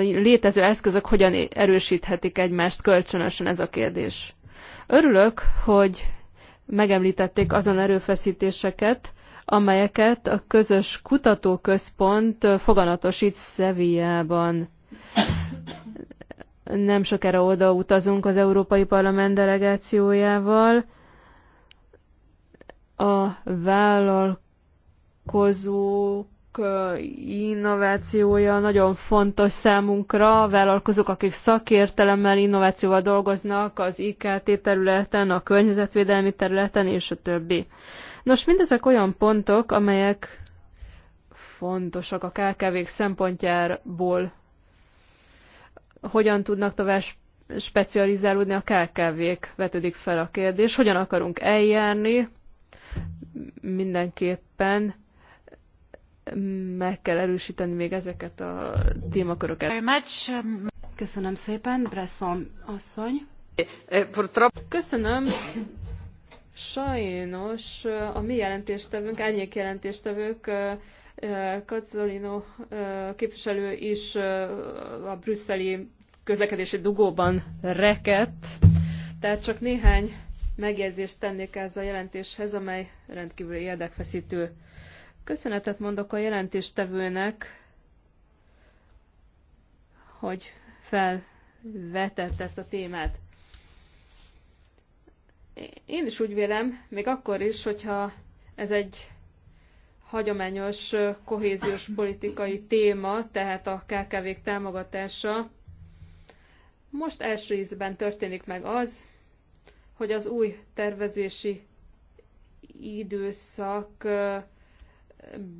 létező eszközök hogyan erősíthetik egymást kölcsönösen ez a kérdés. Örülök, hogy megemlítették azon erőfeszítéseket, amelyeket a közös kutatóközpont foganatosít Szevijában. Nem sokára oda utazunk az Európai Parlament delegációjával. A vállalkozók innovációja nagyon fontos számunkra. A vállalkozók, akik szakértelemmel, innovációval dolgoznak az IKT területen, a környezetvédelmi területen és a többi. Nos, mindezek olyan pontok, amelyek fontosak a KKV-k szempontjából. Hogyan tudnak tovább specializálódni a KKV-k, vetődik fel a kérdés. Hogyan akarunk eljárni mindenképpen meg kell erősíteni még ezeket a témaköröket. Um, Köszönöm szépen, Bresson asszony. Eh, eh, Köszönöm. Sajnos eh, a mi jelentéstevőnk, árnyék jelentéstevők Kazzolino képviselő is a brüsszeli közlekedési dugóban rekett, tehát csak néhány megjegyzést tennék ez a jelentéshez, amely rendkívül érdekfeszítő. Köszönetet mondok a jelentéstevőnek, hogy felvetett ezt a témát. Én is úgy vélem, még akkor is, hogyha ez egy hagyományos kohéziós politikai téma, tehát a kkv támogatása. Most első ízben történik meg az, hogy az új tervezési időszak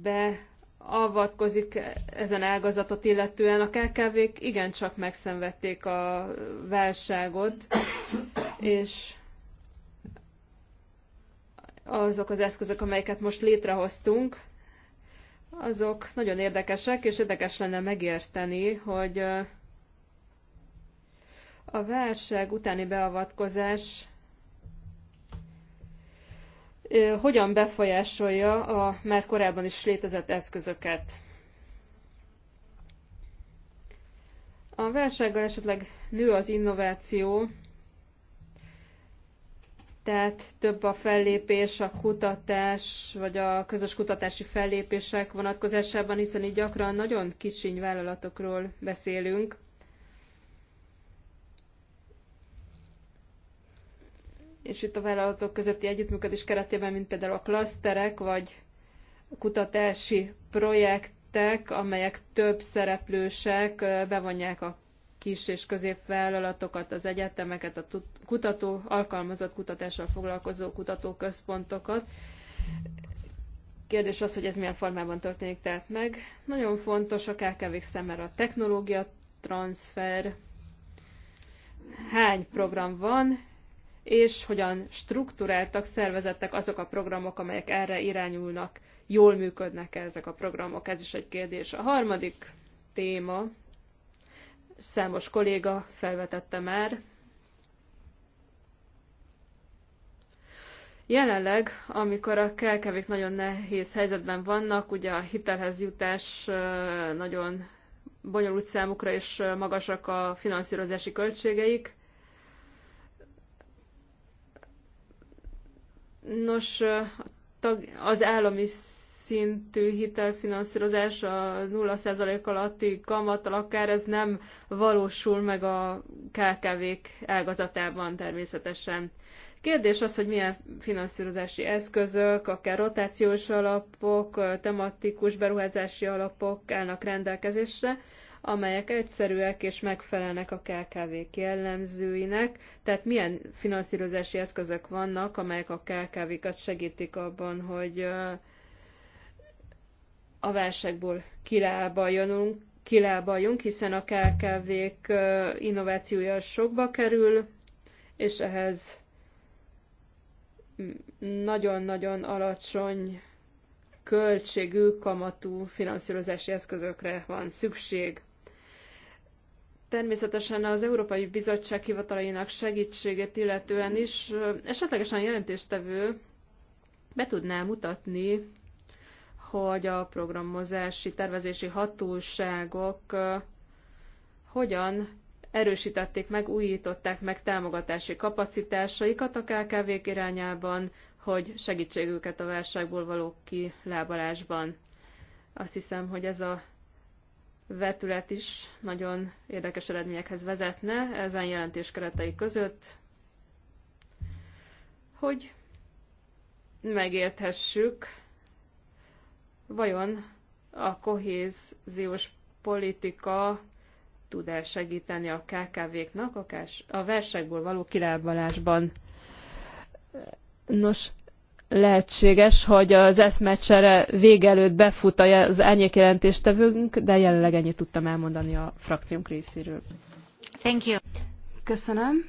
beavatkozik ezen ágazatot illetően. A KKV-k igencsak megszenvedték a válságot, és azok az eszközök, amelyeket most létrehoztunk, azok nagyon érdekesek, és érdekes lenne megérteni, hogy a válság utáni beavatkozás hogyan befolyásolja a már korábban is létezett eszközöket. A válsággal esetleg nő az innováció, tehát több a fellépés, a kutatás, vagy a közös kutatási fellépések vonatkozásában, hiszen így gyakran nagyon kicsiny vállalatokról beszélünk, és itt a vállalatok közötti együttműködés keretében, mint például a klaszterek, vagy kutatási projektek, amelyek több szereplősek, bevonják a kis és középvállalatokat, az egyetemeket, a kutató, alkalmazott kutatással foglalkozó kutatóközpontokat. Kérdés az, hogy ez milyen formában történik tehát meg. Nagyon fontos a kkv számára a technológia transfer, hány program van, és hogyan struktúráltak, szervezettek azok a programok, amelyek erre irányulnak, jól működnek -e ezek a programok, ez is egy kérdés. A harmadik téma, számos kolléga felvetette már, Jelenleg, amikor a kelkevék nagyon nehéz helyzetben vannak, ugye a hitelhez jutás nagyon bonyolult számukra, és magasak a finanszírozási költségeik, Nos, az állami szintű hitelfinanszírozás a 0% alatti kamattal akár ez nem valósul meg a KKV-k ágazatában természetesen. Kérdés az, hogy milyen finanszírozási eszközök, akár rotációs alapok, tematikus beruházási alapok állnak rendelkezésre, amelyek egyszerűek és megfelelnek a KKV-k jellemzőinek, tehát milyen finanszírozási eszközök vannak, amelyek a KKV-kat segítik abban, hogy a válságból kilábaljunk, kilábaljunk, hiszen a KKV-k innovációja sokba kerül, és ehhez nagyon-nagyon alacsony költségű kamatú finanszírozási eszközökre van szükség. Természetesen az Európai Bizottság hivatalainak segítségét illetően is esetlegesen jelentéstevő be tudná mutatni, hogy a programozási, tervezési hatóságok hogyan erősítették meg, újították meg támogatási kapacitásaikat a KKV-k irányában, hogy segítségüket a válságból való kilábalásban. Azt hiszem, hogy ez a vetület is nagyon érdekes eredményekhez vezetne ezen jelentés keretei között, hogy megérthessük, vajon a kohéziós politika tud-e segíteni a KKV-knak a versekből való kilábalásban. Nos, lehetséges, hogy az eszmecsere vége előtt befut az jelentéstevőnk, de jelenleg ennyit tudtam elmondani a frakciónk részéről. Thank you. Köszönöm.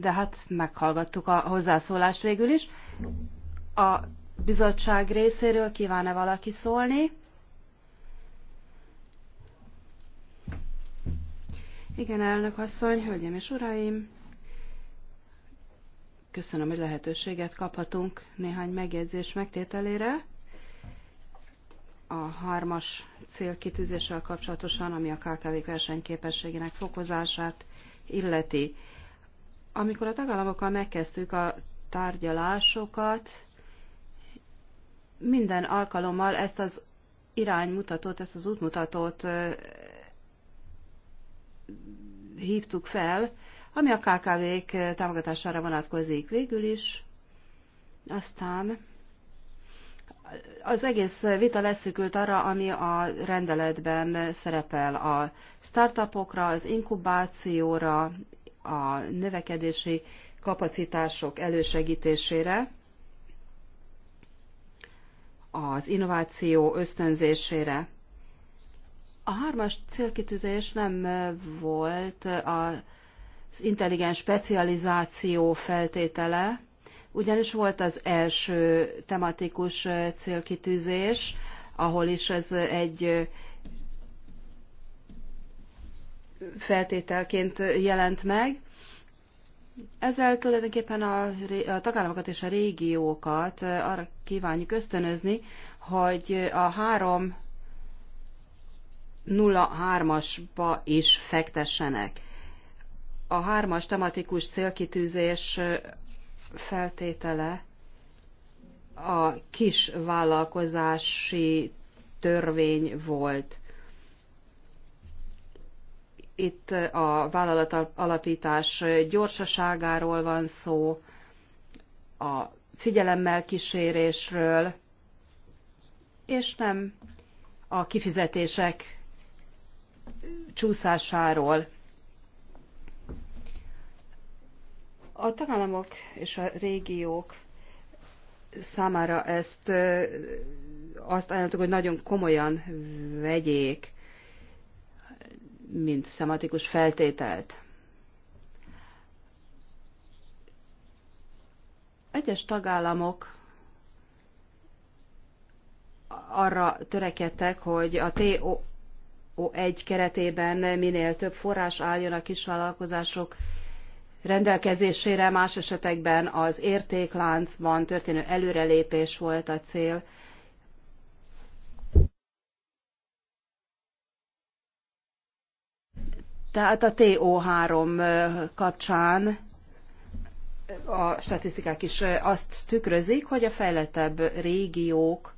De hát meghallgattuk a hozzászólást végül is. A bizottság részéről kíván-e valaki szólni? Igen, elnök asszony, hölgyeim és uraim! Köszönöm, hogy lehetőséget kaphatunk néhány megjegyzés megtételére. A hármas célkitűzéssel kapcsolatosan, ami a KKV versenyképességének fokozását illeti. Amikor a tagállamokkal megkezdtük a tárgyalásokat, minden alkalommal ezt az iránymutatót, ezt az útmutatót hívtuk fel, ami a KKV-k eh, támogatására vonatkozik végül is. Aztán az egész vita leszűkült arra, ami a rendeletben szerepel a startupokra, az inkubációra, a növekedési kapacitások elősegítésére, az innováció ösztönzésére. A hármas célkitűzés nem volt a intelligens specializáció feltétele, ugyanis volt az első tematikus célkitűzés, ahol is ez egy feltételként jelent meg. Ezzel tulajdonképpen a, a tagállamokat és a régiókat arra kívánjuk ösztönözni, hogy a három 03-asba is fektessenek a hármas tematikus célkitűzés feltétele a kis vállalkozási törvény volt. Itt a vállalat alapítás gyorsaságáról van szó, a figyelemmel kísérésről, és nem a kifizetések csúszásáról. A tagállamok és a régiók számára ezt azt ajánlottuk, hogy nagyon komolyan vegyék, mint szematikus feltételt. Egyes tagállamok arra törekedtek, hogy a to egy keretében minél több forrás álljon a kisvállalkozások rendelkezésére, más esetekben az értékláncban történő előrelépés volt a cél. Tehát a TO3 kapcsán a statisztikák is azt tükrözik, hogy a fejlettebb régiók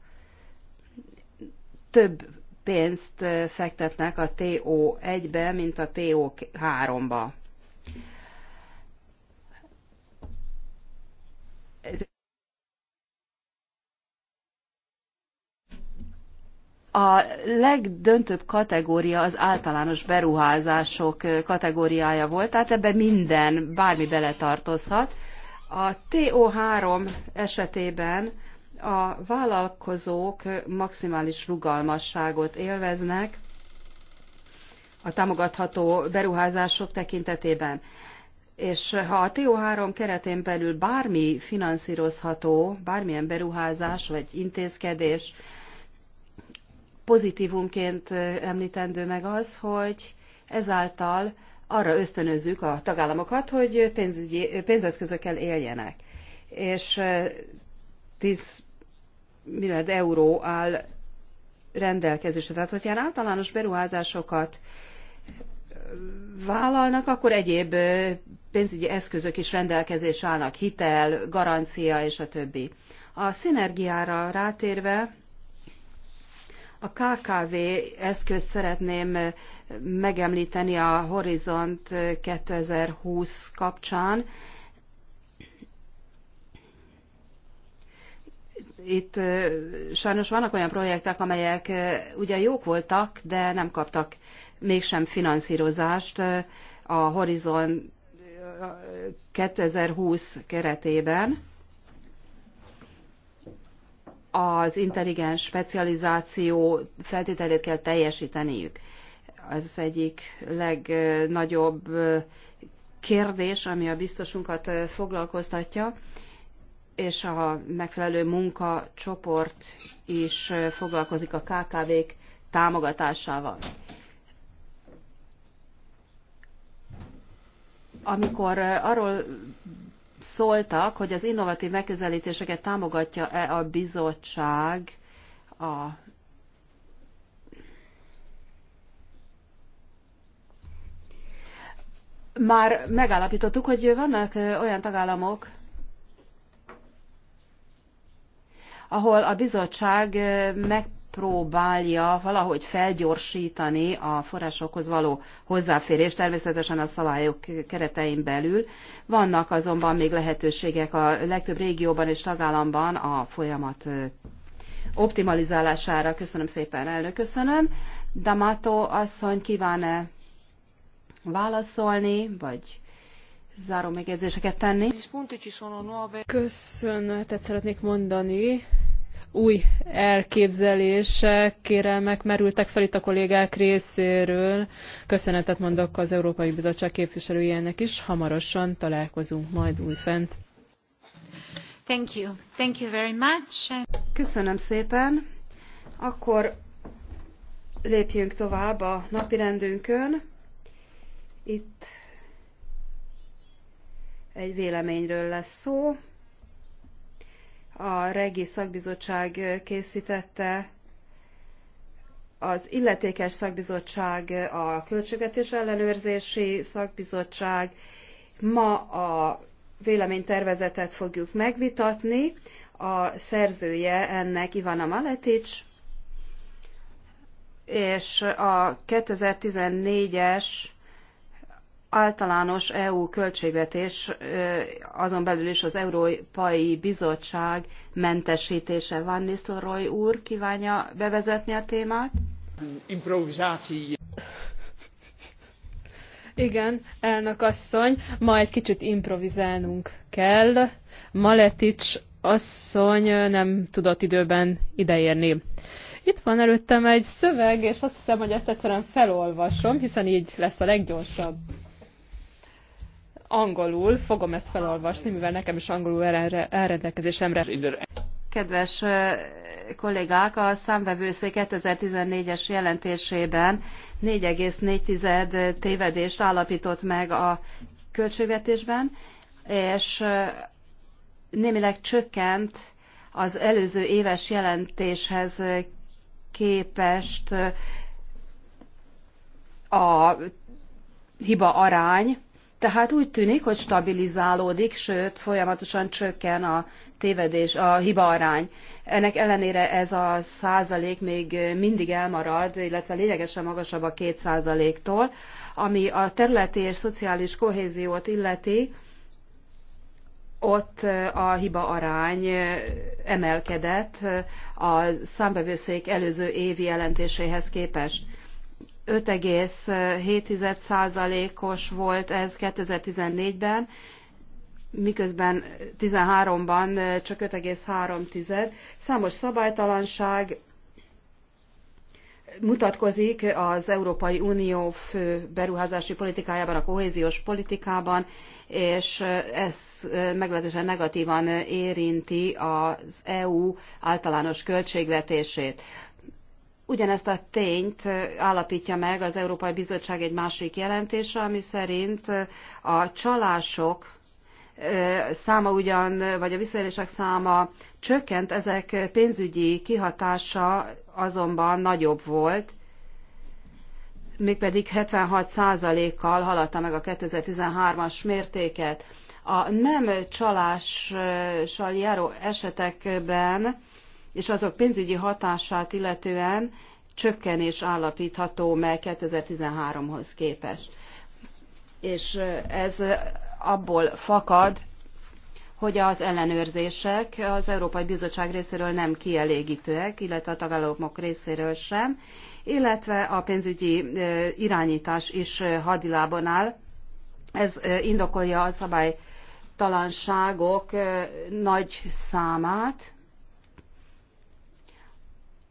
több pénzt fektetnek a TO1-be, mint a TO3-ba. A legdöntőbb kategória az általános beruházások kategóriája volt, tehát ebbe minden, bármi beletartozhat. A TO3 esetében a vállalkozók maximális rugalmasságot élveznek a támogatható beruházások tekintetében. És ha a TO3 keretén belül bármi finanszírozható, bármilyen beruházás vagy intézkedés, pozitívumként említendő meg az, hogy ezáltal arra ösztönözzük a tagállamokat, hogy pénzügyi, pénzeszközökkel éljenek. És 10 milliárd euró áll rendelkezésre. Tehát, hogyha általános beruházásokat vállalnak, akkor egyéb pénzügyi eszközök is rendelkezés állnak, hitel, garancia és a többi. A szinergiára rátérve a KKV eszközt szeretném eh, megemlíteni a Horizont 2020 eh, kapcsán. Itt eh, sajnos vannak olyan projektek, amelyek ugye jók voltak, de nem kaptak mégsem finanszírozást a Horizon 2020 keretében az intelligens specializáció feltételét kell teljesíteniük. Ez az egyik legnagyobb kérdés, ami a biztosunkat foglalkoztatja, és a megfelelő munkacsoport is foglalkozik a KKV-k támogatásával. Amikor arról szóltak, hogy az innovatív megközelítéseket támogatja-e a bizottság a Már megállapítottuk, hogy vannak olyan tagállamok, ahol a bizottság meg próbálja valahogy felgyorsítani a forrásokhoz való hozzáférést, természetesen a szabályok keretein belül. Vannak azonban még lehetőségek a legtöbb régióban és tagállamban a folyamat optimalizálására. Köszönöm szépen, elnök, köszönöm. Damato asszony kíván-e válaszolni, vagy záró megjegyzéseket tenni? Köszönetet szeretnék mondani új elképzelések, kérelmek merültek fel itt a kollégák részéről. Köszönetet mondok az Európai Bizottság képviselőjének is. Hamarosan találkozunk majd újfent. Thank you. Thank you very much. Köszönöm szépen. Akkor lépjünk tovább a napirendünkön. Itt egy véleményről lesz szó a Regi Szakbizottság készítette, az illetékes szakbizottság, a Költségvetés Ellenőrzési Szakbizottság. Ma a véleménytervezetet fogjuk megvitatni. A szerzője ennek Ivana Maletics, és a 2014-es általános EU költségvetés, azon belül is az Európai Bizottság mentesítése. Van Nisztelrooy úr kívánja bevezetni a témát? Improvizáció. Igen, elnök asszony, ma egy kicsit improvizálnunk kell. Maletics asszony nem tudott időben ideérni. Itt van előttem egy szöveg, és azt hiszem, hogy ezt egyszerűen felolvasom, hiszen így lesz a leggyorsabb angolul fogom ezt felolvasni, mivel nekem is angolul elrendelkezésemre. Kedves kollégák, a számvevőszék 2014-es jelentésében 4,4 tévedést állapított meg a költségvetésben, és némileg csökkent az előző éves jelentéshez képest a hiba arány tehát úgy tűnik, hogy stabilizálódik, sőt, folyamatosan csökken a tévedés, a hiba arány. Ennek ellenére ez a százalék még mindig elmarad, illetve lényegesen magasabb a két százaléktól, ami a területi és szociális kohéziót illeti, ott a hiba arány emelkedett a számbevőszék előző évi jelentéséhez képest. 5,7%-os volt ez 2014-ben, miközben 13-ban csak 5,3. Számos szabálytalanság mutatkozik az Európai Unió fő beruházási politikájában, a kohéziós politikában, és ez meglehetősen negatívan érinti az EU általános költségvetését. Ugyanezt a tényt állapítja meg az Európai Bizottság egy másik jelentése, ami szerint a csalások száma ugyan, vagy a visszaélések száma csökkent, ezek pénzügyi kihatása azonban nagyobb volt, mégpedig 76%-kal haladta meg a 2013-as mértéket. A nem csalással járó esetekben és azok pénzügyi hatását illetően csökkenés állapítható meg 2013-hoz képest. És ez abból fakad, hogy az ellenőrzések az Európai Bizottság részéről nem kielégítőek, illetve a tagállamok részéről sem, illetve a pénzügyi irányítás is hadilában áll. Ez indokolja a szabálytalanságok nagy számát,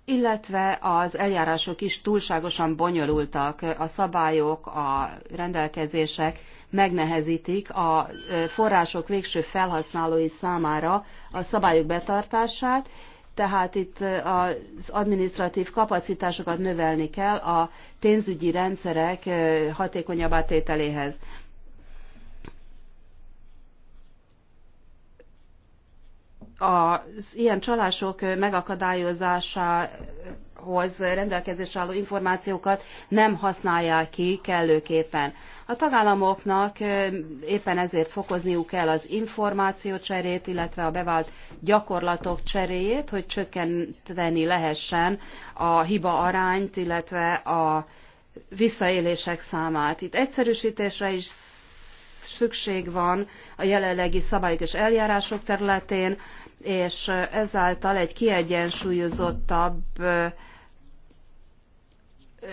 illetve az eljárások is túlságosan bonyolultak, a szabályok, a rendelkezések megnehezítik a források végső felhasználói számára a szabályok betartását, tehát itt az administratív kapacitásokat növelni kell a pénzügyi rendszerek hatékonyabb átételéhez. az ilyen csalások megakadályozásához rendelkezésre álló információkat nem használják ki kellőképpen. A tagállamoknak éppen ezért fokozniuk kell az információcserét, illetve a bevált gyakorlatok cseréjét, hogy csökkenteni lehessen a hiba arányt, illetve a visszaélések számát. Itt egyszerűsítésre is szükség van a jelenlegi szabályok és eljárások területén, és ezáltal egy kiegyensúlyozottabb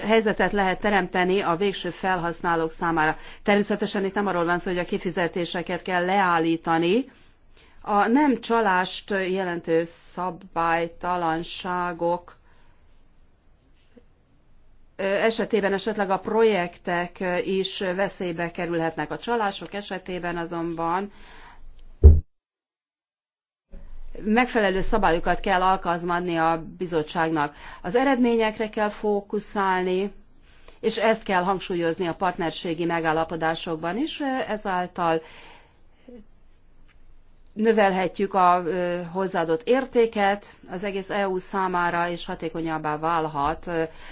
helyzetet lehet teremteni a végső felhasználók számára. Természetesen itt nem arról van szó, hogy a kifizetéseket kell leállítani. A nem csalást jelentő szabálytalanságok esetében esetleg a projektek is veszélybe kerülhetnek. A csalások esetében azonban megfelelő szabályokat kell alkalmazni a bizottságnak. Az eredményekre kell fókuszálni, és ezt kell hangsúlyozni a partnerségi megállapodásokban is, ezáltal növelhetjük a hozzáadott értéket az egész EU számára, és hatékonyabbá válhat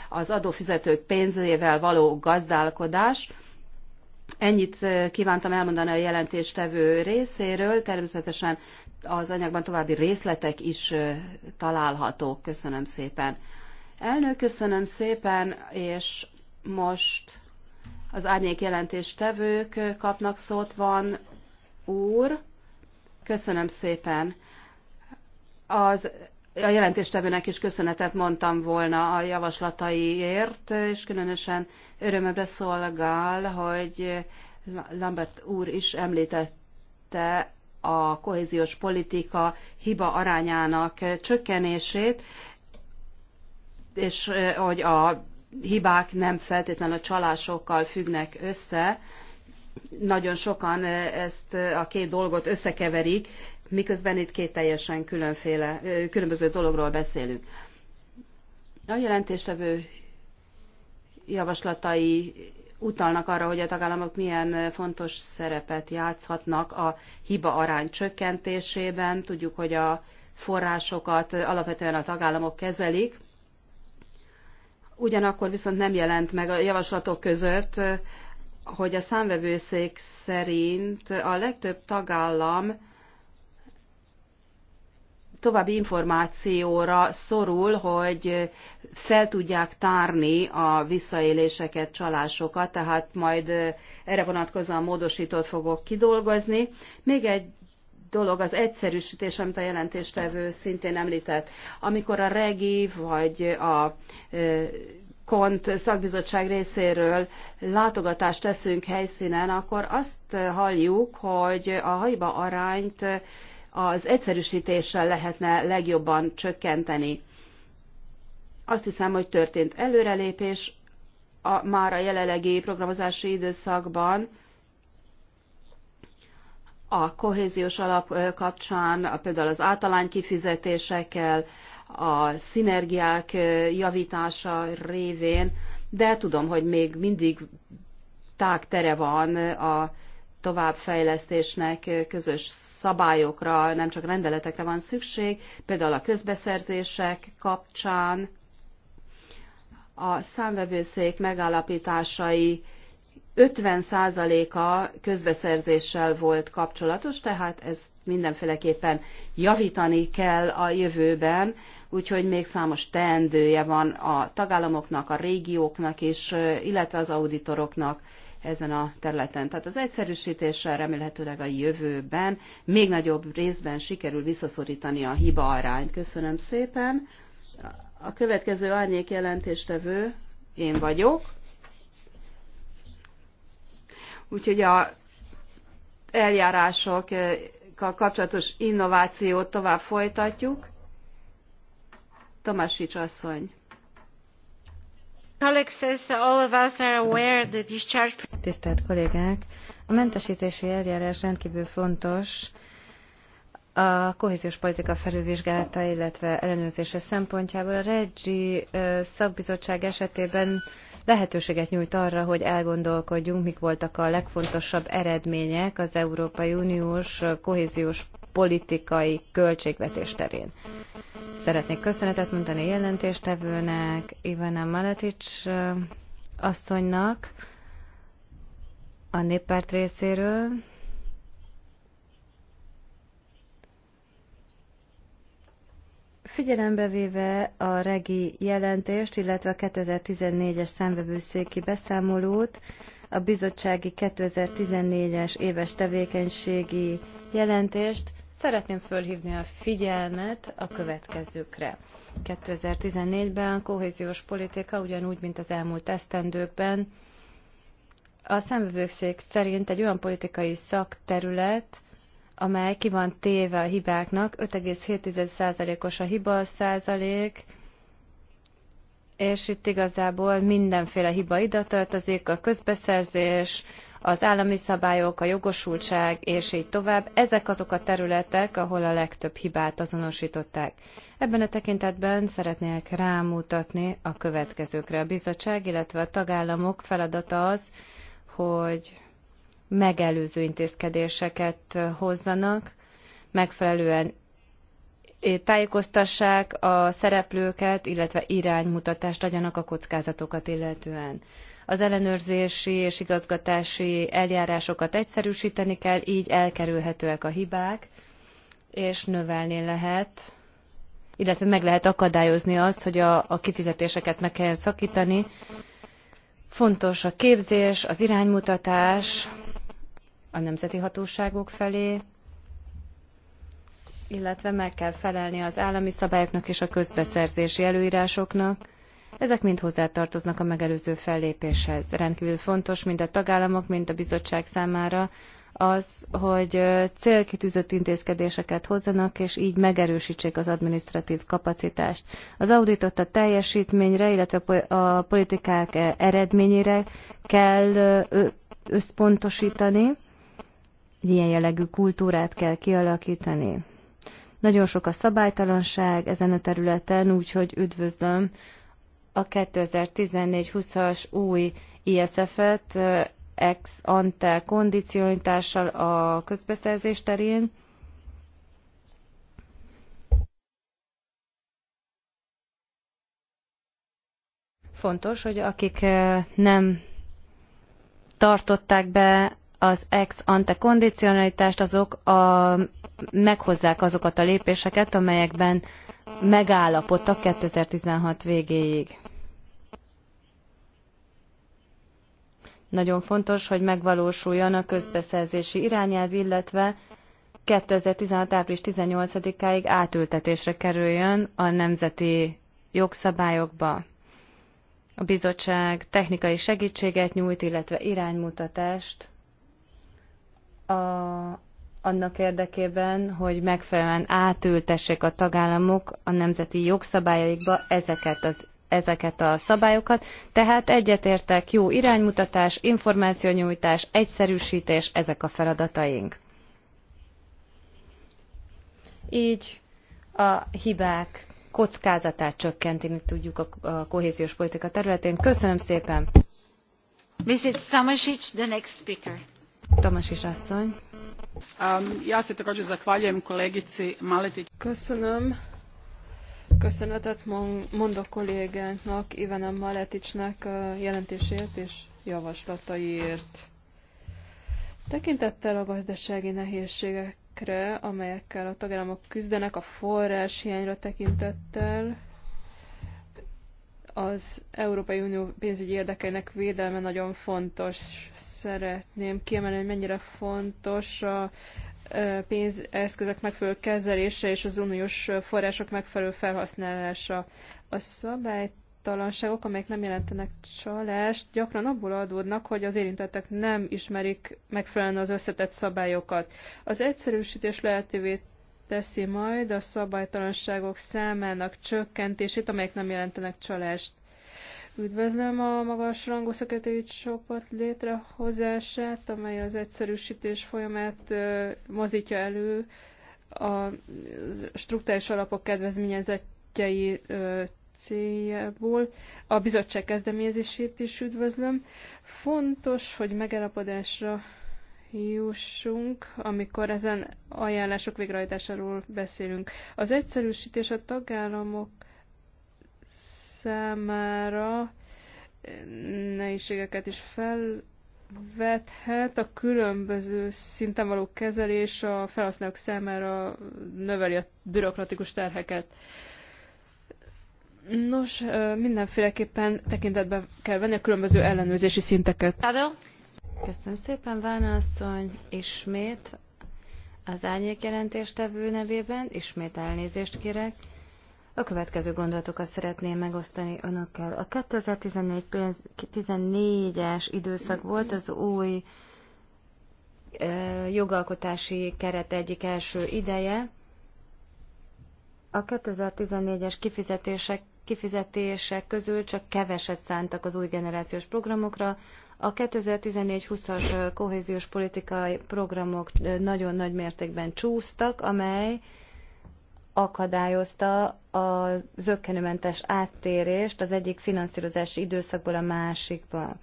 az adófizetők pénzével való gazdálkodás. Ennyit kívántam elmondani a jelentéstevő részéről, természetesen az anyagban további részletek is találhatók. Köszönöm szépen. Elnök, köszönöm szépen, és most az árnyék jelentéstevők kapnak szót van úr. Köszönöm szépen. Az, a jelentéstevőnek is köszönetet mondtam volna a javaslataiért, és különösen örömömre szolgál, hogy Lambert úr is említette a kohéziós politika hiba arányának csökkenését, és hogy a hibák nem feltétlenül a csalásokkal függnek össze. Nagyon sokan ezt a két dolgot összekeverik, miközben itt két teljesen különféle, különböző dologról beszélünk. A jelentéstevő javaslatai utalnak arra, hogy a tagállamok milyen fontos szerepet játszhatnak a hiba arány csökkentésében. Tudjuk, hogy a forrásokat alapvetően a tagállamok kezelik. Ugyanakkor viszont nem jelent meg a javaslatok között, hogy a számvevőszék szerint a legtöbb tagállam további információra szorul, hogy fel tudják tárni a visszaéléseket, csalásokat, tehát majd erre vonatkozóan módosítót fogok kidolgozni. Még egy dolog az egyszerűsítés, amit a jelentéstevő szintén említett. Amikor a REGI vagy a KONT szakbizottság részéről látogatást teszünk helyszínen, akkor azt halljuk, hogy a hajba arányt az egyszerűsítéssel lehetne legjobban csökkenteni. Azt hiszem, hogy történt előrelépés a, már a jelenlegi programozási időszakban, a kohéziós alap kapcsán, például az általány kifizetésekkel, a szinergiák javítása révén, de tudom, hogy még mindig tág tere van a továbbfejlesztésnek közös szabályokra, nem csak rendeletekre van szükség, például a közbeszerzések kapcsán, a számvevőszék megállapításai 50%-a közbeszerzéssel volt kapcsolatos, tehát ez mindenféleképpen javítani kell a jövőben, úgyhogy még számos teendője van a tagállamoknak, a régióknak is, illetve az auditoroknak ezen a területen. Tehát az egyszerűsítéssel remélhetőleg a jövőben még nagyobb részben sikerül visszaszorítani a hiba arányt. Köszönöm szépen. A következő árnyék jelentéstevő én vagyok. Úgyhogy a eljárásokkal kapcsolatos innovációt tovább folytatjuk. Tomasics asszony. Colleagues, all of us are aware the discharge tisztelt kollégák! A mentesítési eljárás rendkívül fontos a kohéziós politika felülvizsgálata, illetve ellenőrzése szempontjából. A REGI szakbizottság esetében lehetőséget nyújt arra, hogy elgondolkodjunk, mik voltak a legfontosabb eredmények az Európai Uniós kohéziós politikai költségvetés terén. Szeretnék köszönetet mondani jelentéstevőnek, Ivana Maletics asszonynak, a néppárt részéről. Figyelembe véve a regi jelentést, illetve a 2014-es számvevőszéki beszámolót, a bizottsági 2014-es éves tevékenységi jelentést, szeretném fölhívni a figyelmet a következőkre. 2014-ben a kohéziós politika ugyanúgy, mint az elmúlt esztendőkben a szemvevőszék szerint egy olyan politikai szakterület, amely ki van téve a hibáknak, 5,7%-os a hiba százalék, és itt igazából mindenféle hiba ide tartozik, a közbeszerzés, az állami szabályok, a jogosultság, és így tovább. Ezek azok a területek, ahol a legtöbb hibát azonosították. Ebben a tekintetben szeretnék rámutatni a következőkre. A bizottság, illetve a tagállamok feladata az, hogy megelőző intézkedéseket hozzanak, megfelelően tájékoztassák a szereplőket, illetve iránymutatást adjanak a kockázatokat illetően. Az ellenőrzési és igazgatási eljárásokat egyszerűsíteni kell, így elkerülhetőek a hibák, és növelni lehet, illetve meg lehet akadályozni azt, hogy a, a kifizetéseket meg kell szakítani, Fontos a képzés, az iránymutatás a nemzeti hatóságok felé, illetve meg kell felelni az állami szabályoknak és a közbeszerzési előírásoknak. Ezek mind hozzátartoznak a megelőző fellépéshez. Rendkívül fontos mind a tagállamok, mind a bizottság számára, az, hogy célkitűzött intézkedéseket hozzanak, és így megerősítsék az administratív kapacitást. Az auditot a teljesítményre, illetve a politikák eredményére kell összpontosítani, egy ilyen jellegű kultúrát kell kialakítani. Nagyon sok a szabálytalanság ezen a területen, úgyhogy üdvözlöm a 2014-20-as új ISF-et, ex ante kondicionitással a közbeszerzés terén. Fontos, hogy akik eh, nem tartották be az ex ante kondicionalitást, azok a, meghozzák azokat a lépéseket, amelyekben megállapodtak 2016 végéig. Nagyon fontos, hogy megvalósuljon a közbeszerzési irányelv, illetve 2016. április 18-áig átültetésre kerüljön a nemzeti jogszabályokba. A bizottság technikai segítséget nyújt, illetve iránymutatást a, annak érdekében, hogy megfelelően átültessék a tagállamok a nemzeti jogszabályaikba ezeket az ezeket a szabályokat, tehát egyetértek jó iránymutatás, információnyújtás, egyszerűsítés, ezek a feladataink. Így a hibák kockázatát csökkenteni tudjuk a kohéziós politika területén. Köszönöm szépen! Mrs. Tomasic, the next speaker. Tomasic asszony. Um, ja se također zahvaljujem kolegici Maletić. Köszönöm Köszönetet mondok kollégánknak, Ivanem Maleticsnek jelentésért és javaslataiért. Tekintettel a gazdasági nehézségekre, amelyekkel a tagállamok küzdenek, a forrás hiányra tekintettel, az Európai Unió pénzügyi érdekeinek védelme nagyon fontos. Szeretném kiemelni, hogy mennyire fontos a pénzeszközök megfelelő kezelése és az uniós források megfelelő felhasználása. A szabálytalanságok, amelyek nem jelentenek csalást, gyakran abból adódnak, hogy az érintettek nem ismerik megfelelően az összetett szabályokat. Az egyszerűsítés lehetővé teszi majd a szabálytalanságok számának csökkentését, amelyek nem jelentenek csalást. Üdvözlöm a magas rangú szakértői csoport létrehozását, amely az egyszerűsítés folyamát mozítja elő a struktúrális alapok kedvezményezettjei céljából. A bizottság kezdeményezését is üdvözlöm. Fontos, hogy megállapodásra jussunk, amikor ezen ajánlások végrehajtásáról beszélünk. Az egyszerűsítés a tagállamok számára nehézségeket is felvethet. A különböző szinten való kezelés a felhasználók számára növeli a bürokratikus terheket. Nos, mindenféleképpen tekintetben kell venni a különböző ellenőrzési szinteket. Köszönöm szépen, Vána asszony. Ismét az árnyék jelentéstevő nevében ismét elnézést kérek. A következő gondolatokat szeretném megosztani önökkel. A 2014-es időszak volt az új jogalkotási keret egyik első ideje. A 2014-es kifizetések, kifizetések közül csak keveset szántak az új generációs programokra. A 2014-20-as kohéziós politikai programok nagyon nagy mértékben csúsztak, amely akadályozta a zöggenőmentes áttérést az egyik finanszírozási időszakból a másikba.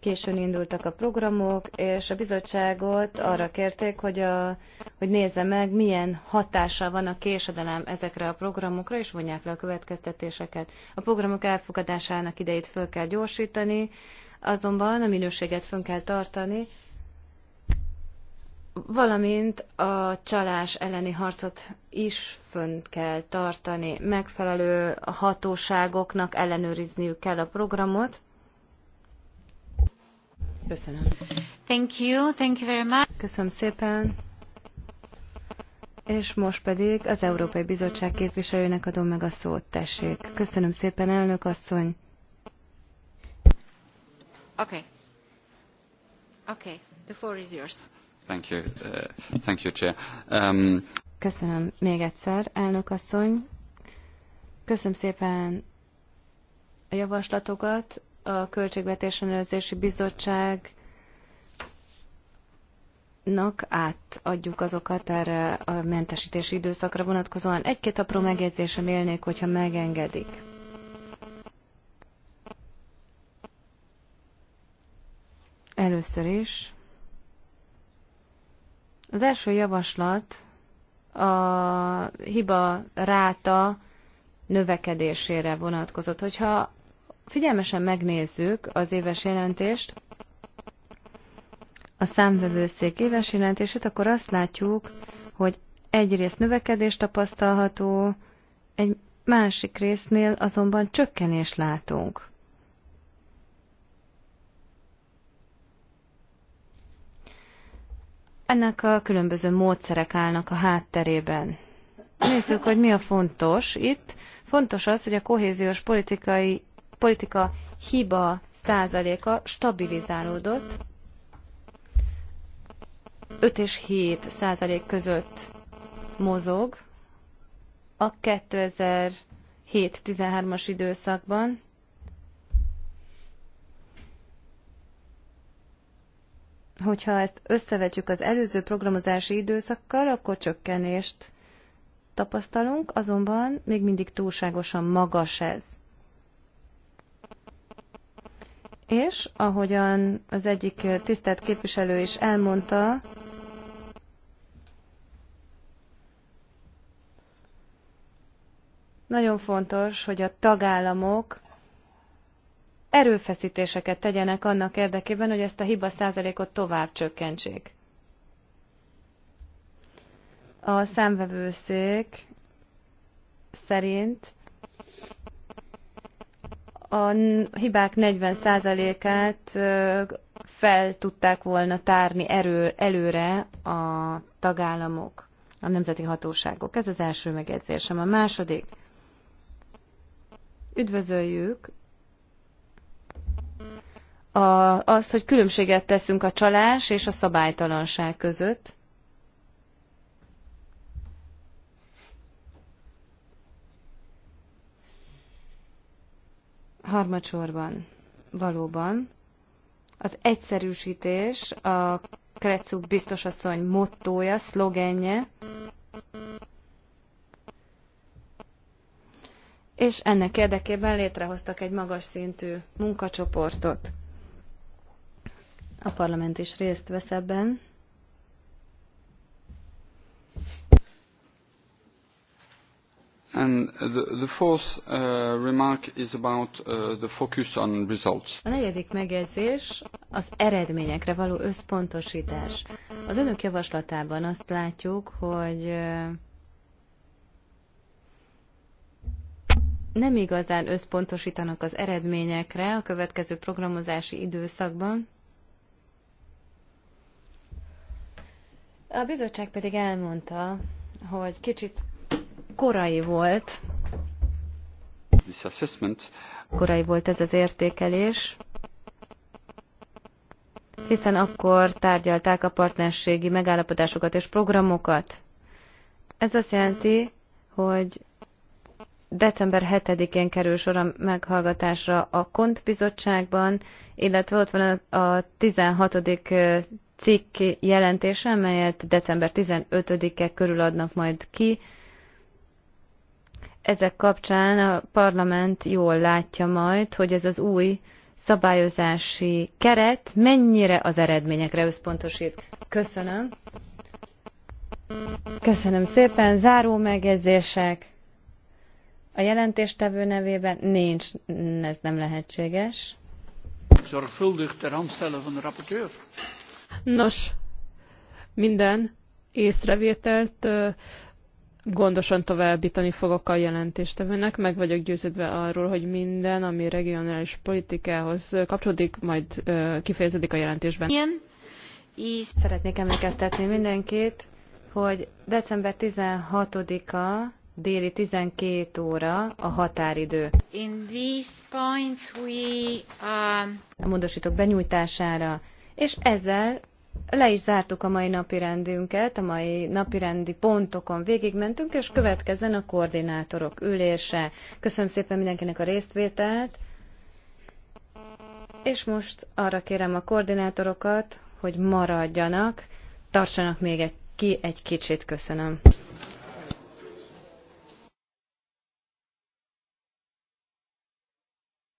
Későn indultak a programok, és a bizottságot arra kérték, hogy, a, hogy nézze meg, milyen hatása van a késedelem ezekre a programokra, és vonják le a következtetéseket. A programok elfogadásának idejét föl kell gyorsítani, azonban a minőséget fönn kell tartani, valamint a csalás elleni harcot is fönt kell tartani. Megfelelő hatóságoknak ellenőrizniük kell a programot. Köszönöm. Thank you, thank you very much. Köszönöm szépen. És most pedig az Európai Bizottság képviselőnek adom meg a szót, tessék. Köszönöm szépen, elnök asszony. Okay. Okay, the floor is yours. Thank you. Uh, thank you, Chair. Um... Köszönöm még egyszer, elnök asszony. Köszönöm szépen a javaslatokat. A Költségvetés Ellenőrzési Bizottság átadjuk azokat erre a mentesítési időszakra vonatkozóan. Egy-két apró megjegyzésem élnék, hogyha megengedik. Először is az első javaslat a hiba ráta növekedésére vonatkozott. Hogyha figyelmesen megnézzük az éves jelentést, a számvevőszék éves jelentését, akkor azt látjuk, hogy egyrészt növekedés tapasztalható, egy másik résznél azonban csökkenés látunk. Ennek a különböző módszerek állnak a hátterében. Nézzük, hogy mi a fontos itt. Fontos az, hogy a kohéziós politikai, politika hiba százaléka stabilizálódott. 5 és 7 százalék között mozog a 2007-13-as időszakban. Hogyha ezt összevetjük az előző programozási időszakkal, akkor csökkenést tapasztalunk, azonban még mindig túlságosan magas ez. És ahogyan az egyik tisztelt képviselő is elmondta, nagyon fontos, hogy a tagállamok erőfeszítéseket tegyenek annak érdekében, hogy ezt a hiba százalékot tovább csökkentsék. A számvevőszék szerint a hibák 40 százalékát fel tudták volna tárni erő, előre a tagállamok, a nemzeti hatóságok. Ez az első megjegyzésem. A második. Üdvözöljük a, az, hogy különbséget teszünk a csalás és a szabálytalanság között. Harmadsorban valóban az egyszerűsítés a Kretszuk biztosasszony mottója, szlogenje, és ennek érdekében létrehoztak egy magas szintű munkacsoportot. A parlament is részt vesz ebben. And the, the fourth uh, remark is about uh, the focus on results. A negyedik megjegyzés az eredményekre való összpontosítás. Az önök javaslatában azt látjuk, hogy nem igazán összpontosítanak az eredményekre a következő programozási időszakban, A bizottság pedig elmondta, hogy kicsit korai volt, This assessment. korai volt ez az értékelés, hiszen akkor tárgyalták a partnerségi megállapodásokat és programokat. Ez azt jelenti, hogy december 7-én kerül sor a meghallgatásra a Kont bizottságban, illetve ott van a 16 cikk jelentése, amelyet december 15-e körül adnak majd ki. Ezek kapcsán a parlament jól látja majd, hogy ez az új szabályozási keret mennyire az eredményekre összpontosít. Köszönöm. Köszönöm szépen. Záró megjegyzések. A jelentéstevő nevében nincs, ez nem lehetséges. Zorgvuldig ter van de rapporteur. Nos, minden észrevételt gondosan továbbítani fogok a jelentéstevőnek, meg vagyok győződve arról, hogy minden, ami regionális politikához kapcsolódik, majd kifejeződik a jelentésben. Igen, Így szeretnék emlékeztetni mindenkit, hogy december 16-a déli 12 óra a határidő. In these points we, um... A módosítók benyújtására, és ezzel le is zártuk a mai napi rendünket, a mai napi rendi pontokon végigmentünk, és következzen a koordinátorok ülése. Köszönöm szépen mindenkinek a résztvételt, és most arra kérem a koordinátorokat, hogy maradjanak, tartsanak még egy, ki egy kicsit, köszönöm.